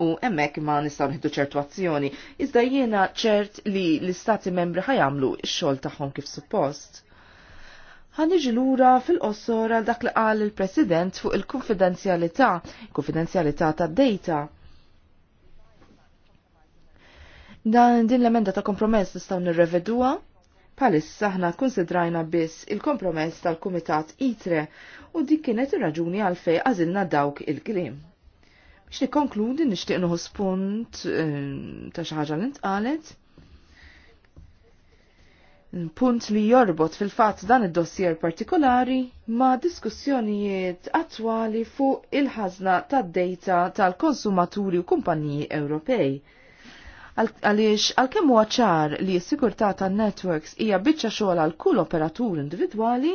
u emmek ma nistaw nħiddu ċertu azzjoni, iżda jiena ċert li l-istati membri ħajamlu x-xol taħħom kif suppost. Ħaniġi lura fil-qossor għal dak li qal il-President fuq il-konfidenzjalità, konfidenzjalità ta' data. Dan din l-emenda ta' kompromess nistaw nirrevedua? Palissa ħna konsidrajna biss il-kompromess tal-Kumitat ITRE u dik kienet ir-raġuni għalfej għażilna dawk il-klim. Biex nikkonkludi nixtieq nuhu spunt eh, ta' xi ħaġa li ntqalet. Punt li jorbot fil-fatt dan id-dossier partikolari ma' diskussjonijiet attwali fuq il-ħażna tad-dejta tal-konsumaturi u kumpaniji Ewropej għaliex għalkemm huwa ċar li s-sigurtà tan-networks hija biċċa xogħol għal kull operatur individwali,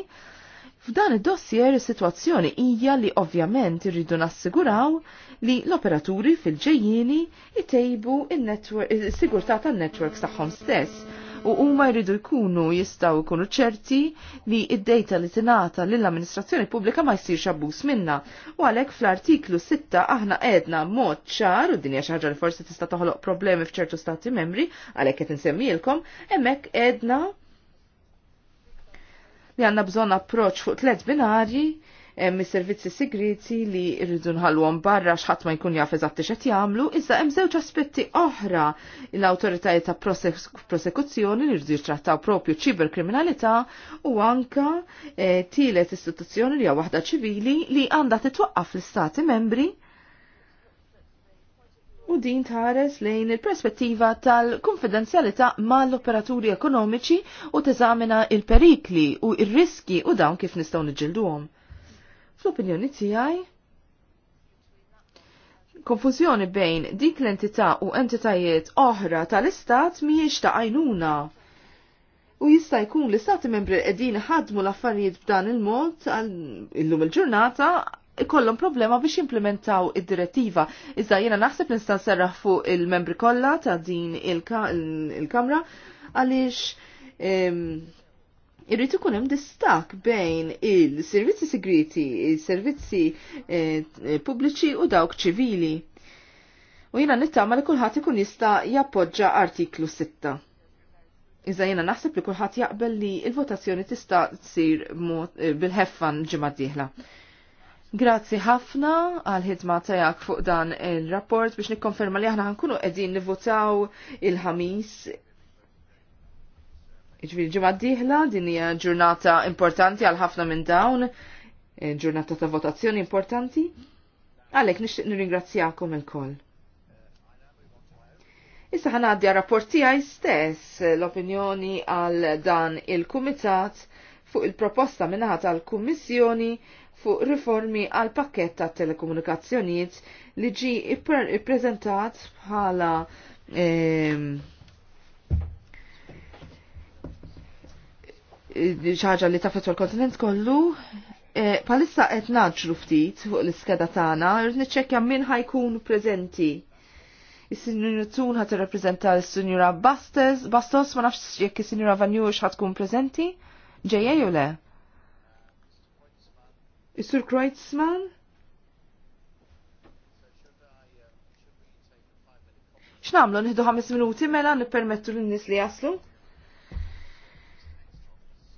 F'dan id-dossier is-sitwazzjoni hija li ovvjament irridu nassiguraw li l-operaturi fil ġejjini jtejbu is-sigurtà tan-networks tagħhom stess u huma jridu jkunu jistgħu jkunu ċerti li id-dejta li tingħata lill-amministrazzjoni pubblika ma jsirx abbuż minnha. U għalhekk fl-artiklu 6 aħna qedna mod ċar u dinja xi ħaġa li forsi tista' toħloq problemi f'ċertu stati membri għalhekk qed insemmilkom hemmhekk qedna li għanna bżon approċ fuq tlet binarji hemm is-servizzi sigriti li rridu nħallhom barra x'ħadd ma jkun jaf eżatt x'qed jagħmlu, iżda hemm żewġ aspetti oħra l-awtoritajiet ta' prosekuzzjoni li rridu jittrattaw propju ċiberkriminalità u anka eh, tielet istituzzjoni li hija waħda ċivili li għandha titwaqqaf l-istati membri u din tħares lejn il-perspettiva tal-konfidenzjalità mal-operaturi ekonomiċi u teżamina il-perikli u il-riski u dawn kif nistgħu niġġilduhom. Fl-opinjoni tiegħi, konfużjoni bejn dik l-entità u entitajiet oħra tal-istat mhijiex ta' għajnuna. U jista' jkun l-istati membri qegħdin ħadmu l-affarijiet b'dan il-mod illum il-ġurnata il mod illum il ġurnata ikollhom problema biex implementaw id-direttiva. Iżda jiena naħseb nista' serraħ fuq il-membri kollha ta' din il-Kamra għaliex irrid ikun hemm distak bejn il-servizzi segreti, il-servizzi eh, pubbliċi u dawk ċivili. U jiena nittama li kulħadd ikun jista' jappoġġa artiklu 6. Iżda jena naħseb li kulħadd jaqbel li il-votazzjoni tista' tsir eh, bil-ħeffan ġimgħa d-dieħla. Grazzi ħafna għal ħidma tajak fuq dan il-rapport biex nikkonferma li aħna ħankunu qegħdin nivvotaw il-ħamis Iġviri ġimgħa diħla din hija ġurnata importanti għal ħafna minn dawn, eh, ġurnata ta' votazzjoni importanti. Għalhekk nixtieq nirringrazzjakom il-koll. Issa ħanaddi rapport tiegħi stess l-opinjoni għal dan il-kumitat fuq il-proposta minnaħat għal kummissjoni fuq riformi għal pakket ta' telekomunikazzjonijiet li ġi ippreżentat bħala ċaġa li tafetu l-kontinent kollu, e, palissa qed naġru ftit fuq l-iskeda tagħna, rrid niċċekkja min ħajkun preżenti. Is-Sinjur Tun ħat irrappreżenta l-Sinjura Bastos, ma nafx jekk is-Sinjura Vanjux ħatkun preżenti, ġejja jew le? Is-Sur Kreutzmann? X'namlu nieħdu ħames minuti mela nippermettu lin-nies li jaslu?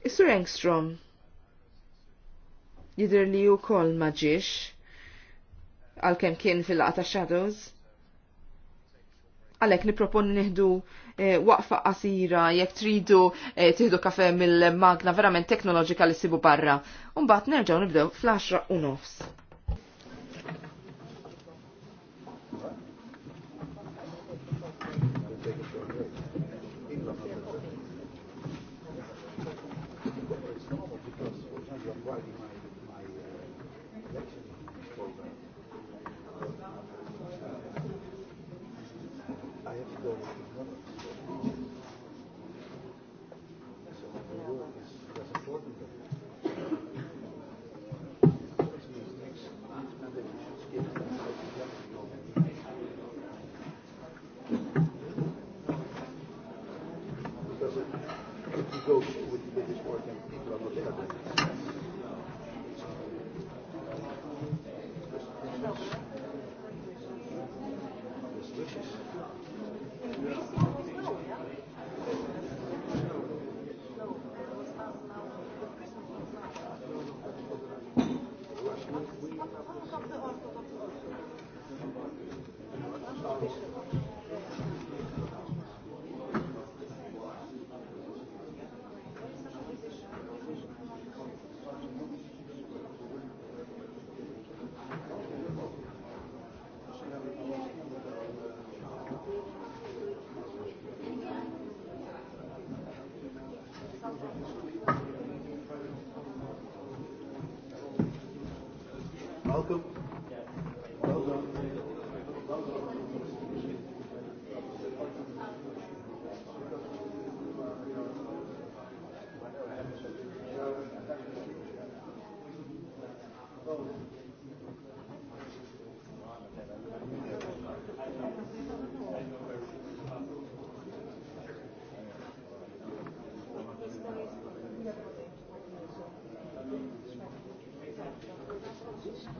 Is-Sur Engstrom jidher li wkoll ma ġiex għalkemm kien fil laqgħa ta' Shadows. Għalhekk niproponi nieħdu Eh, waqfa qasira jekk tridu eh, tieħdu kafe mill-magna verament teknoloġika li sibu barra. Umbagħad nerġgħu nibdew fl-10 u nofs.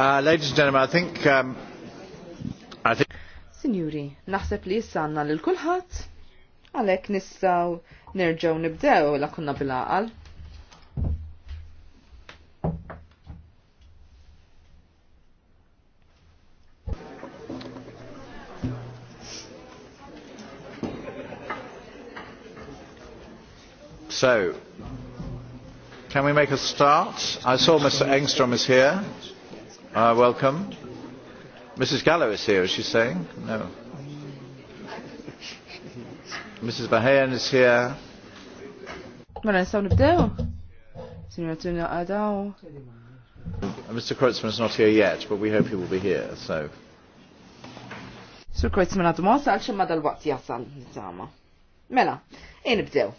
Uh, um, Signori, naħseb li jissanna l-kulħat, għalek nistaw nerġaw nibdew la kunna bil għal So, can we make a start? I saw Mr. Engstrom is here. Uh, welcome. Mrs. Gallo is here, is she saying? No. Mrs. Bahayan is here. Mr. Mela, uh, Kreutzmann is not here yet, but we hope he will be here, so. Sur Kreutzmann għadu ma għal xemma dal-waqt jasal nittama. Mela, ej nibdew.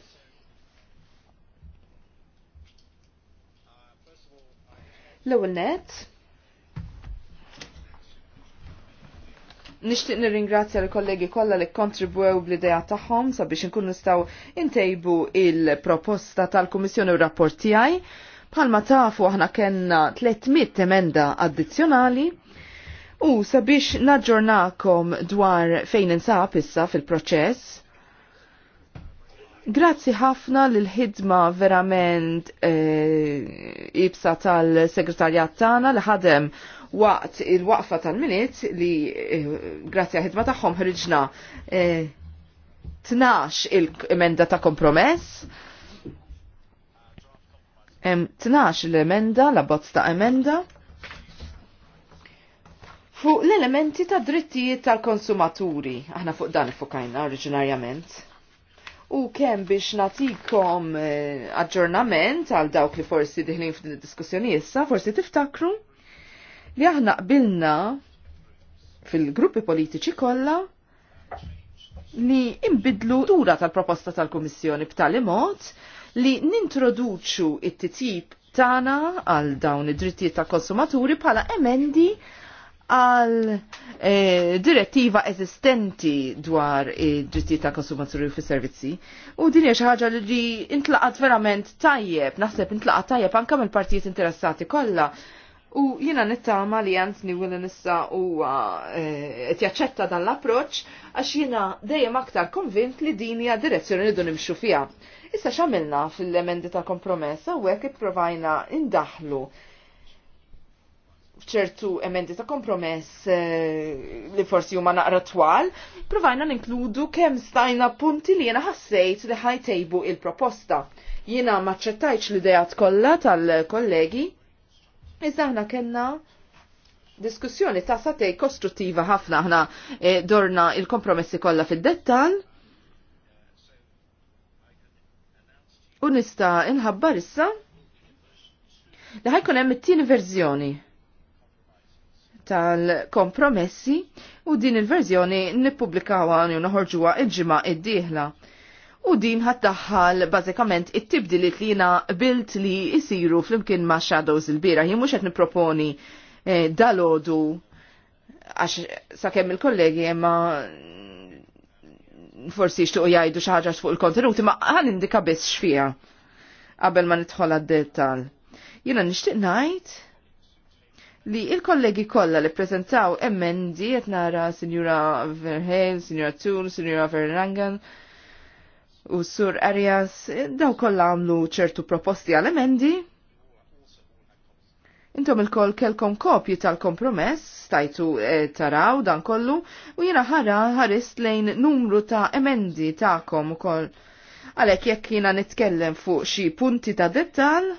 L-ewwel net, Nishtiq nirringrazzja l-kollegi kollha li kontribwew bl-idea tagħhom sabiex inkun nistgħu intejbu il-proposta tal-Kummissjoni u rapport tiegħi. Bħalma tafu aħna kellna 300 emenda addizzjonali u sabiex naġġornakom dwar fejn insab issa fil-proċess Grazzi ħafna l-ħidma verament eh, ibsa tal-segretarjat tagħna li ħadem waqt il-waqfa tal-minit li e, grazzi ħidma tagħhom ħriġna 12 eh, tnax il-emenda ta' kompromess. Tnax l-emenda, la bozz ta' emenda fuq l-elementi ta' drittijiet tal-konsumaturi. Aħna fuq dan ifukajna oriġinarjament u kemm biex natikom eh, aġġornament għal dawk li forsi diħlin id diskussjoni issa, forsi tiftakru li aħna qbilna fil-gruppi politiċi kollha li imbidlu dura tal-proposta tal-Kummissjoni b'tali mod li nintroduċu it-titib tana għal dawn id-drittijiet tal-konsumaturi bħala emendi għal eh, direttiva eżistenti dwar id-dritti ta' konsumaturi fi servizzi. U din hija xi ħaġa li intlaqat verament tajjeb, naħseb intlaqat tajjeb anke mill-partijiet interessati kollha. U jiena nittama li Anthony Willen nissa huwa eh, qed jaċċetta dan l-approċċ għax jiena dejjem aktar konvint li din hija direzzjoni li dun nimxu fiha. Issa x'għamilna fil-emendi ta' u hawnhekk provajna indaħlu ċertu emendi ta' kompromess eh, li forsi huma naqra twal, provajna ninkludu kemm stajna punti li jena ħassejt li ħajtejbu il-proposta. Jiena maċċettajċ l-idejat kollha tal-kollegi, iżda aħna kellna diskussjoni ta' satej kostruttiva ħafna aħna eh, dorna il-kompromessi kollha fid-dettal. U nista' inħabbar issa li ħajkun hemm it-tieni verżjoni tal-kompromessi u din il-verżjoni nippubblikawa u noħorġuha il-ġimgħa id-dieħla. U din ħattaħħal bażikament it-tibdiliet li jiena bilt li jisiru flimkien ma' shadows il-bira. Jien mhux qed nipproponi eh, dalodu għax sakemm il-kollegi imma forsi jixtuqu jgħidu xi ħaġa fuq il-kontenuti ma ħan indika biss xfija qabel ma nidħol għad-dettal. Jiena nixtieq ngħid li il-kollegi kollha li prezentaw emendi qed nara Signora Verheil, Signora Tull, Signora Verrangan u Sur Arias, daw kollha għamlu ċertu proposti għal emendi. Intom il-koll kelkom kopji tal-kompromess, stajtu e, taraw dan kollu, u jina ħara ħarist lejn numru ta' emendi ta'kom u koll. Għalek jekk jina nitkellem fuq xi punti ta' dettal,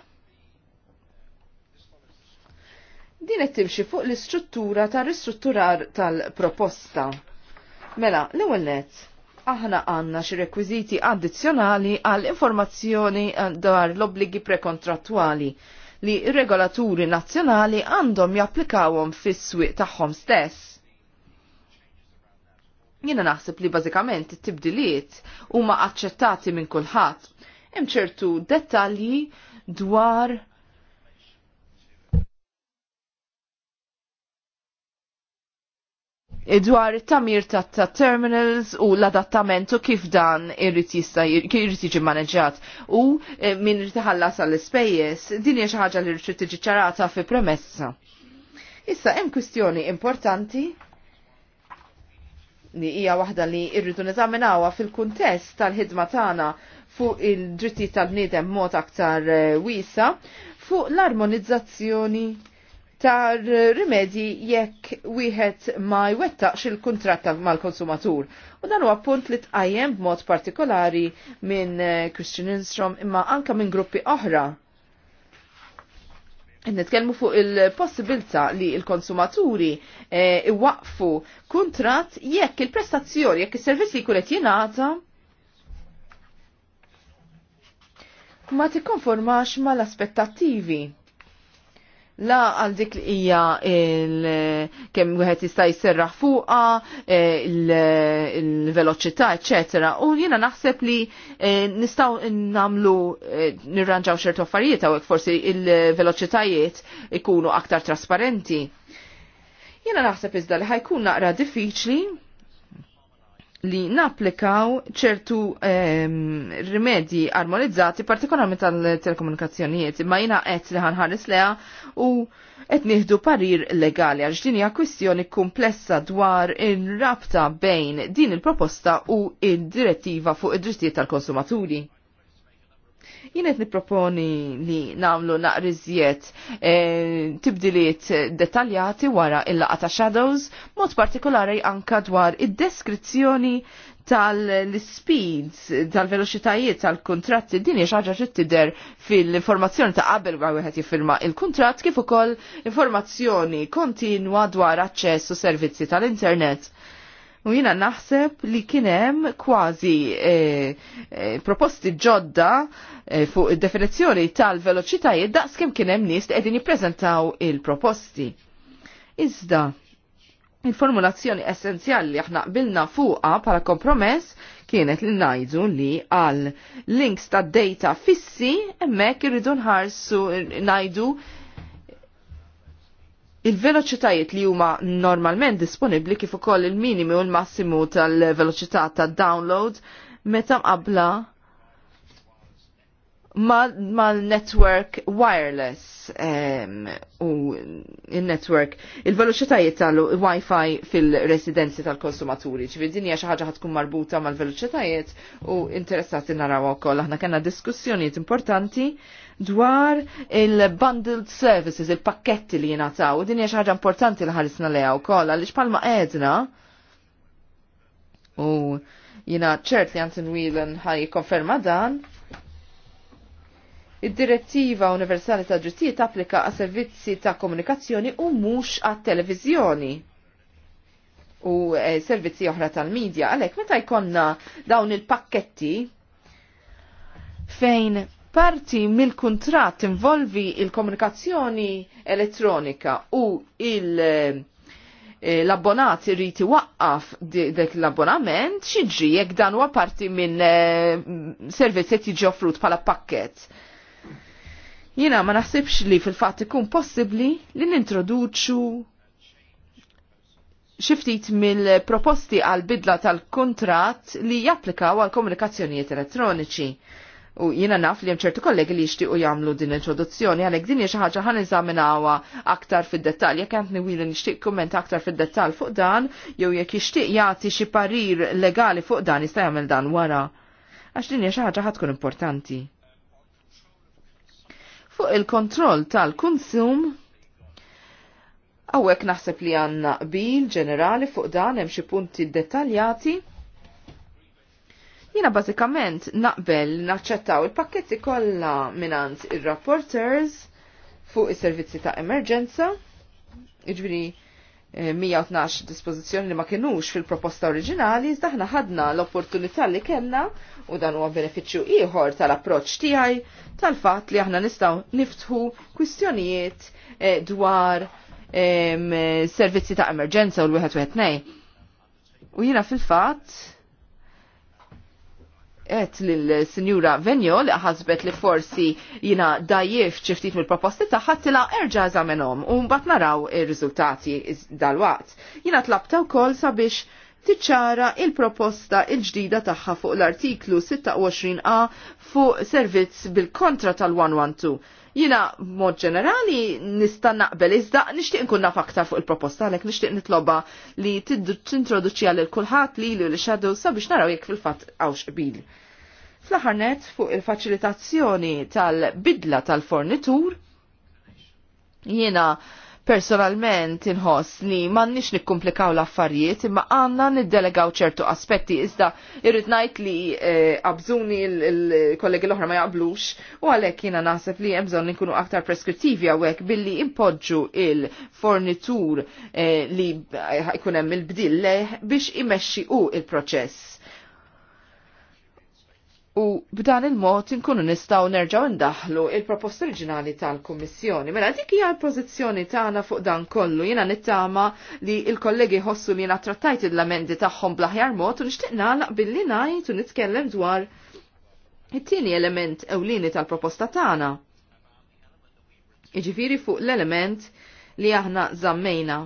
Din qed timxi fuq l-istruttura ta' ristrutturar tal-proposta. Mela, l-ewwel nett, aħna għandna xi rekwiżiti addizzjonali għall informazzjoni dwar l-obbligi prekontrattwali li regolaturi nazzjonali għandhom japplikawhom fis-swieq tagħhom stess Jiena naħseb li bażikament it-tibdiliet huma aċċettati minn kulħadd. Hemm ċertu dettalji dwar dwar it-tamir ta' terminals u l-adattamentu kif dan irrit jista' irrid jiġi maneġġat u eh, min irid iħallas għall-ispejjeż din hija xi ħaġa li rrid tiġi ċarata fi premessa. Issa hemm kwistjoni importanti li hija waħda li rridu neżaminawha fil-kuntest tal-ħidma tagħna fuq il-dritti tal-bniedem mod aktar eh, wiesa fuq l-armonizzazzjoni ta' rimedji jekk wieħed ma jwettaqx il-kuntratt mal-konsumatur. U dan huwa punt li tqajjem b'mod partikolari minn eh, Christian Instrom imma anka minn gruppi oħra. Nitkellmu fuq il-possibilità li il-konsumaturi e, iwaqfu kuntratt jekk il-prestazzjoni, jekk is-servizz li jkun qed jingħata ma tikkonformax mal-aspettattivi La għal dik li hija kemm wieħed jista' jserraħ fuqha, eh, il-veloċità, eċetera. U jiena naħseb li eh, nistgħu nagħmlu eh, nirranġaw xert affarijiet hawnhekk forsi il-veloċitajiet ikunu aktar trasparenti. Jiena naħseb iżda li ħajkun naqra diffiċli li napplikaw ċertu eh, rimedji armonizzati, partikolarment tal-telekomunikazzjonijiet, imma jina qed li ħanħares leha u qed nieħdu parir legali għax din hija kwistjoni komplessa dwar ir-rabta bejn din il-proposta u id-direttiva fuq id-drittijiet tal-konsumaturi. Jienet niproponi li namlu naqrizziet e, tibdiliet detaljati wara il-laqa ta' Shadows, mod partikolari anka dwar id-deskrizzjoni tal-speeds, tal-veloċitajiet, tal-kontratti, din hija ħaġa tidher fil-informazzjoni ta' qabel ma wieħed jiffirma il-kuntratt kif ukoll informazzjoni kontinwa dwar aċċess u servizzi tal-internet. U jina naħseb li kienem kważi eh, eh, proposti ġodda eh, fuq definizzjoni tal-veloċitajiet daqs kem kienem nist edin jiprezentaw il-proposti. Iżda, il-formulazzjoni essenzjali li aħna qbilna fuqa pala kompromess kienet li najdu li għal links ta' data fissi emmek irridu nħarsu najdu il-veloċitajiet li huma normalment disponibbli kif ukoll il-minimi u l-massimu tal-veloċità tad-download meta mqabla mal-network ma wireless um, u il-network il-veloċitajiet tal-Wi-Fi fil-residenzi tal-konsumaturi. Ġviri din xi ħaġa tkun marbuta mal-veloċitajiet u interessati naraw ukoll. Aħna kellna diskussjonijiet importanti dwar il-bundled services, il-pakketti li jenataw. Din hija ħaġa importanti li ħarisna leja wkoll għaliex palma qedna u jina ċert li għantin Wilen ħaj konferma dan. Id-direttiva universali ta' drittijiet applika għas servizzi ta' komunikazzjoni u mhux għat televiżjoni u e, servizzi oħra tal-medja. Għalhekk meta jkollna dawn il-pakketti fejn Parti mill kuntrat involvi il-komunikazzjoni elettronika u il- eh, l-abbonat irrit waqqaf dek l-abbonament, xiġri jekk dan huwa parti minn eh, servizz qed jiġi offrut bħala pakkett. Jiena ma naħsibx li fil-fatt ikun possibbli li nintroduċu xiftit mill-proposti għal bidla tal-kontrat li japplikaw għal komunikazzjonijiet elettroniċi. U jina naf li ċertu kollegi li jixtiequ jagħmlu din introduzzjoni għalhekk din hija xi ħaġa ħan eżaminawha aktar fid-dettall. Jekk għandni wili nixtieq kumment aktar fid dettal fuq dan, jew jekk jixtieq jagħti xi parir legali fuq dan jista' jagħmel dan wara. Għax din hija xi ħaġa importanti. Fuq il-kontroll tal-konsum Għawek naħseb li għanna bil ġenerali fuq dan hemm xi punti dettaljati Jina bazikament naqbel naċċettaw il-pakketti kollha minant ir-rapporters fuq is-servizzi ta' emerġenza, iġbiri 112 eh, dispożizzjoni li ma kienux fil-proposta oriġinali, iżda ħadna l-opportunità li kellna u dan huwa benefiċċju ieħor tal-approċċ tiegħi tal-fatt li aħna nistgħu niftħu kwistjonijiet eh, dwar servizzi ta' emerġenza u l-wieħed u U jiena fil-fatt et l-Sinjura Venjol ħasbet li forsi jina dajjef ċiftit mill-proposti taħħa tila erġa zamenom u mbagħad naraw ir-riżultati dal-waqt. Jina tlabta wkoll sabiex tiċċara il-proposta il-ġdida tagħha fuq l-artiklu 26a fuq servizz bil-kontra tal-112. Jina mod ġenerali nista' naqbel iżda nixtieq nkun naf aktar fuq il-proposta għalhekk nixtieq nitloba li tintroduċi għal kulħadd li li li xadu sabiex naraw jekk fil-fatt għawx qbil. Fl-ħarnet fuq il-facilitazzjoni tal-bidla tal-fornitur, jiena personalment inħoss li m'għandniex nikkumplikaw l-affarijiet imma għandna niddelegaw ċertu aspetti iżda irrid ngħid li qabżuni eh, l-kollegi l-oħra ma jaqblux u għalhekk jiena naħseb li hemm bżonn nkunu aktar preskrittivi hawnhekk billi impoġġu il-fornitur eh, li jkun hemm il-bdil leh biex imexxi u il-proċess. U b'dan il-mod inkunu nistgħu nerġgħu ndaħlu il-proposta oriġinali tal-Kummissjoni. Mela dik hija l-pożizzjoni tagħna fuq dan kollu. Jiena nittama li l-kollegi ħossu li jiena trattajt il-lamendi tagħhom bl-aħjar mod u nixtieq nagħlaq billi ngħid u nitkellem dwar it-tieni element ewlieni tal-proposta tagħna. Iġifieri fuq l-element li aħna żammejna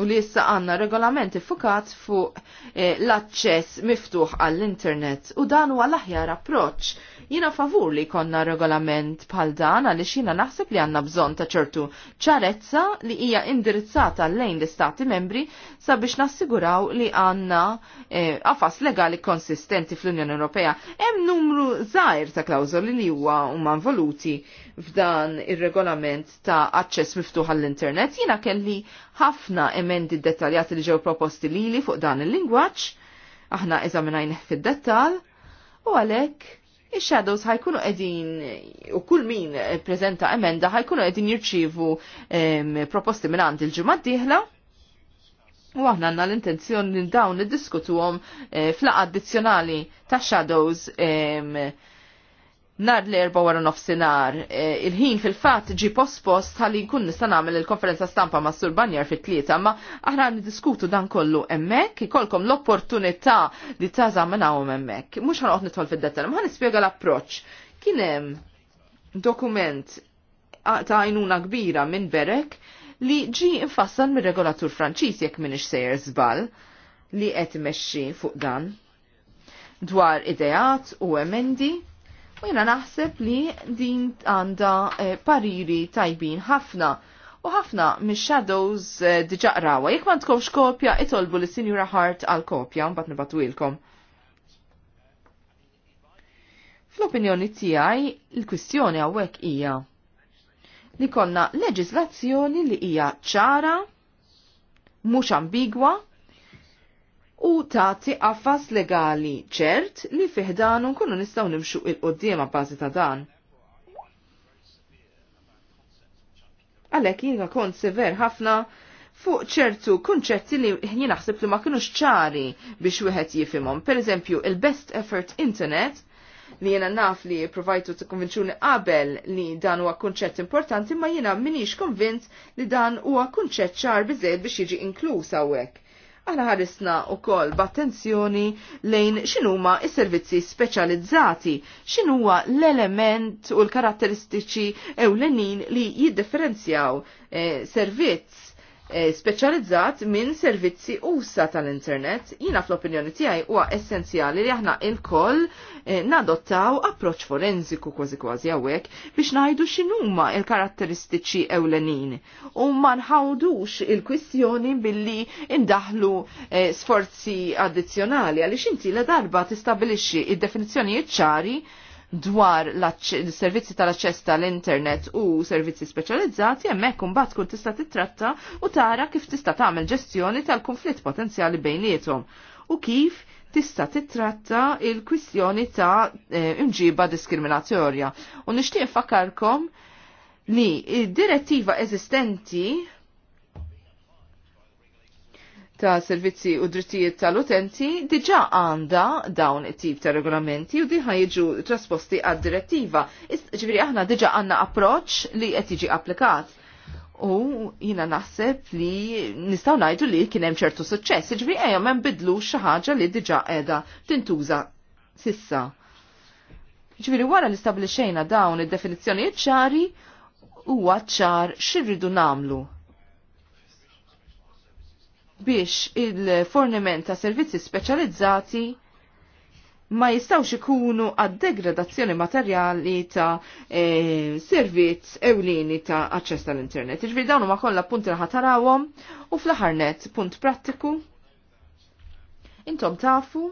u li issa għanna regolament fukat fuq eh, l-aċċess miftuħ għall-internet u dan huwa l-aħjar approċ. Jina favur li konna regolament bħal dan għaliex jina naħseb li għanna bżon ta' ċertu ċarezza li hija indirizzata lejn l-istati membri sabiex nassiguraw li għanna eh, għafas legali konsistenti fl-Unjoni Ewropea. Hemm numru żgħir ta' klawżoli li huwa huma involuti f'dan ir-regolament ta' aċċess miftuħ għall-internet. Jina kelli ħafna emendi dettaljati li ġew proposti lili fuq dan il-lingwaġġ, aħna eżaminajn fid-dettal, u għalhekk il-shadows ħajkunu edin u kull min prezenta emenda ħajkunu edin jirċivu proposti minn għand il-ġimgħa d-dieħla. U aħna għandna l-intenzjoni dawn għom eh, fl addizjonali ta' shadows em, nar l-erba wara nofsinar. E, il-ħin fil-fat ġi post-post ħalli nkun nista' nagħmel il-konferenza stampa ma' Sur Banjar fit-tlieta, ma aħna niddiskutu dan kollu hemmhekk, ikolkom l-opportunità li emmek. Mux Mhux ħanoqgħod tħol fid-dettall, ma nispjega l-approċċ. Kien hemm dokument ta' għajnuna kbira minn Berek li ġi infassan mir-regolatur Franċiż jekk minix sejjer żball li qed imexxi fuq dan dwar ideat u emendi U jena naħseb li din għanda eh, pariri tajbin ħafna. U ħafna mis shadows eh, diġa rawa. Jek ma tkomx kopja, itolbu li Sinjura Hart għal kopja, mbat nibatu ilkom. Fl-opinjoni tiegħi, l kwistjoni hawnhekk hija li konna leġislazzjoni li hija ċara, mhux ambigwa, u tati għaffas legali ċert li fiħdan nkunu nistgħu nimxu il-qoddiema bażi ta' dan. Għalhekk jiena kont sever ħafna fuq ċertu kunċetti li ħni naħseb li ma kienu ċari biex wieħed jifimhom. Per eżempju, il-best effort internet li jena naf li provajtu t-konvinċuni qabel li dan huwa kunċett importanti ma jena minix konvint li dan huwa kunċett ċar bizzejt biex jiġi inkluż hawnhekk għana ħarisna u kol b'attenzjoni lejn xinuma is servizzi speċjalizzati, xinuma l-element u l-karatteristiċi ewlenin li jiddifferenzjaw eh, servizz Eh, speċjalizzat minn servizzi usa tal-internet, jina fl-opinjoni tiegħi huwa essenzjali li aħna il-koll eh, nadottaw approċ forensiku kważi kważi hawnhekk biex ngħidu x'inhuma l-karatteristiċi ewlenin u ma nħawdux il-kwistjoni billi indaħlu eh, sforzi addizzjonali għaliex inti la darba tistabilixxi il definizzjonijiet ċari dwar servizzi tal-aċċess tal-internet u servizzi speċjalizzati hemmhekk imbagħad kun tista' titratta u tara kif tista' tagħmel ġestjoni tal-konflitt potenzjali bejniethom u kif tista titratta il-kwistjoni ta' eh, imġiba diskriminatorja. U nixtieq fakarkom li id-direttiva eżistenti ta' servizzi u drittijiet tal-utenti diġa għanda dawn it-tip ta' regolamenti u diħa jiġu trasposti għad direttiva. Ġviri aħna diġa għanna approċ li qed jiġi applikat. U jina naħseb li nistaw najdu li kienem ċertu suċċess, ġviri għajom men bidlu xaħġa li diġa edha tintuża sissa. Ġviri wara li xejna dawn id-definizzjonijiet ċari huwa ċar xirridu namlu biex il-forniment ta' servizzi speċjalizzati ma jistawx ikunu għad degradazzjoni materjali ta' e, servizz ewlieni ta' aċċess tal-internet. Iġvi dawn ma kollha punti raħat ħatarawhom u fl-aħarnet punt prattiku. Intom tafu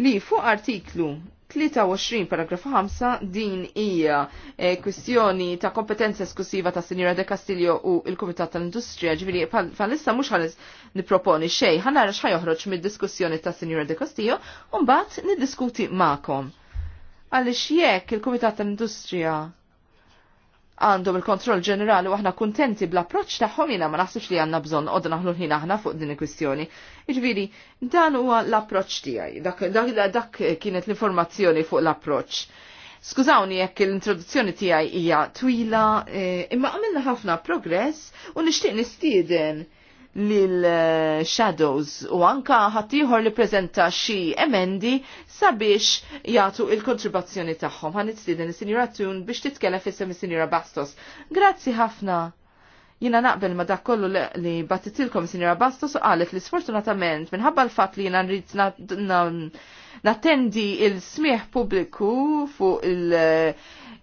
li fuq artiklu 23 paragraf 5 din hija eh, kwistjoni ta' kompetenza esklusiva ta' Sinjora De Castillo u il-Kumitat tal-Industrija, ġifieri bħalissa mhux ħalis nipproponi xej, ħanara x'ħaj joħroġ mid-diskussjoni ta' Sinjora De Castillo u mbagħad niddiskuti magħkom. Għaliex jekk il-Kumitat tal-Industrija għandhom il-kontroll ġenerali u aħna kuntenti bl-approċ tagħhom jiena ma naħsibx li għandna bżonn qod naħlu ħin aħna fuq din il-kwistjoni. Jiġifieri dan huwa l approċċ tiegħi, dak, dak, dak kienet l-informazzjoni fuq l approċċ Skużawni jekk l-introduzzjoni tiegħi hija twila, eh, imma għamilna ħafna progress u nixtieq nistieden lil-shadows u anka ħattijħor li prezenta xi emendi sabiex jagħtu il-kontribazzjoni tagħhom. Ħan sidin il sinjura Tun biex titkellem fissem is-Sinjura Bastos. Grazzi ħafna. Jina naqbel ma dak kollu li battitilkom Sinjura Bastos u qalet li sfortunatament minħabba l-fatt li jina nrid natendi il-smieħ pubbliku fuq il-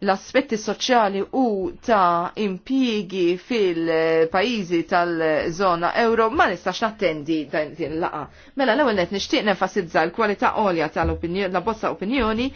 l-aspetti soċjali u ta' impjiegi fil-pajizi tal-zona euro ma nistax nattendi din laqa. Mela l-ewwel qed nixtieq nenfasizza l-kwalità għolja tal-opinjoni la bozza opinjoni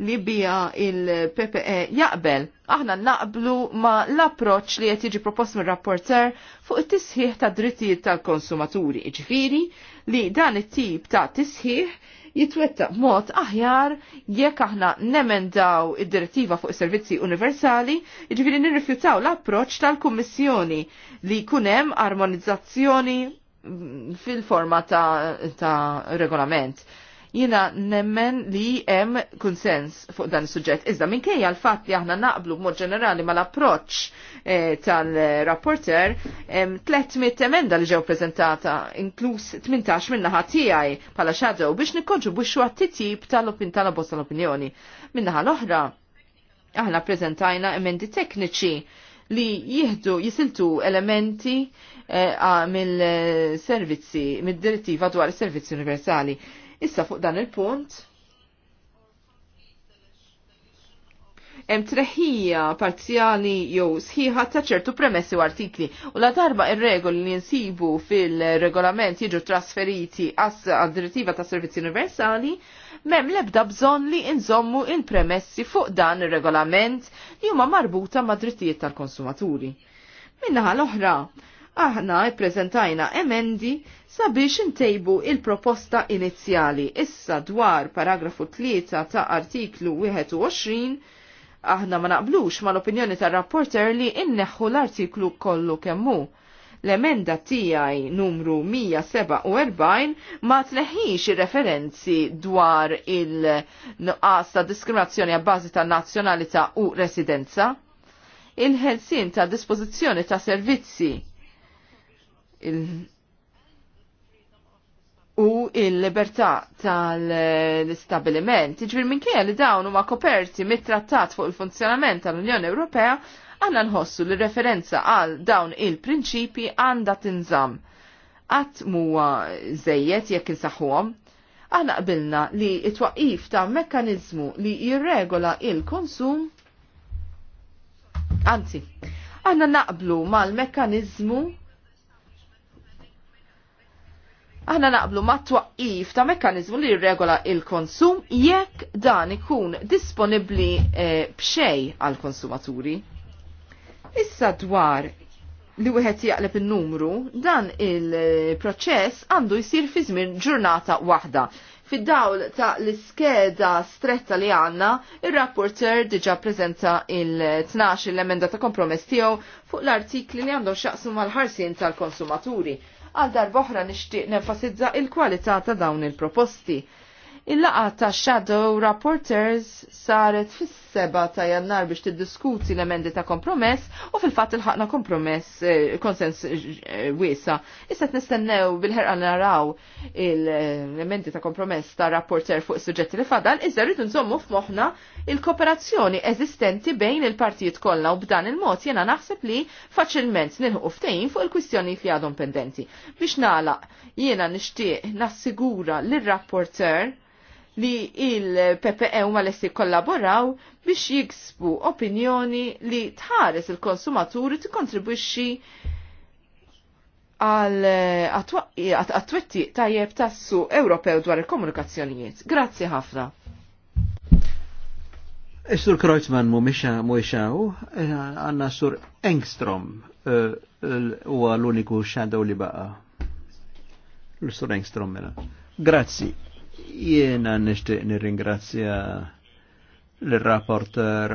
li bija il-PPE jaqbel. Aħna naqblu ma l-approċ li qed jiġi propost mir rapporter fuq it-tisħiħ ta' drittijiet tal-konsumaturi, Ġifieri li dan it-tip ta' tisħiħ jitwettaq mod aħjar jekk aħna nemendaw id-direttiva fuq servizzi universali, jiġifieri nirrifjutaw l-approċċ tal-Kummissjoni li jkun hemm armonizzazzjoni fil-forma ta', ta regolament. Jina nemmen li hemm konsens fuq dan is-suġġett. Iżda minkejja l-fatt li aħna naqblu b'mod ġenerali mal-approċċ eh, tal-rapporter, tlet mit emenda li ġew preżentata, inkluż 18 naħa tiegħi bħala shadow biex nikkontribwixxu għat-titjib tal-opin tal-abbozz tal-opinjoni. Minn-naħa l-oħra, aħna prezentajna emendi tekniċi li jihdu jisiltu elementi eh, mill-servizzi, mid-direttiva dwar servizzi universali. Issa fuq dan il-punt, hemm treħija parzjali jew sħiħa ta' ċertu premessi u artikli u la darba ir-regoli li nsibu fil-regolament jiġu trasferiti għad-direttiva ta' servizzi universali, mem lebda bżonn li nżommu il-premessi fuq dan ir-regolament li huma marbuta ma' drittijiet tal-konsumaturi. Minnaħa l-oħra, aħna ippreżentajna emendi sabiex intejbu il-proposta inizjali. Issa dwar paragrafu 3 ta' artiklu 21 aħna ma naqblux mal-opinjoni tar rapporter li inneħħu l-artiklu kollu kemmu l-emenda tijaj numru 147 ma tneħħix referenzi dwar il-nuqqas ta' diskriminazzjoni għabbażi ta' nazzjonalità u residenza, il-ħelsin ta' dispożizzjoni ta' servizzi u il-libertà tal-istabiliment. Iġbir kien li dawn huma koperti mit-trattat fuq il-funzjonament tal-Unjoni Ewropea, għanna nħossu li referenza għal dawn il-prinċipi għanda tinżam. Għat muwa zejjet jekk insaħħuhom, għanna qbilna li it-twaqif ta' mekkanizmu li jirregola il-konsum, anzi, għanna naqblu mal-mekkanizmu Aħna naqblu ma' twaqif ta' mekkanizmu li jirregola il-konsum jekk dan ikun disponibli e, b'xej għal konsumaturi. Issa dwar li wieħed jaqleb in-numru, dan il-proċess għandu jsir fi żmien ġurnata waħda. Fid-dawl ta' l-iskeda stretta li għanna, il-rapporter diġa prezenta il-12 l-emenda ta' kompromess tiegħu fuq l-artikli li għandhom xaqsum mal ħarsien tal-konsumaturi għal darboħra nixtieq nenfasizza il-kwalità ta' dawn il-proposti. Il-laqa ta' Shadow Rapporters saret fis seba ta' jannar biex tiddiskuti l-emendi ta' kompromess u fil-fatt il-ħakna kompromess eh, konsens eh, eh, wiesa. Issa t-nistennew bil-ħerqa naraw l-emendi ta' kompromess ta' rapporter fuq suġġetti li fadal, iżda rridu nżommu f'moħna il-kooperazzjoni eżistenti bejn il-partijiet kollha u b'dan il-mod jena naħseb li faċilment nilħu ftejn fuq il-kwistjoni li għadhom pendenti. Biex nagħlaq jiena nixtieq nassigura lir rapporter li il-PPE huma lesti kollaboraw biex jiksbu opinjoni li tħares il-konsumaturi tikkontribwixxi għal eh, għatwetti tajjeb tassu Ewropew dwar il-komunikazzjonijiet. Grazzi ħafna. Sur Kreuzmann mu miexa mu eh, għanna sur Engstrom eh, huwa l-uniku xandaw li baqa. sur Engstrom mela. Grazzi. Jiena nishtiq nirringrazzja l-rapporter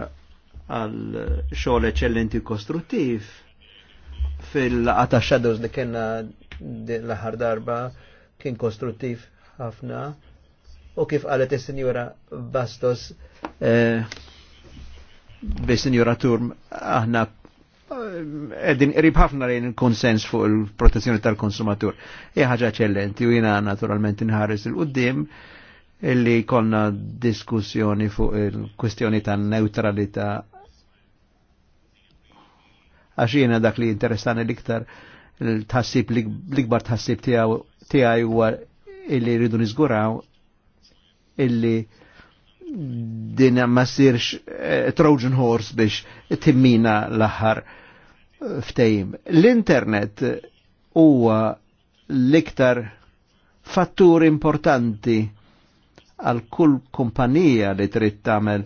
għal xogħol eċellenti kostruttiv fil-qata shadows li kena l-aħħar darba kien kostruttiv ħafna u kif qalet is-sinjura Bastos eh, bis-sinjura Turm aħna Eddin, qrib ħafna lejn konsens fuq il-protezzjoni tal-konsumatur. Hija ħaġa ċellenti u jiena naturalment inħares il-qudiem illi konna diskussjoni fuq il-kwestjoni tan-neutralità għax dak li interessani l-iktar l-tħassib l-ikbar tħassib tiegħi huwa illi rridu niżguraw illi din ma sirx eh, Trojan Horse biex timmina l-aħħar eh, ftejim. L-internet eh, huwa l-iktar fattur importanti għal kull kumpanija li trid tagħmel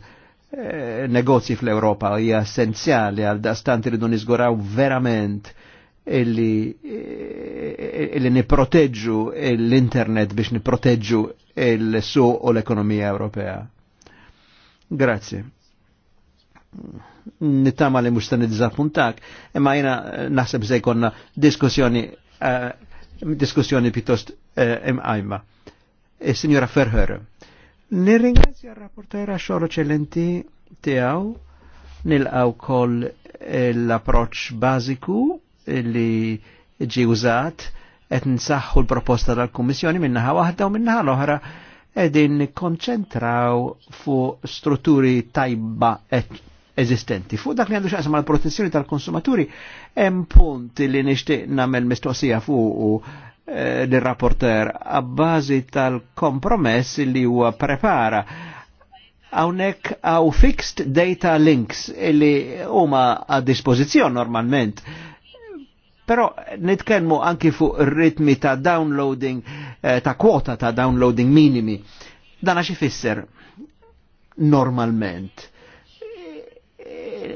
negozji fl-Ewropa hija essenzjali għal dastant iridu niżguraw verament illi, illi niproteġġu l-internet biex niproteġġu il-suq u l-ekonomija Ewropea. Grazie. Nittama li mustan id dizappuntak, imma jena eh, naħseb se konna diskussjoni uh, diskussjoni pittost uh, eh, imqajma. E signora Ferher, nirringrazzi għal rapportera ċellenti tijaw nil-għaw kol l-approċ baziku li ġi użat et nsaħħu l-proposta tal-Kummissjoni minnaħa wahda u minnaħa l-oħra edin konċentraw fu strutturi tajba eżistenti. Fu dak li għandu xaqsam għal protezzjoni tal-konsumaturi, hemm punt li nixtieq nagħmel mistoqsija fu u eh, rapporter għabbażi tal-kompromess li huwa prepara għawnek għaw fixed data links li huma għad dispożizzjon normalment Però nitkellmu anki fuq ritmi ta' downloading, eh, ta' kwota ta' downloading minimi. Dana xi ifisser normalment.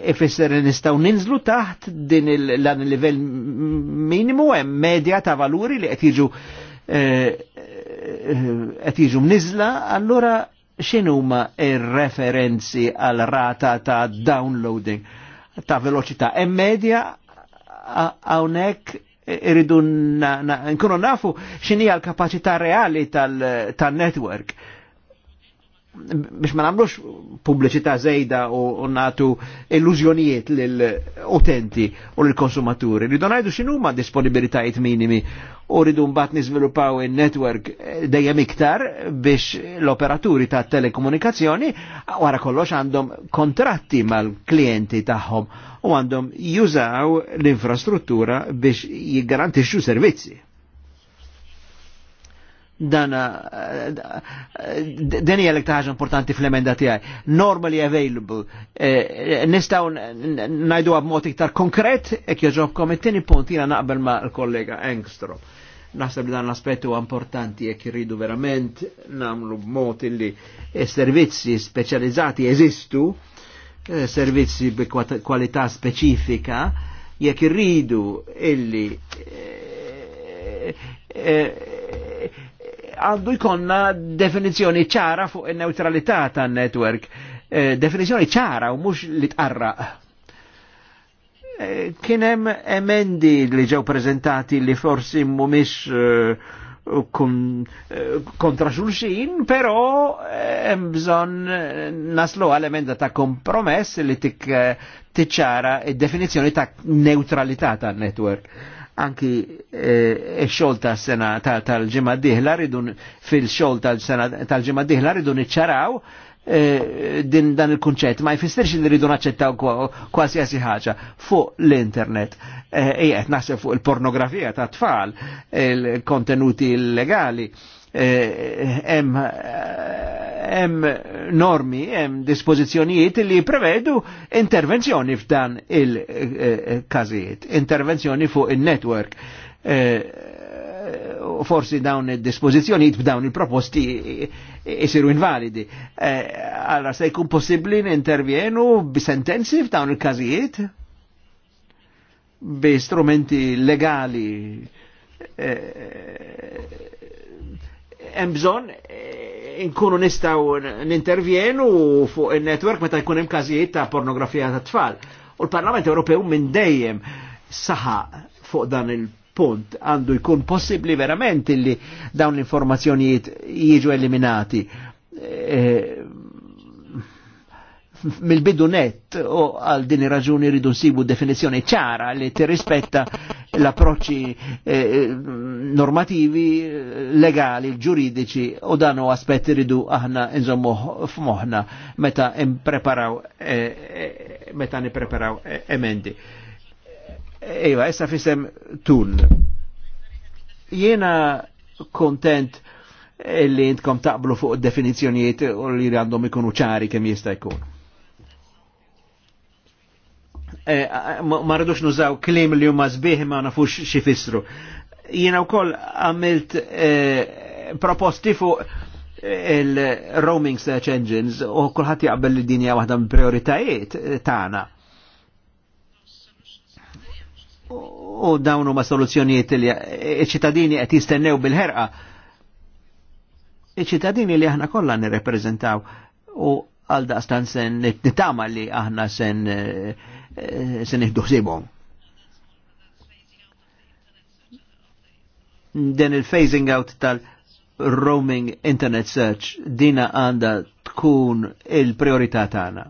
Ifisser e, e, e, nistaw ninżlu taħt din dan il-livell minimu hemm medja ta' valuri li qed jiġu eh, qed jiġu mniżla, allura x'inhuma ir-referenzi għal rata ta' downloading ta' veloċità e medja hawnhekk irridu nkunu nafu x'inhi l-kapaċità reali tal-network. Tal biex ma namlux pubbliċità zejda u natu illużjonijiet lill-utenti u lill-konsumaturi. Ridu najdu x'inhuma disponibilitajiet minimi u ridu mbat niżviluppaw in-network dejjem iktar biex l-operaturi ta' telekomunikazzjoni wara kollox għandhom kontratti mal-klijenti tagħhom u għandhom jużaw l-infrastruttura biex jiggarantixxu servizzi dana dan hija l-iktar ħaġa importanti fl-emenda tiegħi. Normally available. Nistgħu ngħiduha b'mod iktar konkret hekk jogħġobkom it-tieni e, punt jiena naqbel ma' l-kollega Engstrom. Naħseb li dan l aspettu importanti jekk irridu verament nagħmlu b'mod illi e servizzi speċjalizzati eżistu, e servizzi bi kwalità speċifika, jekk irridu illi għandu jkonna definizjoni ċara fuq il-neutralità ta' network. Eh, definizjoni ċara u mux li tqarra. Eh, Kienem emendi li ġew prezentati li forsi mumiex eh, kun kontra xulxin, pero hemm bżonn naslu għal emenda ta' kompromess li tik tiċċara id-definizzjoni ta' neutralità ta' network anki e, eh, xol ta' tas-sena tal-ġimgħa diħla ridun fil xol tal-sena tal ġimma diħla ridu niċċaraw e, din dan il-kunċett ma jfistirx li ridun naċċettaw kwasjasi ħaġa fuq l-internet. Ejqed eh, naħseb fuq il-pornografija ta' tfal, il-kontenuti illegali hemm eh, eh, hemm normi, hemm dispożizzjonijiet li prevedu intervenzjoni f'dan il-każijiet, eh, intervenzjoni fuq in-network. Forsi dawn id-dispożizzjonijiet f'dawn il-proposti jisiru invalidi. Allora se jkun possibbli nintervjenu b'sentenzi f'dawn il-każijiet bi strumenti legali hemm bżonn eh, inkunu nistgħu nintervjenu fuq in-netwerk meta jkun hemm każijiet ta' pornografija ta' tfal. U l-Parlament Ewropew minn dejjem saħa fuq dan il-punt għandu jkun possibbli verament illi dawn l-informazzjonijiet jiġu eliminati. Eh, mill-bidu net u għal din raġuni rridu nsibu definizjoni ċara li tirrispetta l-approċċi eh, eh normativi, eh, legali, ġuridiċi u dan u ridu rridu aħna nżommu f'moħna meta impreparaw eh, eh meta nipreparaw eh, emendi. Ejwa, iva, essa fisem tul. Jiena kontent li intkom taqblu fuq definizjonijiet u li għandhom ikunu ċari kemm jista' jkun. Eh, ma rridux nużaw klim li huma sbieħ ma nafux fissru. Jiena wkoll għamilt eh, proposti fuq eh, il-roaming search engines u kulħadd jaqbel li dinja waħda mill-prioritajiet tagħna. U dawn huma soluzzjonijiet li ċ-ċittadini qed jistennew bil-ħerqa. Iċ-ċittadini li aħna kollha nirrepreżentaw u għal daqstan sen nittama li aħna sen uh, Eh, se nieħdu ħsiebhom. Den il-phasing out tal-roaming internet search dina għanda tkun il-priorità tagħna.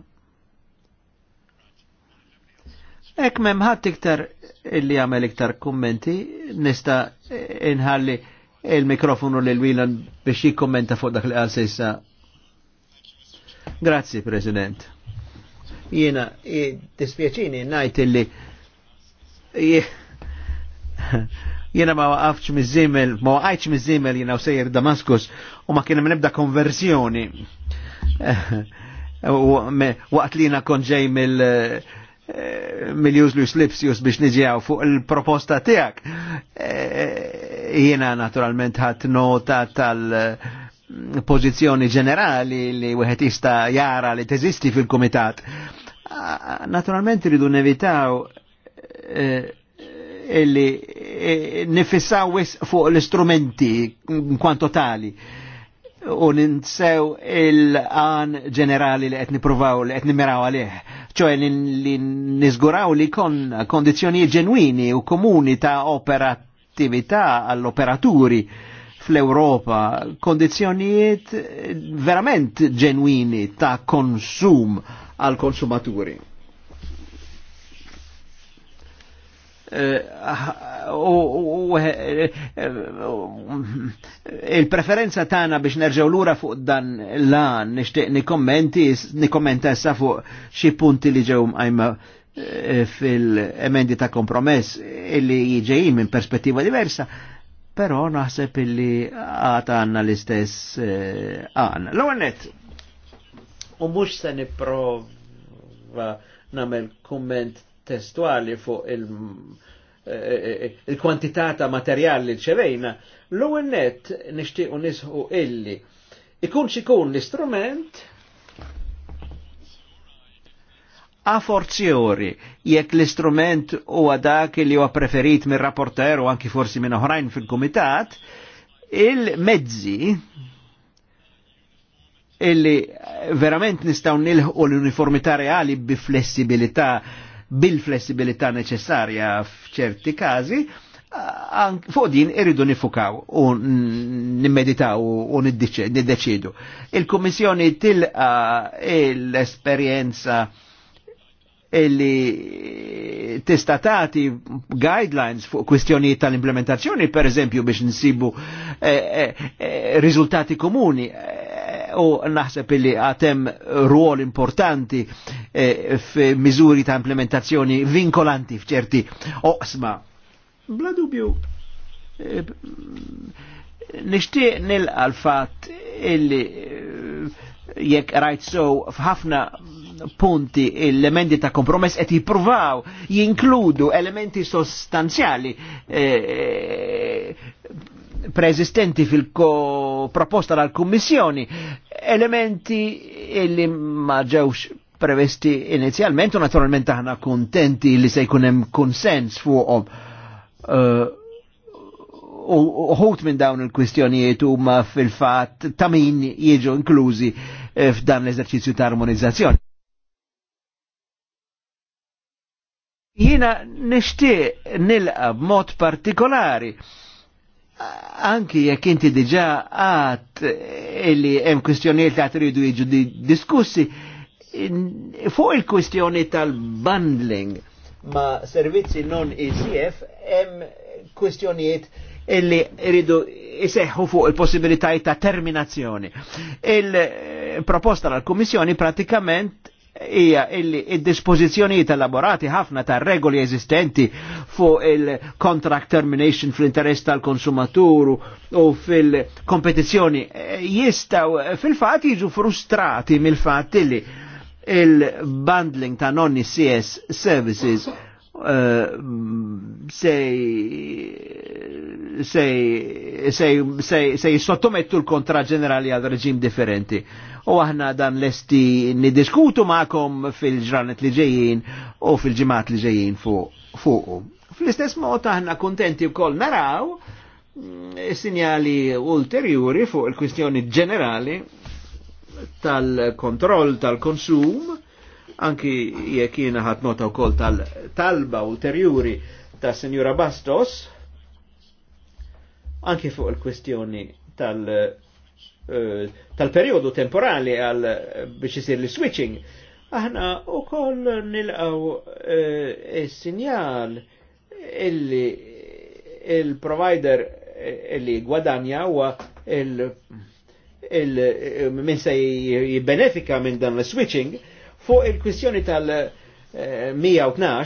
Ek mem ħadd iktar illi għamel iktar kummenti, nista inħalli il-mikrofonu lil wilan biex jikkommenta fuq dak li għal sissa. Grazzi, President. Jiena dispjaċini najt illi jena ma waqafx mizzimel, ma waqajċ mizzimel jiena u sejjer Damaskus u ma kienem nibda konversjoni. Waqt li jena konġej mill eh, mill-jus li biex niġjaw fuq il-proposta tijak. Eh, jiena naturalment ħat nota tal- eh, pozizjoni ġenerali li wieħed jista' jara li teżisti fil-kumitat Ah, Naturalment ridu nevitaw eh, illi eh, nifissaw fuq l-istrumenti kwanto tali u ninsew il-għan ġenerali li għetni provaw li għetni miraw għalih. ċoħe li nizguraw li kon kondizjoni ġenwini u komuni ta' operativita għall-operaturi fl-Europa, kondizjonijiet verament ġenwini ta' konsum għal konsumaturi. Eh, ah, eh, il-preferenza tana biex nerġaw lura fuq dan l-an, nishtiq nikommenti nikommenta issa fuq xi punti li ġew għajma eh, fil-emendi ta' kompromess illi jiġejjin minn perspettiva diversa, però naħseb illi għata għanna l-istess għan. l għannet u mux se niprova namel komment testuali fuq e, e, e, il-kwantità ta' materjal li ċevejna, l-ewwel nishtiq nixtiequ nisħu illi ikun xikun l-istrument a forziori jekk l-istrument huwa dak li huwa preferit minn rapporter u anki forsi minn oħrajn fil komitat il-mezzi illi verament nistaw nilħu l-uniformità reali bil flessibilità bil-flessibilità neċessarja f'ċerti kazi, fuq din irridu nifukaw u nimmeditaw u niddeċidu. il komissjoni tilqa l-esperjenza illi testatati guidelines fuq kwistjonijiet tal-implementazzjoni, per eżempju biex nsibu eh, eh, eh riżultati komuni u naħseb li għatem ruol importanti eh, f'miżuri ta' implementazzjoni vinkolanti f'ċerti oqsma. Bla dubju, eh, nishtiq nilqa l-fat illi eh, jekk rajt so f'ħafna punti l elementi ta' kompromess qed jippruvaw jinkludu elementi sostanzjali eh, preesistenti fil-proposta dal-Kummissjoni, elementi illi ma ġewx prevesti inizjalment u naturalment aħna kontenti li se jkun hemm konsens fuqhom. Uh, u ħut minn dawn il-kwistjonijiet huma fil-fatt ta' min jiġu inklużi eh, f'dan l-eżerċizzju ta' armonizzazzjoni. Jiena nixtieq nilqa b'mod partikolari anki jekk inti diġà għat illi hemm kwistjonijiet li tridu jiġu diskussi fuq il-kwistjoni tal-bundling ma' servizzi non ICF hemm kwistjonijiet illi iridu jiseħħu fuq il-possibilitajiet ta' terminazzjoni. Il-proposta tal-Kummissjoni pratikament hija illi id-dispożizzjonijiet elaborati ħafna ta' regoli eżistenti fuq il-contract termination fl-interess tal-konsumatur u fil-kompetizzjoni eh, jistaw fil-fatt jiġu frustrati mill-fatt illi il-bundling ta' nonni CS services Eh, se jissottomettu l-kontra ġenerali għal reġim differenti. U aħna dan lesti nidiskutu ma'kom fil-ġranet li ġejjin u fil-ġimat li ġejjin fuq. Fl-istess mod aħna kontenti wkoll naraw mm, sinjali ulterjuri fuq il-kwistjoni ġenerali tal-kontroll tal-konsum anki jekk jiena ħadd nota wkoll tal-talba ulterjuri ta' Senjura Bastos, anki fuq il-kwestjoni tal- eh, tal-periodu temporali għal biex isir li switching, aħna u koll nilqaw eh, il-sinjal illi il-provider eh, illi gwadanja huwa il- il min se jibbenefika minn dan l-switching Fuq il-kwistjoni tal-112,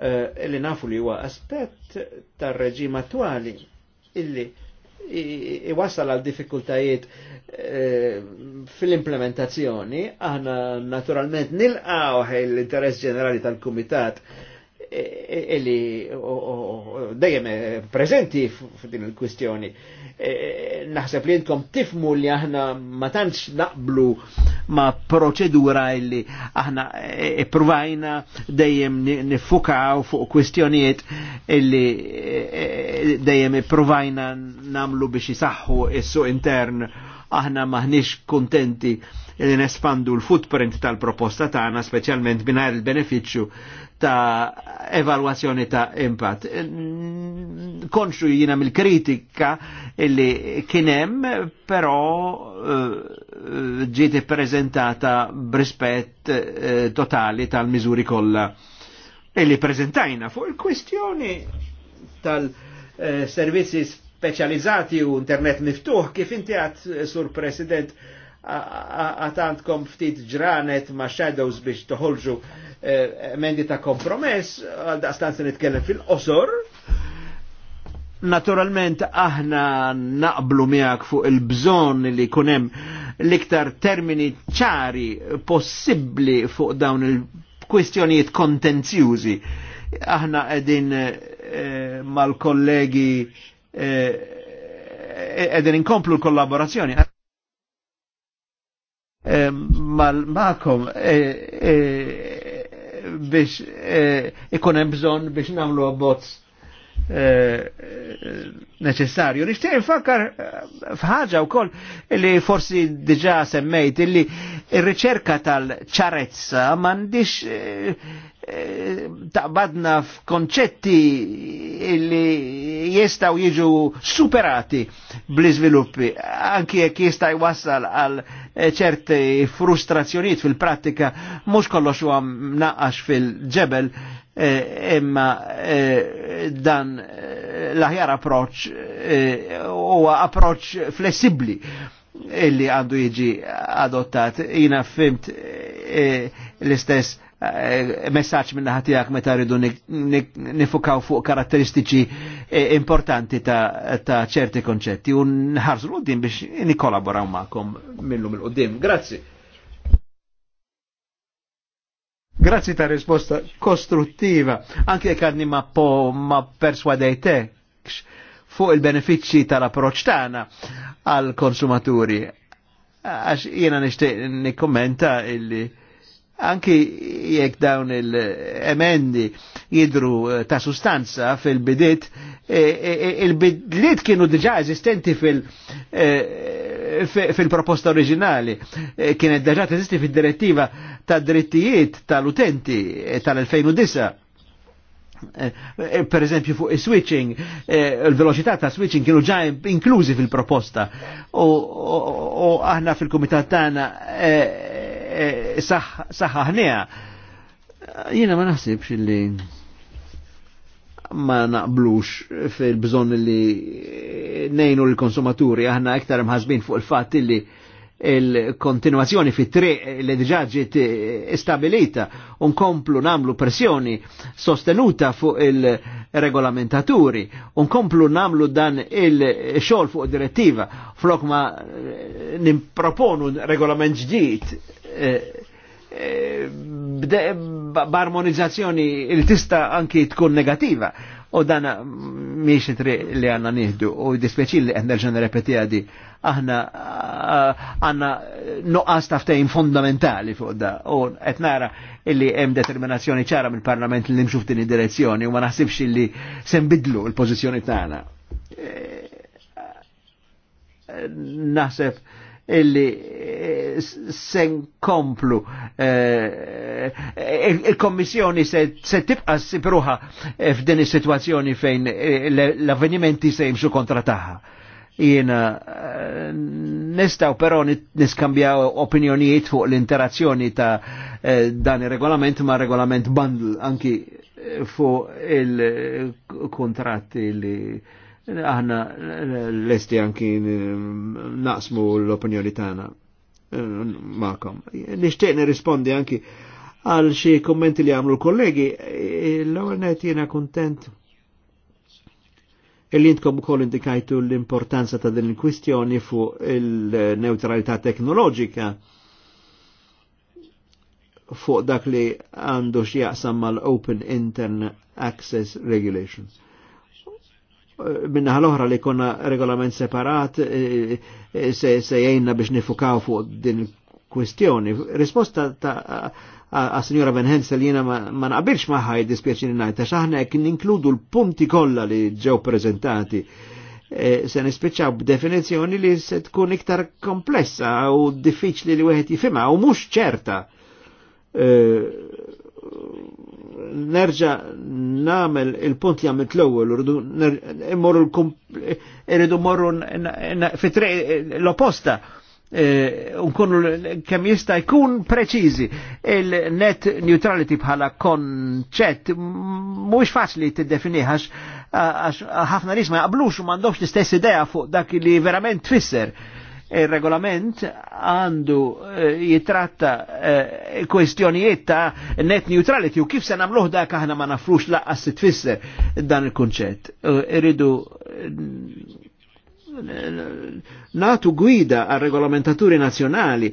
eh, illi nafu li huwa aspett tar-reġim attuali illi iwassal għal diffikultajiet eh, fil-implementazzjoni, aħna naturalment nilqaw l-interess ġenerali tal-Kumitat illi e, e, e, dejjem eh, prezenti f'din il-kwistjoni. Naħseb li jintkom tifmu li aħna ma tantx naqblu ma proċedura illi aħna eh, provajna dejjem nifukaw fuq kwistjonijiet illi eh, dejjem provajna namlu biex jisaxħu is-suq intern aħna maħniex kontenti li nespandu l-footprint tal-proposta tagħna speċjalment mingħajr il-benefiċċju ta' evalwazzjoni ta' impatt. Konxu jina mill-kritika illi kienem, però eh, ġieti prezentata b'rispett eh, totali tal mizuri kolla. illi prezentajna fuq il-kwistjoni tal-servizzi eh, speċjalizzati u internet miftuħ kif inti għat, sur President għatantkom ftit ġranet ma' shadows biex toħolġu eh, emendi ta' kompromess, għal se nitkellem fil-qosor. Naturalment aħna naqblu miegħek fuq il-bżonn li kunem l-iktar termini ċari possibbli fuq dawn il-kwistjonijiet kontenzjużi. Aħna qegħdin eh, mal-kollegi eh, qegħdin inkomplu l-kollaborazzjoni mal-makom e, e, biex e, ikonem bżon biex namlu abbozz neċessarju. Nishtiq nfakkar u wkoll li forsi diġa semmejt illi il riċerka tal-ċarezza m'għandix Eh, taqbadna f'konċetti illi jistaw jiġu superati bl-izviluppi, anki jek jista' jwassal għal eh, ċerti frustrazzjoniet fil-prattika mhux kollox huwa naqqax fil-ġebel eh, imma dan l-aħjar approċċ u e, approċċ flessibbli illi għandu jiġi adottat. Jina fimt l-istess Eh, messaċ minna ħatijak meta rridu nifukaw fuq karatteristiċi eh, importanti ta' ċerti konċetti u nħarżu l-qoddim biex nikolaboraw ma'kom minnum il-qoddim. Grazzi. Grazzi ta' risposta kostruttiva, anke kadni ma, po, ma perswadejte fuq il-benefiċċji tal-approċ tagħna għal konsumaturi. Għax jiena nixtieq nikkommenta illi anki jekk dawn il-emendi jidru eh, ta' sustanza fil-bidit, eh, eh, il bidlit kienu diġa eżistenti fil-proposta oriġinali, kienet diġa eżisti fil-direttiva ta' drittijiet tal-utenti tal-2009 Eh, per eżempju fuq eh, switching eh, il-veloċità ta' switching kienu ġa inklużi fil-proposta u aħna fil-komitat tagħna eh, saħħaħnija jiena ma naħsibx li ma naqblux fil-bżonn li nejnu l-konsumaturi aħna iktar mħasbin fuq il-fatt li il-kontinuazzjoni fit tre li diġa ġiet un komplu namlu pressjoni sostenuta fuq il-regolamentaturi un komplu namlu dan il-xol fuq direttiva flok ma nimproponu regolament ġdijt. eh, b'armonizzazzjoni il tista anki tkun negativa. U dan miex tri li għanna nieħdu u dispeċi li għanna ġan repetija di aħna għanna noqqas taftajn fondamentali fuq da u qed nara illi hemm determinazzjoni ċara mill-Parlament li nimxu f'din id-direzzjoni u ma naħsibx illi sembidlu l-pożizzjoni tagħna. E, naħseb illi eh, sen komplu eh, eh, il-kommissjoni se, tibqa sipruħa f'din is-sitwazzjoni fejn l-avvenimenti se jimxu kontra taħħa. Jiena nistaw però niskambja opinjonijiet fuq l-interazzjoni ta' dan ir-regolament ma' regolament bundle anki fuq il-kontratti li aħna l-esti anki naqsmu l-opinjoni tagħna eh, ma'kom. Nixtieq nirrispondi anki għal xie kommenti li għamlu l-kollegi, l għornet jena kontent. il illi jintkom ukoll indikajtu l-importanza ta' din il-kwistjoni fu il-neutralità teknoloġika fuq dak li għandu x'jaqsam mal-Open Internet Access Regulations minnaħal oħra li konna regolament separat e, e, se jgħinna biex nifukaw fuq din kwestjoni. Risposta ta' a signora Van Hensel jena ma naqbilx maħħa jiddispieċini najta xaħna jek ninkludu l-punti kollha li ġew prezentati. E, se nispiċċaw b'definizjoni li se tkun iktar komplessa u diffiċli li wieħed jifimha u mhux ċerta nerġa namel il-punt li għamilt l-ewwel, irridu morru fitre l-opposta. E, unkunu kem jista' jkun preċizi Il-net neutrality bħala konċett mux faċli tiddefinih għax ħafna nies ma jaqblux u m'għandhomx l-istess idea fuq dak li verament tfisser. Il-regolament għandu eh, jitratta eh, kwestjonijiet ta' net neutrality u kif se namluħ dak aħna ma nafrux laqqas tfisser dan il-kunċett. Eh, irridu natu gwida għal regolamentaturi nazjonali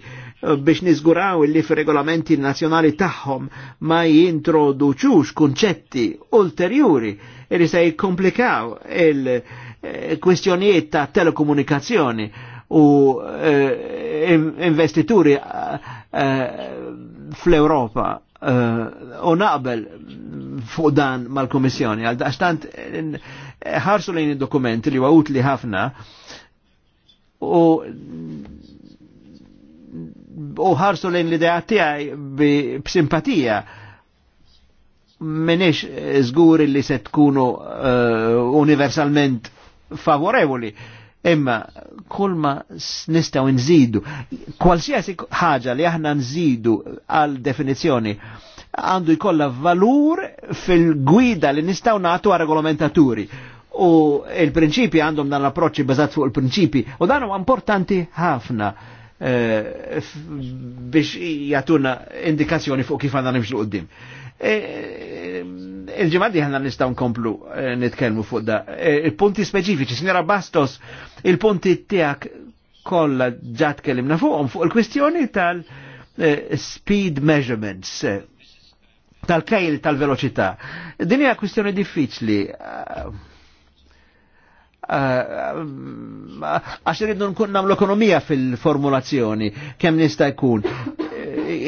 biex nizguraw li fi regolamenti nazjonali tagħhom ma jintroduċux kunċetti ulterjuri li se jkomplikaw il-kwestjonijiet ta' telekomunikazzjoni u eh, investituri eh, fl-Europa eh, u naqbel fuq dan mal-Komissjoni għal daqstant ħarsu lejn id dokumenti li għawut li ħafna u u ħarsu lejn l-idea b-simpatija minix zguri li se tkunu uh, universalment favorevoli. Uh, Imma kolma nistaw nistgħu nżidu, kwalsiasi ħaġa li aħna nżidu għal definizzjoni għandu jkollha valur fil-gwida li nistgħu natu għal regolamentaturi u il-prinċipi għandhom dan l-approċċi bażat fuq il-prinċipi u dan huwa importanti ħafna eh, biex jagħtuna indikazzjoni fuq kif għandna nimxu qudiem. E, eh, il ġimadi ħanna nistaw nkomplu eh, nitkellmu fuq da. Eh, il-punti speċifiċi, signora Bastos, il-punti tiegħek kollha ġa tkellimna fuqhom fuq il-kwistjoni tal-speed eh, measurements tal-kejl tal-veloċità. Din hija kwistjoni diffiċli għax irridu nkun nagħmlu ekonomija fil-formulazzjoni kemm nista' jkun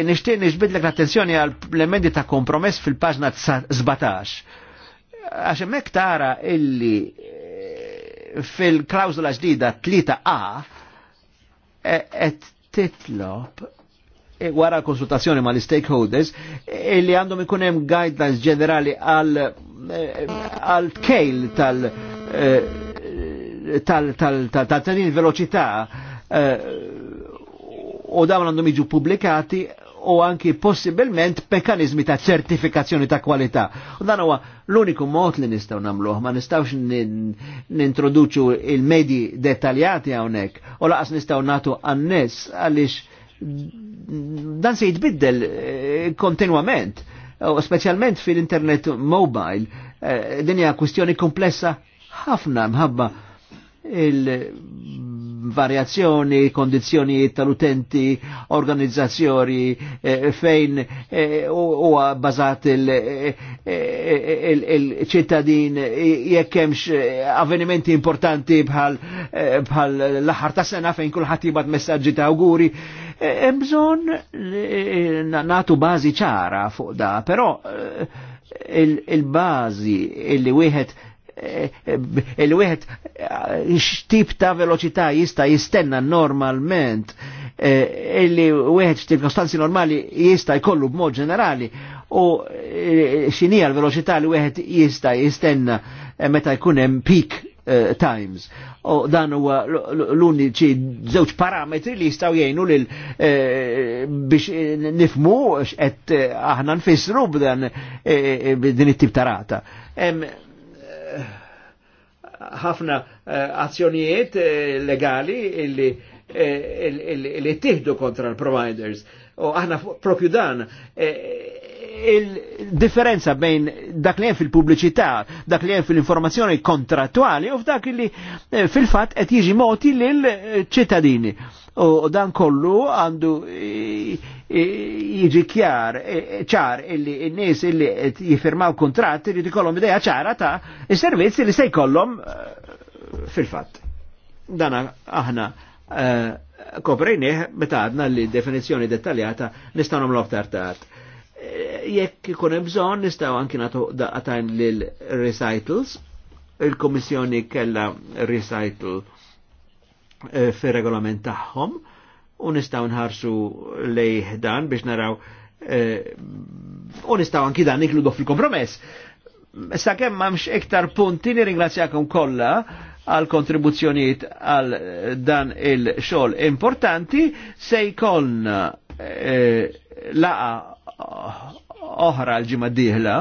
nishtiq nixbidlek l-attenzjoni għal l-emendi ta' kompromess fil pagġna 17. Għax hemmhekk tara illi fil-klawżola ġdida 3A qed titlob wara konsultazzjoni ma' l-stakeholders illi għandhom ikun hemm guidelines ġenerali għal għal tkejl tal tal tal tal tal veloċità u dawn għandhom jiġu pubblikati u anki possibilment mekanizmi ta' ċertifikazzjoni ta' kwalità. U dan huwa l-uniku mod li nistgħu nagħmluh, ma nistgħux nintroduċu il-medji dettaljati hawnhekk u laqas nistgħu nagħtu annes għaliex dan se jitbiddel eh, kontinwament, speċjalment fil-internet mobile. Eh, din hija kwistjoni komplessa ħafna mħabba il varjazzjoni, kondizjonijiet tal-utenti, organizzazzjoni eh, fejn eh, huwa bazat il-ċittadin il, eh, jekk hemmx avvenimenti importanti bħal l-aħħar ta' sena fejn kulħadd jibgħat messaġġi ta' auguri. Hemm bżonn nagħtu bażi ċara fuq da, però il-bażi il li wieħed Eh, eh, il-wieħed eh, x'tip ta' veloċità jista' jistenna normalment illi wieħed x'tirkostanzi normali jista' jkollu b'mod ġenerali u x'inija l-veloċità li wieħed jista' jistenna meta jkun hemm peak times. U dan huwa l-uniċi żewġ parametri li jistgħu jgħinu lil biex nifmu x'qed aħna nfissru b'dan din it-tip ta' rata ħafna eh, azzjonijiet eh, legali illi eh, li tiħdu kontra l-providers. U aħna propju dan, il-differenza bejn dak li jen fil publicità dak li jen fil-informazzjoni kontrattuali u f'dak li fil fat qed jiġi moti lil ċittadini. U dan kollu għandu jiġi e, e, ċar illi n-nies illi jifirmaw kontrat irrid kollom idea ċara ta' is-servizzi li se jkollhom e, fil fat Dan aħna koprejnieh meta għadna li definizjoni dettaljata nistgħu nagħmlu aktar tard jekk ikun hemm bżonn nistgħu anki nagħtu daqatajn lil recitals. Il-Kummissjoni kellha recital Eh, fir-regolament tagħhom u nistgħu nħarsu lejh dan biex naraw eh, u nistgħu anki dan nikludu fil-kompromess. Issa kemm m'hemmx iktar punti nirringrazzjakom kollha għal kontribuzzjonijiet għal eh, dan il-xogħol importanti se jkollna laqa oħra l-ġimgħa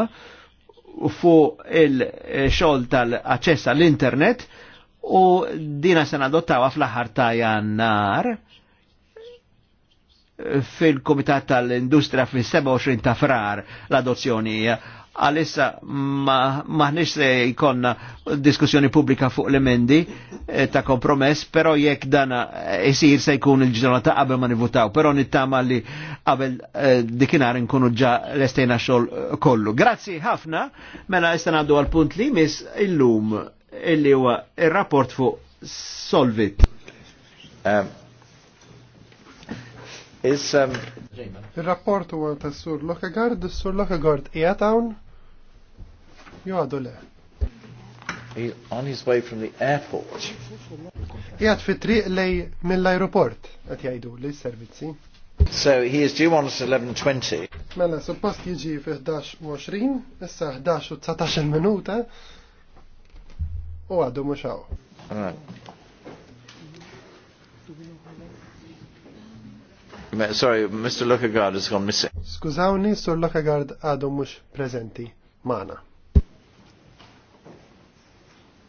fuq il-xogħol tal-aċċess għall-internet u dina se nadottawa fl-aħħar ta' jannar fil-Komitat tal-Industria fil-27 ta' frar l-adozzjoni għalissa maħnix ma se jkonna diskussjoni pubblika fuq l-emendi eh, ta' kompromess, pero jekk dan jisir se jkun il-ġurnata qabel ma nivutaw, pero nittama li qabel eh, dikinar nkunu ġa l-estejna xol kollu. Grazzi ħafna, mela jistana għaddu għal-punt li mis illum illi huwa ir-rapport fuq Solvit. Um, is um... Il-rapport huwa ta' Sur Lokegard, Sur Lokegard hija hawn? Jo le. on his way from the airport. Jgħat fi triq lej mill-aeroport, għat jgħidu li servizzi. So he is due on us 11.20. Mela, suppost jiġi fi 11.20, issa 11.19 minuta, u għadu mhux hawn. Sorry, Mr. Lockegaard is gone missing. Skużawni, Sir Lockegaard għadu mhux preżenti magħna.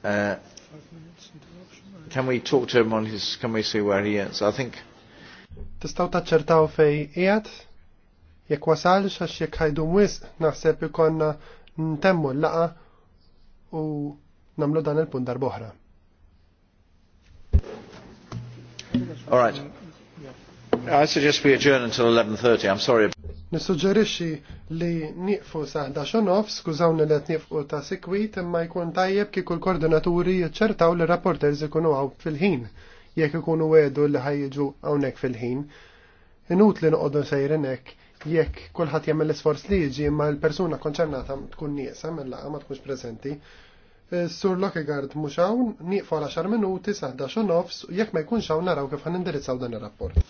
Uh, can we talk to him on his, can we see where he is? I think. Tistaw taċċertaw fej qiegħed? Jek wasal xax jek ħajdu wisq naħseb ikonna temmu l-laqa u namlu dan il-punt darboħra. All right. I suggest we adjourn until 11.30. I'm sorry. Nissuġġerixxi li nieqfu saħda xonof, skużawni li qed nieqfu ta' sikwit imma jkun tajjeb kieku l-koordinaturi jiċċertaw li rapporters ikunu għaw fil-ħin jekk ikunu għedu li ħajġu hawnhekk fil-ħin. Inut li noqogħdu sejrin jekk kulħadd jagħmel l-isforz li jiġi imma l-persuna konċernata tkun nieqsa mill ma tkunx preżenti. Eh, Sur Lockegard mhux hawn, nieqfu għal 10 minuti sa nofs u jekk ma jkunx hawn naraw kif indirizzaw dan ir-rapport.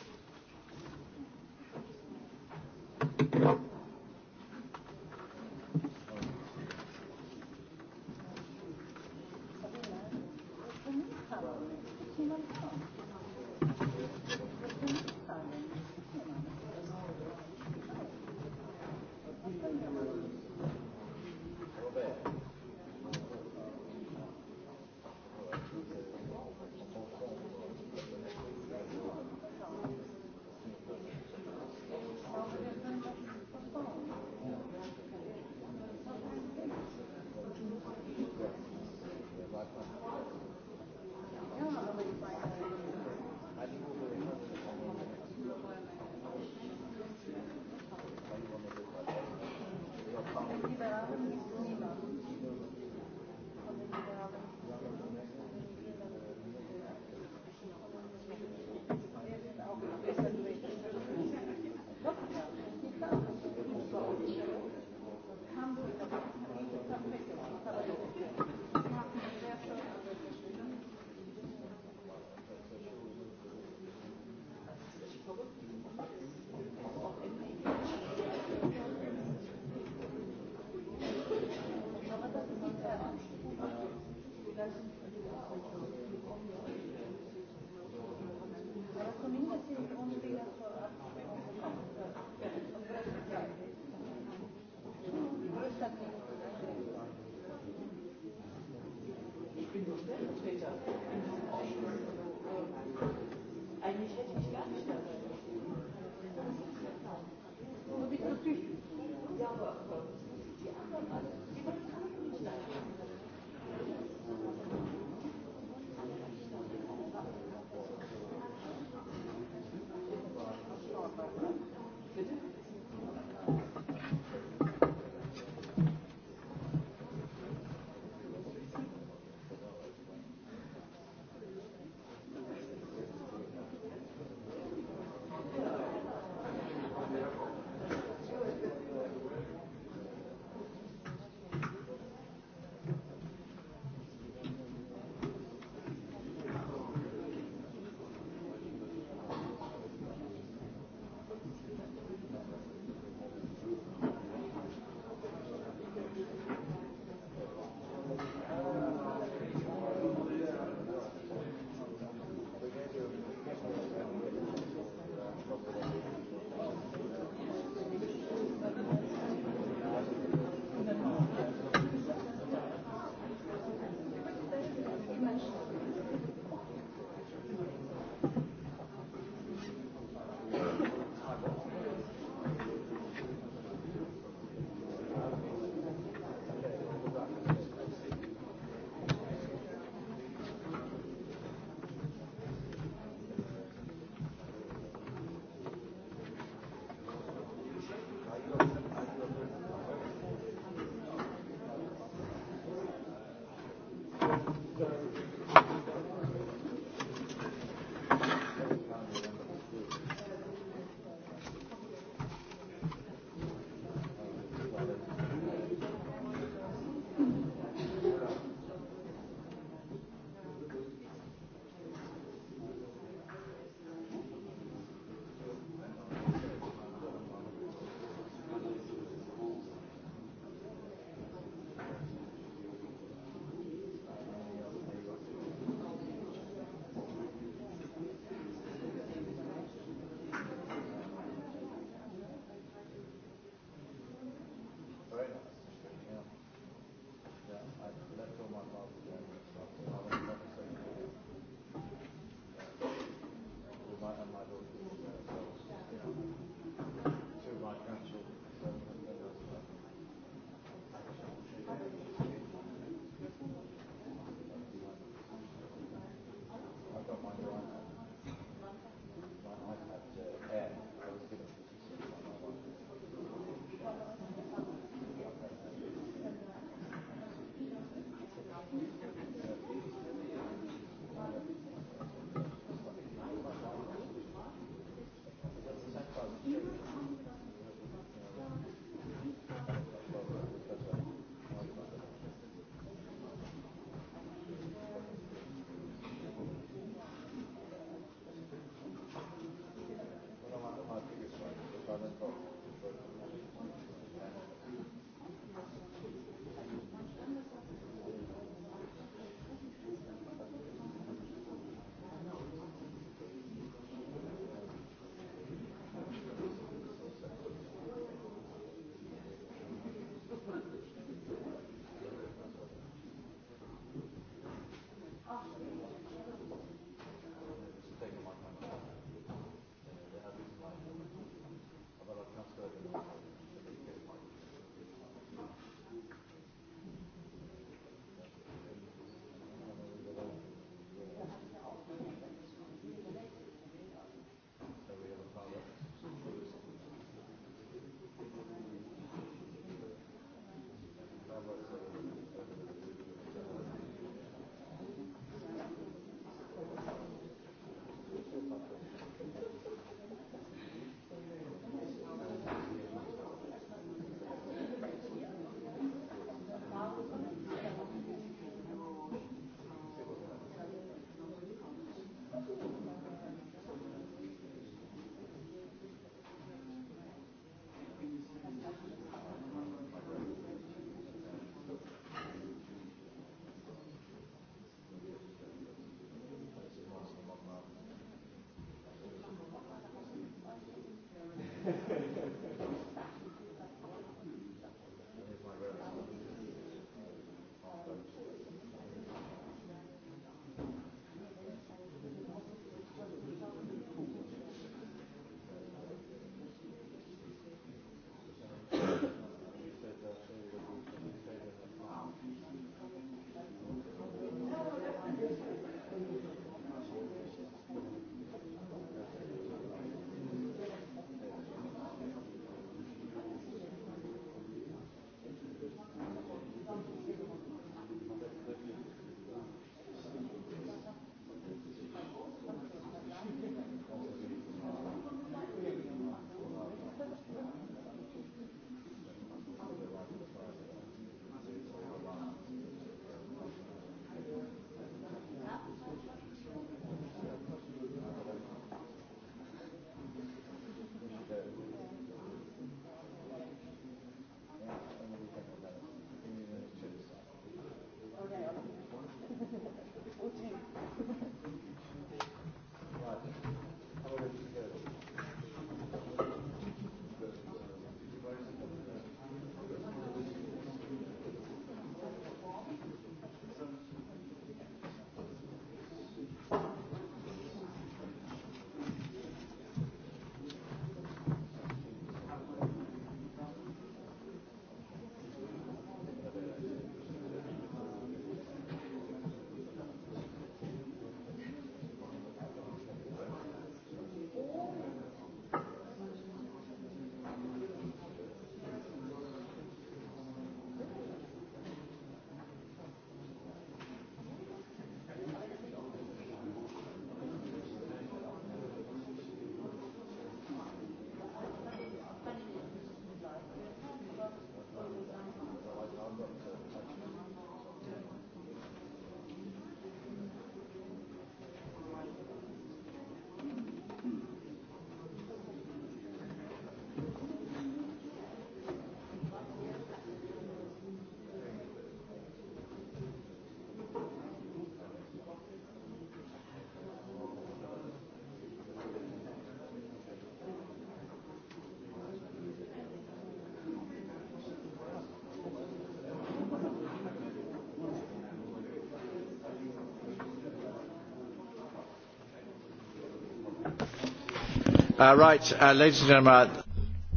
Uh, right, uh, ladies and gentlemen. Uh,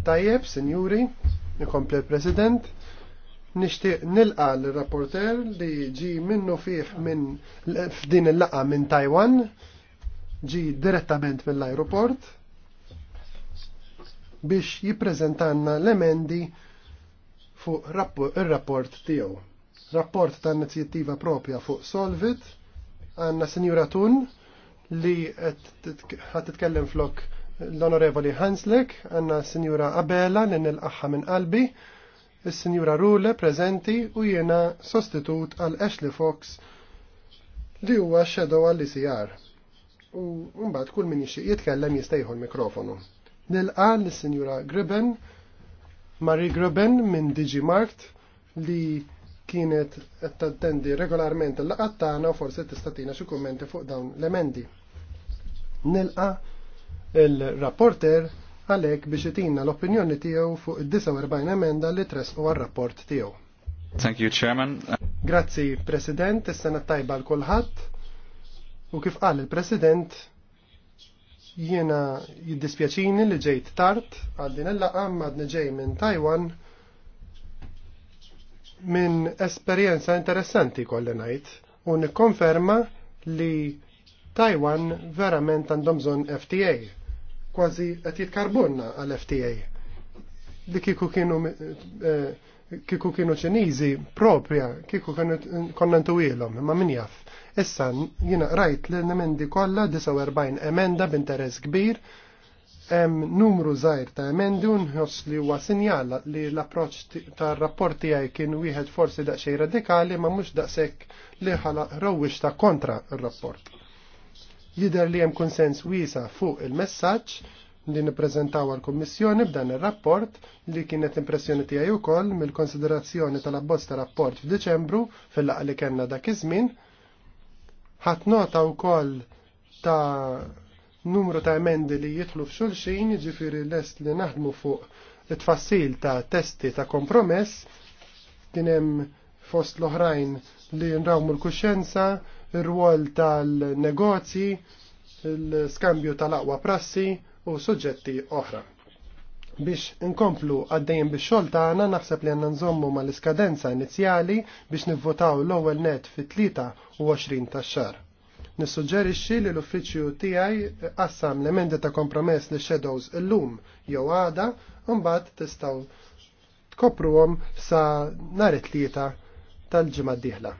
Tajjeb, sinjuri, nikompli l-President. Nishtiq nilqa l-rapporter li ġi minnu fih minn f'din il-laqa minn Taiwan, ġi direttament mill-aeroport biex jippreżentanna l-emendi fuq il-rapport tiegħu. Rapport ta' inizjattiva propja fuq Solvit għanna Sinjura Tun li ħat titkellem flok l-Onorevoli Hanslek, għanna Sinjura Abela li nil-qaħħa minn qalbi, il-Sinjura Rule prezenti u jiena sostitut għal Ashley Fox li huwa shadow għall icr U mbagħad kull min jixtieq jitkellem jistejħu l-mikrofonu. Nilqa l-Sinjura Gribben, Marie Gribben minn Digi Markt li kienet qed tattendi regolarment l-laqgħat tagħna u forsi tista' tina xi kummenti fuq dawn l-emendi. Nilqa' il-rapporter għalek biex itina l-opinjoni tiegħu fuq id-disaw 49 emenda li tresqu għar rapport tiegħu. Thank you, Chairman. Grazzi, President, is-sena tajba l kulħadd u kif qal il-President jiena jiddispjaċini li ġejt tard għal din il-laqam għadni ġej minn Taiwan minn esperjenza interessanti kolli ngħid u nikkonferma li Taiwan verament għandhom bżonn FTA kważi qed jitkarbonna għal FTA. Li kiku kienu eh, kiku kienu ċiniżi propja, kiku konna ntuwielhom, imma min jaf. Issa jiena rajt l-emendi kollha 49 emenda b'interess kbir, hemm numru żgħir ta' emendi u nħoss li huwa sinjal li l-approċċ tar-rapport tiegħi kien wieħed forsi daqsxejn radikali ma mhux daqshekk li ħala rowwix ta' kontra r-rapport. Jider li hemm konsens wiesa fuq il-messaġġ li nippreżentaw għal-Kommissjoni b'dan ir-rapport li kienet impressjoni tiegħi wkoll mill-konsiderazzjoni tal-abbozz rapport f'Diċembru fil-laqgħa li kellna dak iż-żmien. Ħadd nota wkoll ta' numru ta' emendi li jitlu f'xulxin, jiġifieri lest li naħdmu fuq it-tfassil ta' testi ta' kompromess kien hemm fost l-oħrajn li nrawmu l-kuxjenza, ir-rwol tal-negozji, l-skambju tal-aqwa prassi u suġġetti oħra. Biex inkomplu għaddejjem biex xogħol tagħna naħseb li għandna nżommu mal-iskadenza inizjali biex nivvotaw l-ewwel net fit-23 tax-xahar. Nissuġġerixxi li l-uffiċċju tiegħi qassam l-emendi ta' kompromess li shadows illum jew għada u mbagħad tistgħu tkopruhom sa nhar it-tlieta tal-ġimgħa d-dieħla.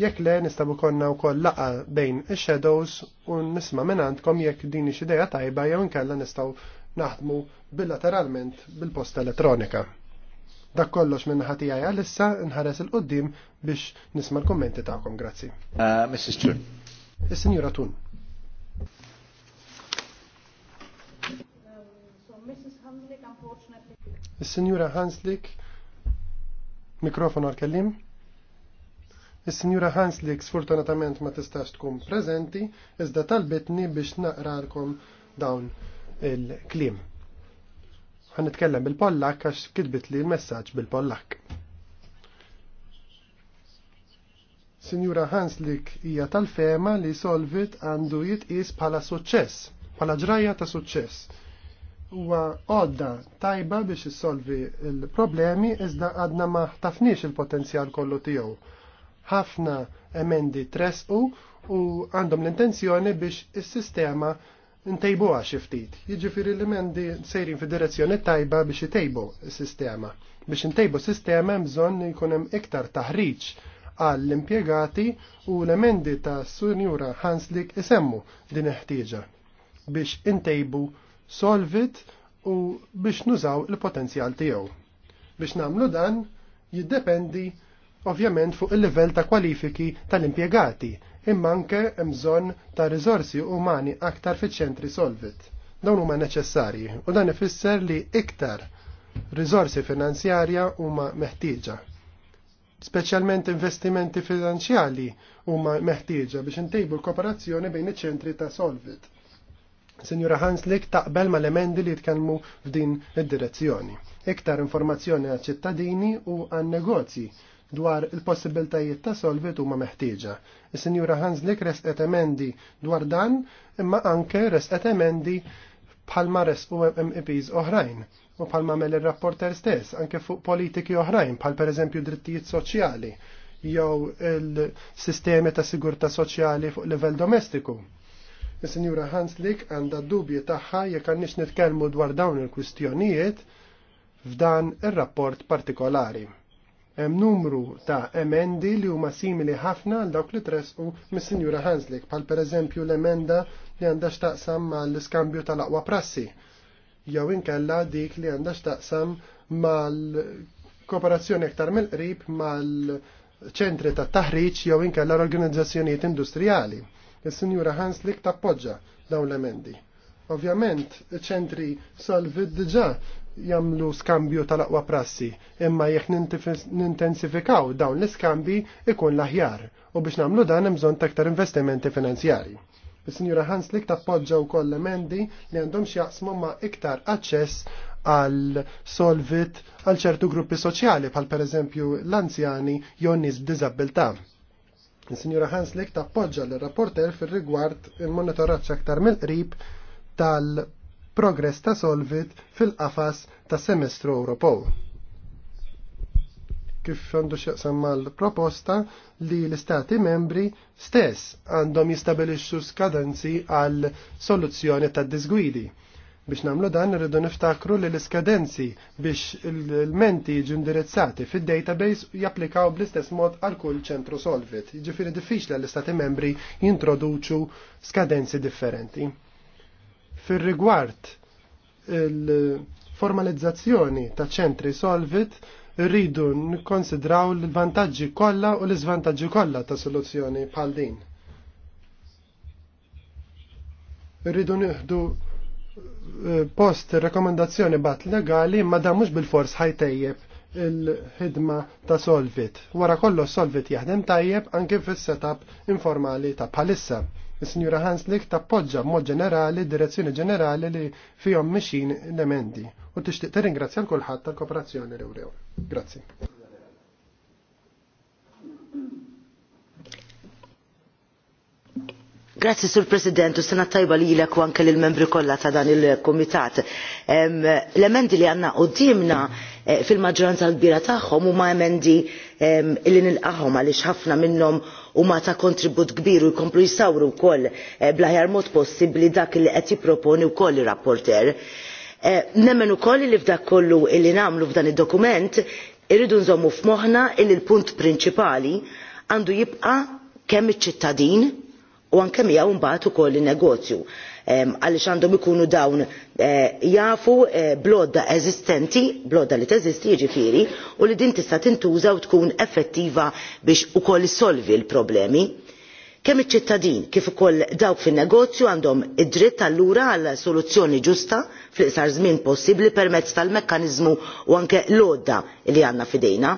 Jekk le nistabu konna u koll laqa bejn ix shadows u nisma menantkom jekk din idea tajba jew inkella nistaw naħdmu bilateralment bil-posta elettronika. Dak kollox minn ħatijaj għalissa nħares il-qoddim biex nisma l-kommenti ta'kom, grazzi. Uh, Mrs. Tun. Is-Sinjura Tun. Is-Sinjura Hanslik, mikrofon għal-kellim. Is-Sinjura Hanslik sfortunatament ma tistax tkun preżenti, iżda talbitni biex naqralkom dawn il-klim. Għan nitkellem bil-Pollak għax kitbit li l messaġġ bil-Pollak. Sinjura Hanslik hija tal-fema li solvit għandu jitqis bħala suċċess, bħala ġraja ta' suċċess. Huwa għodda tajba biex issolvi il-problemi iżda għadna ma ħtafniex il-potenzjal kollu tiegħu ħafna emendi tresqu u għandhom l-intenzjoni biex is-sistema ntejbuha xi ftit. Jiġifieri l-emendi sejrin fid-direzzjoni tajba biex jtejbu s-sistema. Biex intejbu s-sistema hemm bżonn jkun hemm iktar taħriġ għall impjegati u l-emendi ta' Sunjura Hanslik isemmu din iħtieġa ħtieġa biex intejbu solvit u biex nużaw il-potenzjal tiegħu. Biex namlu dan jiddependi ovvjament fuq il-livell ta' kwalifiki tal-impjegati, imma anke hemm bżonn ta' riżorsi umani aktar fiċ-ċentri solvit. Dawn huma neċessarji u dan ifisser li iktar riżorsi finanzjarja huma meħtieġa. Speċjalment investimenti finanzjali huma meħtieġa biex intejbu l-kooperazzjoni bejn iċ-ċentri ta' solvit. Signora Hanslik taqbel ma l-emendi li tkellmu f'din id-direzzjoni. Iktar informazzjoni għal ċittadini u għan negozji dwar il-possibiltajiet ta' solvit huma meħtieġa. Is-Sinjura Hanslik res emendi dwar dan, imma anke resqet emendi bħalma resqu MEPs oħrajn u bħalma mel il-rapporter stess, anke fuq politiki oħrajn, bħal per eżempju drittijiet soċjali, jew il-sistemi ta' sigurta soċjali fuq livell domestiku. Is-Sinjura Hanslik għandha dubji tagħha jekk għandix nitkellmu dwar dawn il-kwistjonijiet f'dan ir-rapport partikolari. Hemm numru ta' emendi li huma simili ħafna għal dawk li tresqu mis-Sinjura Hanslik, bħal pereżempju l-emenda li għandha x'taqsam mal-iskambju tal-aqwa prassi, jew inkella dik li għandha x'taqsam mal-kooperazzjoni aktar mill-qrib mal-ċentri ta' taħriġ jew inkella l-organizzazzjonijiet industrijali. Is-Sinjura Hanslik tappoġġa dawn l-emendi. Ovvjament, ċentri salvid diġà jamlu skambju tal-aqwa prassi, imma jekk nintensifikaw dawn l skambi ikun laħjar aħjar u biex namlu dan imżon taktar investimenti finanzjari. Is-Sinjura Hanslik tappoġġa wkoll emendi li għandhom x'jaqsmu ma' iktar aċċess għal solvit għal ċertu gruppi soċjali bħal pereżempju l-anzjani jew nies b'diżabilità. Is-Sinjura Hanslik tappoġġa l-rapporter fir-rigward il-monitoraġġ aktar mill-qrib tal- progress ta' solvit fil-qafas ta' semestru Ewropew. Kif għandu xaqsam mal-proposta li l-istati membri stess għandhom jistabilixxu skadenzi għal soluzzjoni ta' disgwidi. Biex namlu dan irridu niftakru li l-iskadenzi biex il-menti jiġu indirizzati fid-database japplikaw bl-istess mod għal kull ċentru solvit. Ġifiri diffiċli l-istati membri jintroduċu skadenzi differenti. Fir-rigward il-formalizzazzjoni ta' ċentri solvit, rridu nikkonsidraw l-vantaġġi kollha u l-iżvantaġġi kollha ta' soluzzjoni bħal din. Rridu nieħdu eh, post rekomendazzjoni bat legali ma da mhux bil-fors ħajtejjeb il-ħidma ta' Solvit. Wara kollox Solvit jaħdem tajjeb anke fis-setup informali ta' bħalissa. Is-Sinjura Hanslik tappoġġa b'mod ġenerali direzzjoni ġenerali li fihom mixin l-emendi u tixtieq tirringrazzja kulħadd tal-kooperazzjoni l-Ewrew. Grazzi. Grazzi, Sur President, u sena tajba li jilek u anke l-membri kollha ta' dan il-komitat. L-emendi li għanna u eh, fil-maġġoranza l-kbira tagħhom huma emendi li nilqahom għaliex ħafna minnhom u ma ta' kontribut kbiru jkomplu jisawru wkoll eh, blaħjar mod possibbli dak li qed jipproponi wkoll ir-rapporter. Eh, nemmen ukoll li f'dak kollu li nagħmlu f'dan id-dokument irridu nżommu f'moħħna li l-punt prinċipali għandu jibqa' kemm iċ-ċittadin u anke miegħu mbagħad ukoll in-negozju għaliex għandhom ikunu dawn eh, jafu eh, blodda eżistenti, blodda li teżisti jiġifieri, u li din tista' tintuża u tkun effettiva biex ukoll solvi l-problemi kemm iċ-ċittadin kif ukoll dawk fin-negozju għandhom id-dritt allura għal soluzzjoni ġusta fl-iqsar żmien possibbli permezz tal-mekkaniżmu u anke l-għodda li għandna f'idejna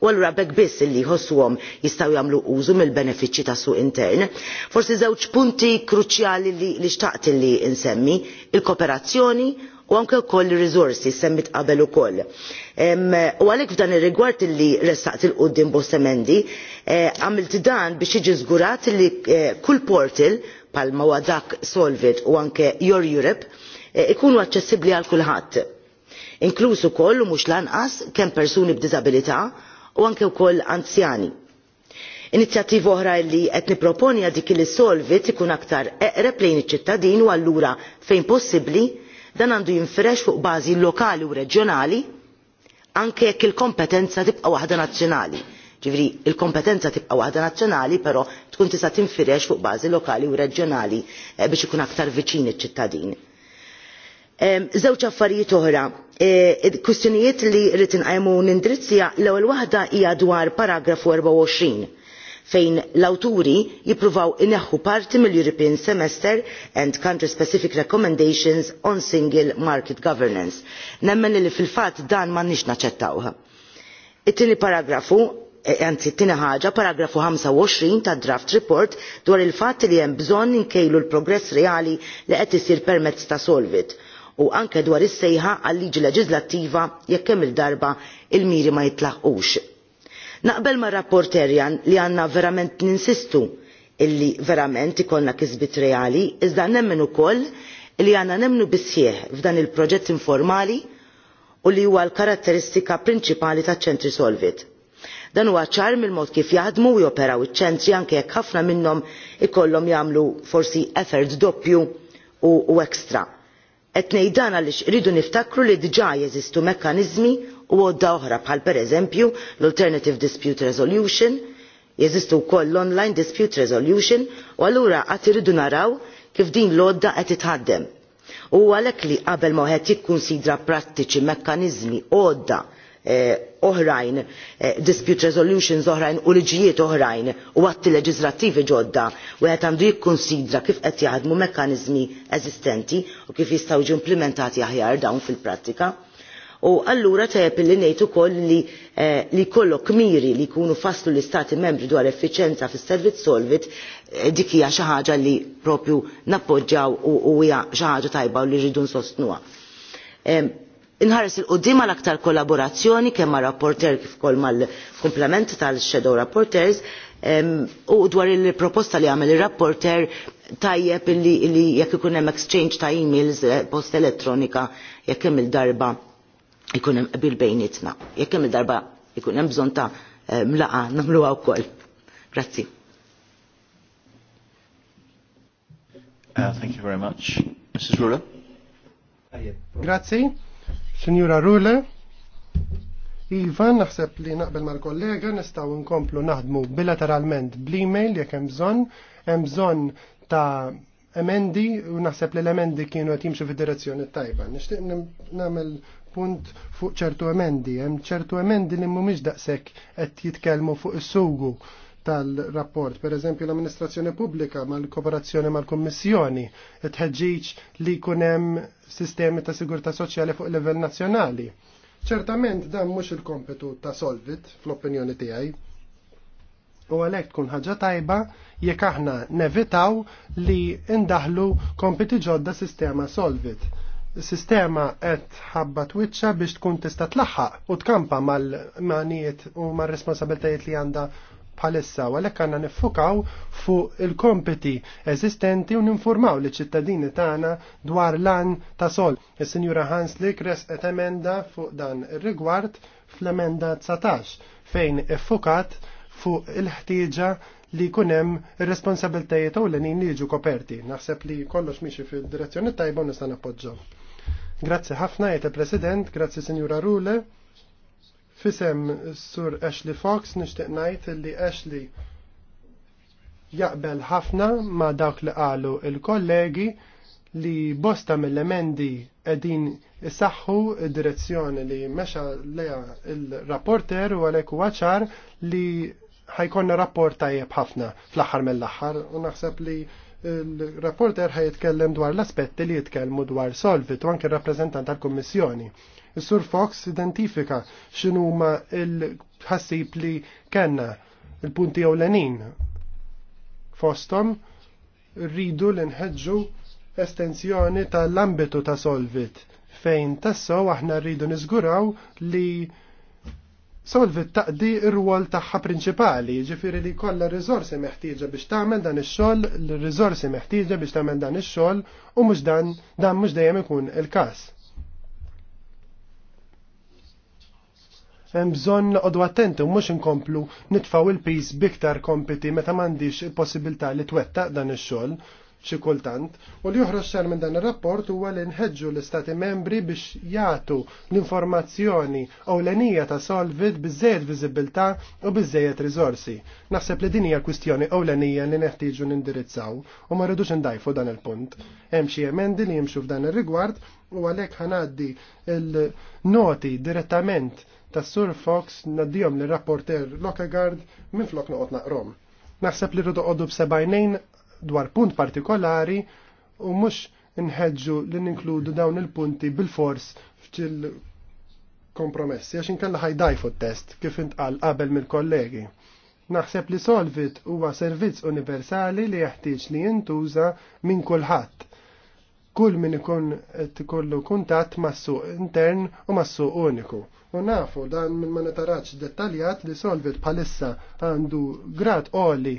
u allura bekk biss illi jħossuhom jistgħu jagħmlu użu mill-benefiċċji ta' suq intern. Forsi żewġ punti kruċjali li xtaqt illi insemmi il-kooperazzjoni u anke wkoll ir-riżorsi semmit qabel ukoll. U għalhekk f'dan ir-rigward illi ressaqt il quddiem bosta emendi, eh, għamilt dan biex jiġi żgurat li eh, kull portal bħalma huwa dak Solvit u anke Your Europe eh, ikunu aċċessibbli għal kulħadd inkluż ukoll u mhux lanqas kemm persuni b'diżabilità u anke wkoll anzjani. Inizjattiva oħra li qed niproponi għal dik li solvit ikun aktar eqreb lejn iċ-ċittadin u allura fejn possibbli dan għandu jinfresh fuq bażi lokali u reġjonali anke jekk il-kompetenza tibqa' waħda nazzjonali. Ġifieri il-kompetenza tibqa' waħda nazzjonali però tkun tista' tinfirex fuq bażi lokali u reġjonali eh, biex ikun aktar viċin iċ-ċittadin. Żewġ affarijiet oħra. E, kwistjonijiet li rrid inqajmu nindrizzja l-ewwel waħda hija dwar paragrafu 24 fejn l-awturi jippruvaw ineħħu parti mill-European Semester and Country Specific Recommendations on Single Market Governance. Nemmen li fil-fatt dan m'għandniex naċċettawha. It-tieni paragrafu e, Anzi, t-tina ħaġa, paragrafu 25 ta' draft report dwar il-fat li hemm bżonn inkejlu l-progress reali li qed isir permezz ta' Solvit u anke dwar is-sejħa għal liġi leġislattiva jekk hemm il-darba il-miri ma jitlaħqux. Naqbel ma' rapporterjan li għandna verament ninsistu illi verament ikollna kisbit reali, iżda nemmen ukoll li għandna nemmnu bisjeħ f'dan il-proġett informali u li huwa l-karatteristika prinċipali taċ ċentri Solvit. Dan huwa ċar mill-mod kif jaħdmu u joperaw iċ-ċentri anke jekk ħafna minnhom ikollhom jagħmlu forsi effort doppju u, u ekstra Qed ngħid għaliex iridu niftakru li diġà jeżistu mekkaniżmi u għodda oħra bħal pereżempju l-Alternative Dispute Resolution, jeżistu wkoll l-Online Dispute Resolution u allura qatt iridu naraw kif din l-għodda qed itħaddem. U għalhekk li qabel ma wieħed jikkunsidra prattiċi mekkaniżmi għodda Eh, oħrajn, eh, dispute resolutions oħrajn u liġijiet oħrajn u atti leġislattivi ġodda u għet għandu jikkonsidra kif qed jaħdmu mekkanizmi eżistenti u kif jistgħu implementati aħjar dawn fil-prattika. U allura tajab li nejtu koll li, eh, li kollok li kunu faslu li stati membri dwar effiċenza fis servizz solvit eh, hija dikija xaħġa li propju nappoġġaw u hija xaħġa tajba u li rridu nsostnuha inħares il-qoddim għal aktar kollaborazzjoni kemm ma' rapporter kif ukoll mal-komplement tal-shadow rapporters u dwar il-proposta li għamel il-rapporter tajjeb li jekk ikun hemm exchange ta' emails eh, post elettronika jekk hemm il-darba ikun hemm bil bejnietna. Jekk hemm il-darba ikun hemm bżonn ta' eh, mlaqa nagħmluha wkoll. Grazzi. Uh, thank you very much. Mrs. Rula. Grazie. Signora Rule, Iva, naħseb li naqbel mal-kollega nistaw nkomplu naħdmu bilateralment bl-email jekk hemm bżonn, hemm bżonn ta' emendi u naħseb li l-emendi kienu qed jimxu fid-direzzjoni tajba. Nixtieq nagħmel punt fuq ċertu emendi, hemm ċertu emendi li mhumiex daqshekk qed jitkellmu fuq is-sugu tal-rapport, per eżempju l-amministrazzjoni pubblika mal-kooperazzjoni mal-kommissjoni, tħeġġiġ li kunem sistemi ta' sigurta soċjali fuq level nazzjonali. Ċertament dan mhux il-kompetu ta' Solvit fl-opinjoni tiegħi. U għalhekk tkun ħaġa tajba jekk aħna nevitaw li indaħlu kompeti ġodda sistema Solvit. Sistema qed ħabba twitċa biex tkun tista' tlaħħaq u tkampa mal-manijiet u mal-responsabiltajiet li għandha bħalissa għalek għalhekk għandna niffukaw fuq il-kompeti eżistenti u ninformaw li ċittadini tagħna dwar lan ta' sol. Is-Sinjura Hanslik et emenda fuq dan ir-rigward fl-emenda 19 fejn iffukat fuq il-ħtieġa li kunem responsabiltajiet u l-nin li jiġu koperti. Naħseb li kollox miexi fil-direzzjoni tajba u nistan appoġġo. Grazzi ħafna, jete President, grazzi Sinjura Rule. Fisem sur Ashley Fox nixtieq ngħid li Ashley jaqbel ħafna ma dawk li qalu il-kollegi li bosta mill-emendi qegħdin isaħħu id-direzzjoni li mexa leja il-rapporter u għalhekk huwa ċar li ħajkonna rapport tajjeb ħafna fl-aħħar mill-aħħar u naħseb li il-rapporter ħajitkellem dwar l-aspetti li jitkellmu dwar solvit u anke rappresentant tal-Kummissjoni. Is-Sur Fox identifika xinu ma l-ħassib li kellna il-punti ewlenin fostom rridu l nħeġġu estensjoni tal-ambitu ta' solvit fejn tasso aħna rridu niżguraw li solvit taqdi ir-rwol tagħha prinċipali, ġifieri li kollha riżorsi meħtieġa biex tagħmel dan ix-xogħol, l-riżorsi meħtieġa biex tagħmel dan ix-xogħol u mhux dan dan mhux dejjem ikun il-każ. hemm bżonn noqogħdu attenti u mhux inkomplu nitfgħu il piece biktar kompiti meta m'għandix il-possibilità li twettaq dan ix-xogħol xi kultant u li joħroġ xar minn dan ir-rapport huwa li nħeġġu l-istati membri biex jagħtu l-informazzjoni ewlenija ta' solvit biżejjed viżibilità u biżejjed riżorsi. Naħseb li din hija kwistjoni ewlenija li neħtieġu nindirizzaw u ma rridux indajfu dan il-punt. Hemm xi emendi li jimxu f'dan ir-rigward u għalhekk ħanaddi il-noti direttament tas Sur Fox naddijom li rapporter Lockegard minn flok noqot naqrom. Naħseb li rridu qoddu b'sebajnejn dwar punt partikolari u mhux nħedġu li ninkludu dawn il-punti bil-fors f'ċil kompromessi għax inkella ħajdaj t-test kif intqal qabel mill-kollegi. Naħseb li Solvit huwa servizz universali li jeħtieġ li jintuża minn kulħadd kull min ikun tikollu ikollu kuntatt mas-suq intern u mas-suq uniku. U nafu dan minn ma nitarax dettaljat li solvit bħalissa għandu grad oli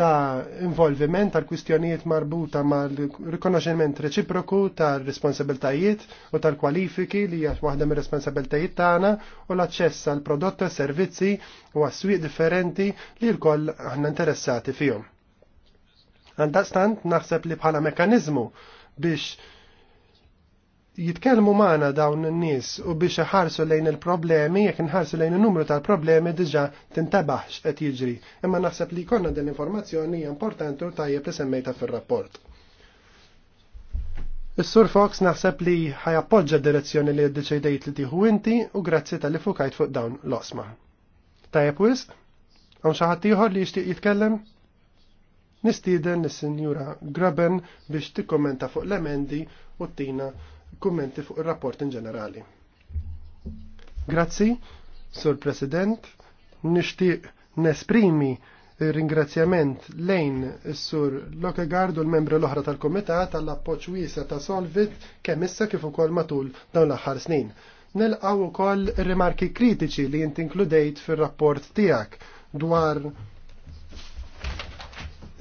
ta' involviment tal-kwistjonijiet marbuta mal-rikonoxximent reċiproku ta' responsabiltajiet u tal-kwalifiki li hija waħda mir-responsabiltajiet tagħna u l-aċċess għal prodotti u servizzi u għas-swieq differenti li l-koll aħna interessati fihom. Għandastant naħseb li bħala mekanizmu biex jitkellmu maħna dawn in-nies u biex iħarsu lejn il-problemi, jekk inħarsu lejn il numru tal-problemi diġa' tintabaħx qed jiġri. Imma naħseb li jkollna din informazzjoni hija importanti u tajjeb li semmejta fir-rapport. Is-Sur Fox naħseb li ħajappoġġa d-direzzjoni li ddeċidejt li tieħu inti u grazzi tal-li fukajt fuq dawn l-osma. Tajjeb wisq? Hawn xi ħadd ieħor li jixtieq jitkellem? Nistieden is-Sinjura Graben biex tikkommenta fuq l-emendi u tina kummenti fuq ir-rapport in ġenerali. Grazzi, Sur President, nixtieq nesprimi ringrazzjament lejn is-Sur Lokegard u l-membri l-oħra tal-Kumitat għall-appoġġ wiesa ta' Solvit kemm issa kif ukoll matul dawn l-aħħar snin. Nelqgħu ukoll rimarki kritiċi li inti inkludejt fir-rapport tiegħek dwar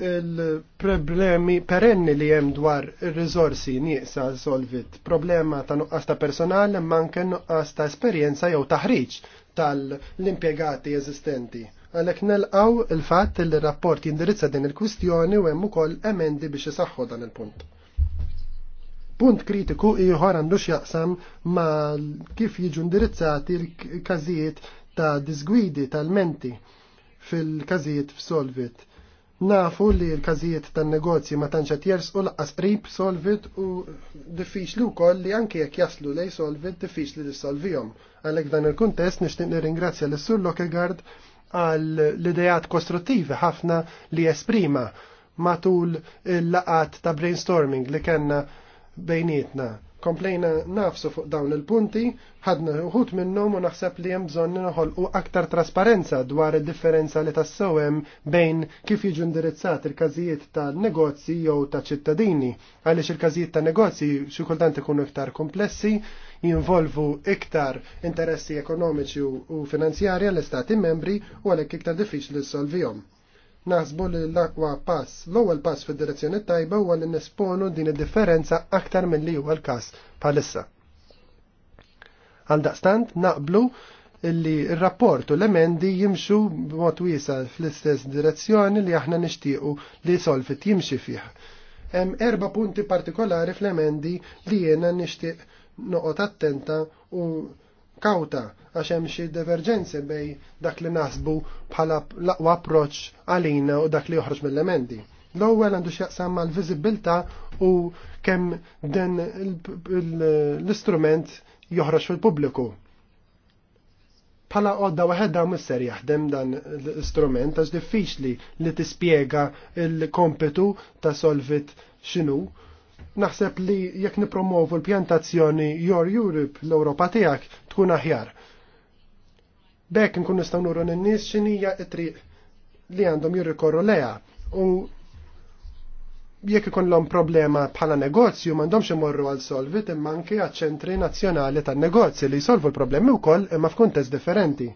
il-problemi perenni li hemm dwar ir rizorsi nieqsa solvit, problema ta' nuqqas ta' personal manken anke nuqqas ta' esperjenza jew taħriġ tal-impjegati eżistenti. Għalhekk nelqaw il-fatt li rapport jindirizza din il-kwistjoni u hemm ukoll emendi biex jisaxħu dan il-punt. Punt kritiku iħor għandu x'jaqsam ma' kif jiġu indirizzati l-każijiet ta' disgwidi tal-menti fil-każijiet f'solvit Nafu li l-każijiet tan-negozji ma tantx qed jersqu laqqas qrib solvit u diffiċli wkoll li anke jekk jaslu lej solvit diffiċli li Għalhekk dan il-kuntest nixtieq nirringrazzja lis sur Lockegard għal l-idejat kostruttivi ħafna li esprima matul il-laqat ta' brainstorming li kellna bejnietna komplejna nafsu fuq dawn il-punti, ħadna uħut minnhom u naħseb li hemm bżonn u aktar trasparenza dwar id-differenza li tassewem bejn kif jiġu indirizzat il-każijiet ta' negozji jew ta' ċittadini, għaliex il-każijiet ta' negozji xi kultant ikunu iktar komplessi, jinvolvu iktar interessi ekonomiċi u finanzjarja l-istati membri u għalhekk iktar diffiċli solvijom Naħsbu li l-akwa pass, l-ewwel pass fid-direzzjoni tajba huwa li nesponu din id-differenza aktar milli huwa l-każ bħalissa. Għal daqstant naqblu illi il-rapport u l-emendi jimxu b'mod wiesa fl-istess direzzjoni li aħna nixtiequ li solfit jimxi fih. Hemm erba punti partikolari fl-emendi li jiena nixtieq noqgħod attenta u kawta għax hemm xi divergenzi bej dak li nasbu bħala laqwa approċċ għalina u dak li joħroġ mill-elementi. L-ewwel għandu x'jaqsam mal-viżibilità u kemm dan l-istrument joħroġ fil-pubbliku. Bħala qodda waħedha misser jaħdem dan l-istrument għax diffiċli li tispjega l-kompetu ta' solvit x'inhu Naħseb li jekk nipromovu l-pjantazzjoni Your Europe l-Ewropa tiegħek tkun aħjar. Bekk nkun nistgħu nuru n nies x'inhija t-triq li għandhom jirrikorru leha u jekk ikollhom problema bħala negozju m'għandhomx imorru għal solvit imma anke għaċ-ċentri nazzjonali tan-negozji li jsolvu l-problemi wkoll imma f'kuntest differenti.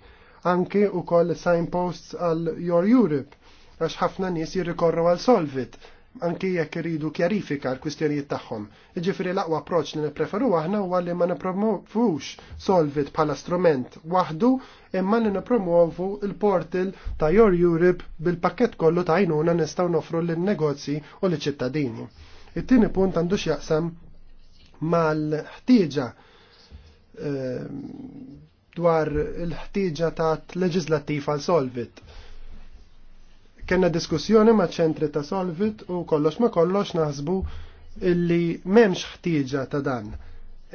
Anke ukoll signposts għal Your Europe għax ħafna nies jirrikorru għal solvit anki jekk iridu kjarifika l-kwistjonijiet tagħhom. Iġifieri l-aqwa approċċ li nippreferu aħna huwa li ma nippromovux Solvit bħala strument waħdu imma li nippromovu il-portal ta' Your Europe bil-pakket kollu ta' għajnuna nistgħu nofru lin-negozji u l-ċittadini. It-tieni punt għandu x'jaqsam mal-ħtieġa eh, dwar il-ħtieġa ta' leġislattiva għal Solvit kena diskussjoni ma' ċentri ta' Solvit u kollox ma' kollox naħsbu illi memx ħtieġa ta' dan.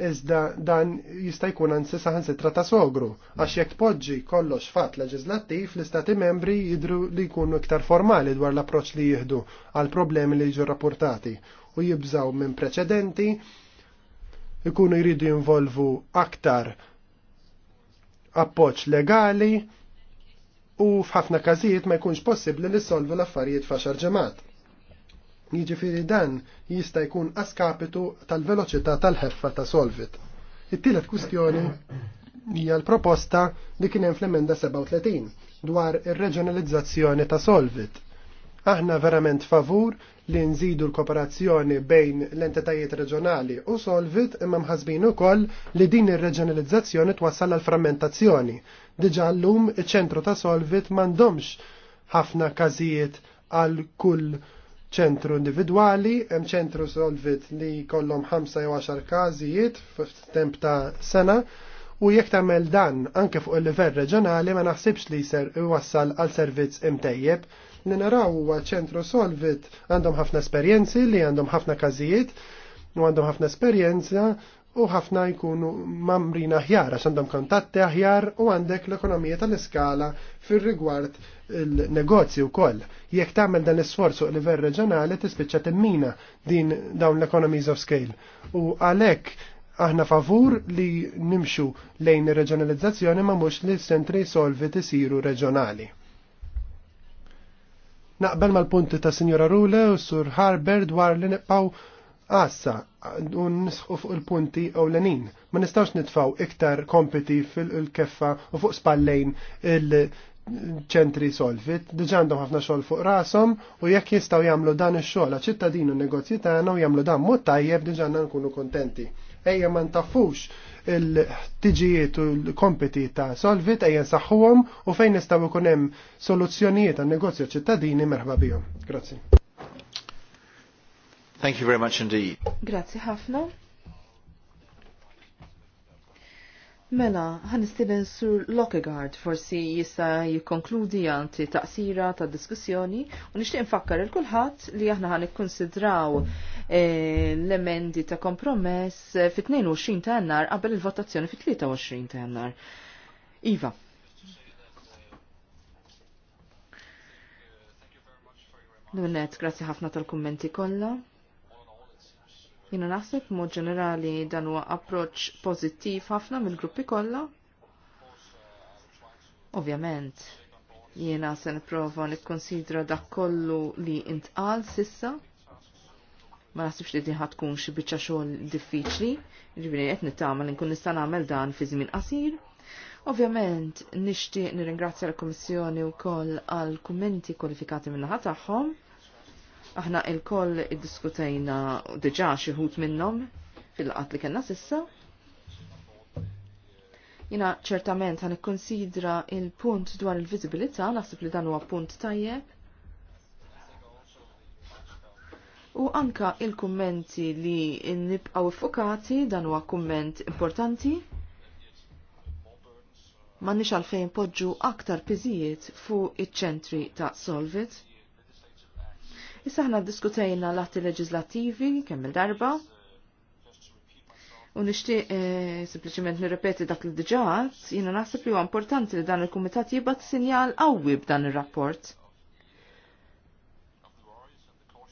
Iżda dan jista' jkun ansi saħansitra ta' sogru, għax jekk tpoġġi kollox fatt leġislattiv l-istati membri jidru li jkunu iktar formali dwar l-approċċ li jieħdu għal problemi li jiġu rapportati u jibżaw minn preċedenti, ikunu jridu jinvolvu aktar appoċ legali, u f'ħafna każijiet ma jkunx possibbli li solvu l-affarijiet f'għaxar ġemat. Jiġifieri dan jista' jkun askapitu tal-veloċità tal-ħeffa ta' solvit. It-tielet kwistjoni hija l-proposta li kien hemm fl-emenda 37 dwar ir-reġjonalizzazzjoni ta' solvit. Aħna verament favur li nżidu l-kooperazzjoni bejn l-entitajiet reġjonali u solvit imma mħasbin ukoll li din ir-reġjonalizzazzjoni twassal għal frammentazzjoni Diġa l-lum ċentru ta' Solvit mandomx ħafna kazijiet għal kull ċentru individuali, hemm ċentru solvit li kollom 5 jew 10 każijiet f'temp ta' sena, u jekk tagħmel dan anke fuq il-livell reġjonali ma naħsibx li ser iwassal għal servizz imtejjeb. Li naraw huwa ċentru solvit għandhom ħafna esperjenzi li għandhom ħafna każijiet u għandhom ħafna esperjenza u ħafna jkunu mamrin aħjar għax għandhom kontatti aħjar u għandek l-ekonomija tal-iskala fir rigward il-negozju wkoll. Jekk tagħmel dan l isforzu fuq livell reġjonali tispiċċa timmina din dawn l-economies of scale. U għalhekk aħna favur li nimxu lejn ir-reġjonalizzazzjoni ma mhux li s-sentri solvi tisiru reġjonali. Naqbel mal-punti ta' Sinjora Rule u Sur Harber dwar li nibqgħu għassa un nisħu fuq il-punti ewlenin. Ma nistawx nitfaw iktar kompeti fil-keffa u fuq spallejn il-ċentri solvit, diġandhom ħafna xogħol fuq rashom u jekk jistgħu jagħmlu dan ix-xogħol ċittadin u negozji tagħna u jagħmlu dan mod tajjeb diġanna nkunu kontenti. Ejja ma ntaffux il-ħtiġijiet u l-kompeti ta' solvit ejja nsaħħuhom u fejn nistgħu jkun hemm soluzzjonijiet għan negozju ċittadini merħba bihom. Grazzi. Thank you very much indeed. Grazzi ħafna. Mela, ħan istilin sur Lockegaard forsi jista jikonkludi għanti taqsira ta' diskussjoni u nishtiq nfakkar il kulħadd li aħna għan ikkonsidraw e, eh, l-emendi ta' kompromess fit-22 ta' jannar qabel il-votazzjoni fit-23 ta' jannar. Iva. Nunet, grazzi ħafna tal-kummenti kollha. Jina naħseb mod ġenerali dan huwa approċ pożittiv ħafna mill-gruppi kollha. Ovvjament, jiena se nipprova nikkonsidra dak kollu li intqal sissa. Ma naħsibx li diħa tkun xi biċċa xogħol diffiċli, jiġifieri qed nittama li nkun nista' nagħmel dan fi żmien qasir. Ovvjament, nixtieq nirringrazzja l-Kummissjoni wkoll għal kummenti kwalifikati min-naħa tagħhom Aħna il-koll id-diskutajna diġa xieħut minnom fil-qat li kena sissa. Jina ċertament għan ikkonsidra il-punt dwar il-vizibilità, naħseb li dan huwa punt tajjeb. U anka il-kummenti li nibqaw fukati dan huwa kumment importanti. Ma nix għalfejn podġu aktar piżijiet fuq iċ-ċentri ta' Solvit. Issa ħna diskutejna l-atti leġislattivi kemm il-darba. U nixtieq e, sempliċement nirrepeti dak li diġat, jiena naħseb li huwa importanti li dan il-kumitat jibgħat sinjal qawwi b'dan ir-rapport.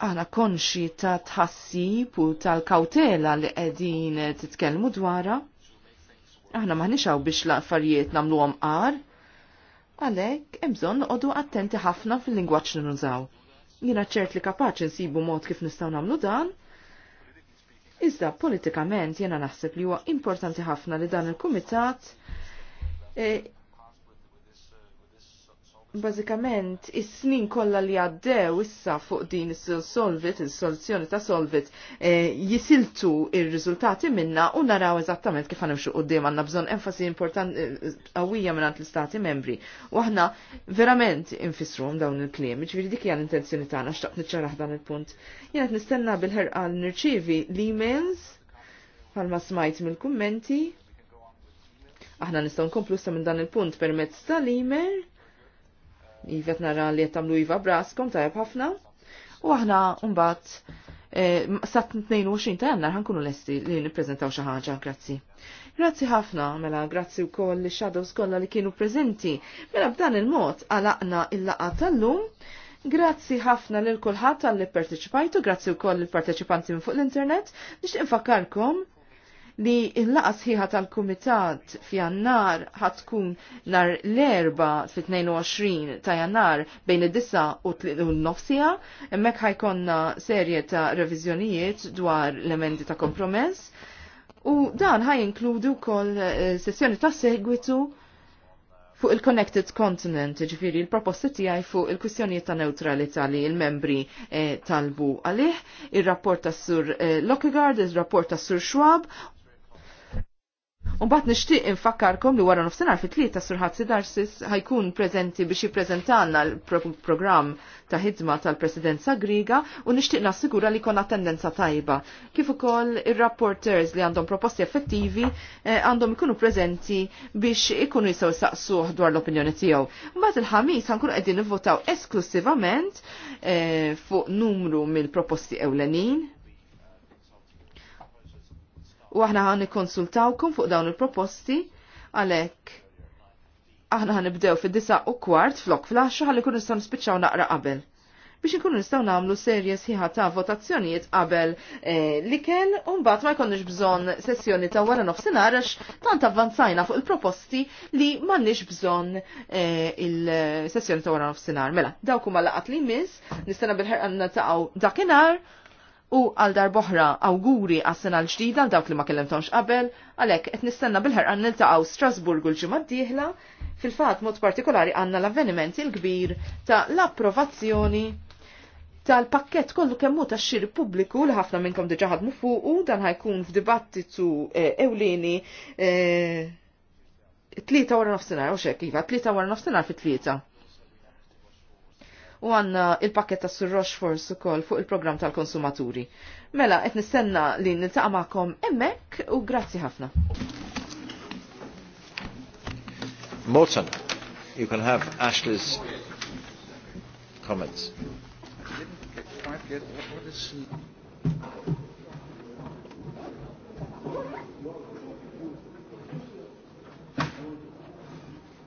Aħna konxi ta' tħassib u tal-kawtela li qegħdin titkellmu dwarha. Aħna maħniex hawn biex l-affarijiet nagħmluhom qar. Għalhekk hemm bżonn noqogħdu attenti ħafna fil-lingwaġġ li nużaw. Jina ċert li kapaċi nsibu mod kif nistaw namlu dan, iżda politikament jena naħseb li huwa importanti ħafna li dan il-kumitat eh, Bażikament, is-snin kollha li għaddew issa fuq din is-solvit, is-soluzzjoni ta' solvit, eh, jisiltu ir-riżultati minna u naraw eżattament kif d qudiem għandna bżonn enfasi importanti eh, qawwija minn l-istati membri. U aħna verament infissrum dawn il-kliem, ġviri dik hija l-intenzjoni tagħna xtaqt nċarraħ dan il-punt. Jien qed nistenna bil-ħerqa nirċievi l-emails bħalma smajt mill-kummenti. Aħna nistgħu nkomplu sa minn dan il-punt permezz tal-email jivet nara li jettamlu jiva braskom tajab ħafna. U aħna unbat sat 22 ta' jannar ħankunu lesti li niprezentaw xi ħaġa, grazzi. Grazzi ħafna, mela grazzi wkoll li xadows kollha li kienu prezenti. Mela b'dan il-mod għalaqna il-laqa tal-lum. Grazzi ħafna lil kulħadd għalli pparteċipajtu, grazzi wkoll lill parteċipanti minn fuq l-internet. Nixtieq infakkarkom li l-laqas ħiħa tal-Kumitat f'Jannar ħad tkun nar l-erba fit-22 ta' Jannar bejn id-disa u l-nofsija, emmek ħajkonna serje ta' revizjonijiet dwar l-emendi ta' kompromess. U dan ħaj inkludu kol eh, sessjoni ta' segwitu fuq il-Connected Continent, ġifiri il-proposti tijaj fuq il-kwistjoniet ta' neutralità li il-membri eh, talbu għalih, il-rapport ta' sur eh, Lockegaard, il-rapport ta' sur Schwab Umbat nishtiq infakkarkom li wara nofsinar fit tlieta surħat Sidarsis ħajkun prezenti biex jippreżentanna l-programm ta' ħidma tal-Presidenza Griga u nishtiq nassigura li konna tendenza tajba. Kif ukoll ir-rapporters li għandhom proposti effettivi eh, għandhom ikunu prezenti biex ikunu jisaw saqsuh dwar l-opinjoni tiegħu. Mbagħad il-ħamis ħankun qegħdin nivvotaw esklusivament eh, fuq numru mill-proposti ewlenin u aħna ħan nikkonsultawkom fuq dawn il-proposti għalhekk aħna ħan nibdew fid-disa u kwart flok fl-10 ħalli kun nistgħu nispiċċaw naqra qabel biex inkunu nistgħu nagħmlu serje sħiħa ta' votazzjonijiet qabel eh, li kell u mbagħad ma jkollniex bżonn sessjoni ta' wara nofsinhar għax tant avvanzajna fuq il-proposti li m'għandniex bżonn eh, il-sessjoni ta' wara nofsinhar. Mela, dawk huma laqat li miss, nistana bil-ħerqa nagħtaqgħu dakinhar u għal darboħra awguri għas sena l-ġdida għal dawk li ma kellemtomx qabel, għalek qed nistenna bil-ħarqan niltaqgħu Strasburgu l-ġimgħa d-dieħla, fil-fatt mod partikolari għandna l-avveniment il-kbir ta' l-approvazzjoni tal-pakket kollu kemmu ta' xir pubbliku li ħafna minnkom diġa ħadmu fuq u dan ħajkun f'dibattitu eh, ewlieni eh, tlieta wara nofsinhar u xekk iva, tlieta wara nofsinhar fit-tlieta u għanna il-pakket ta' Sir Rochefort ukoll fuq il-programm tal-konsumaturi. Mela, qed nistenna li niltaqa' magħkom hemmhekk u grazzi ħafna. Morton, you can have Ashley's comments. What is...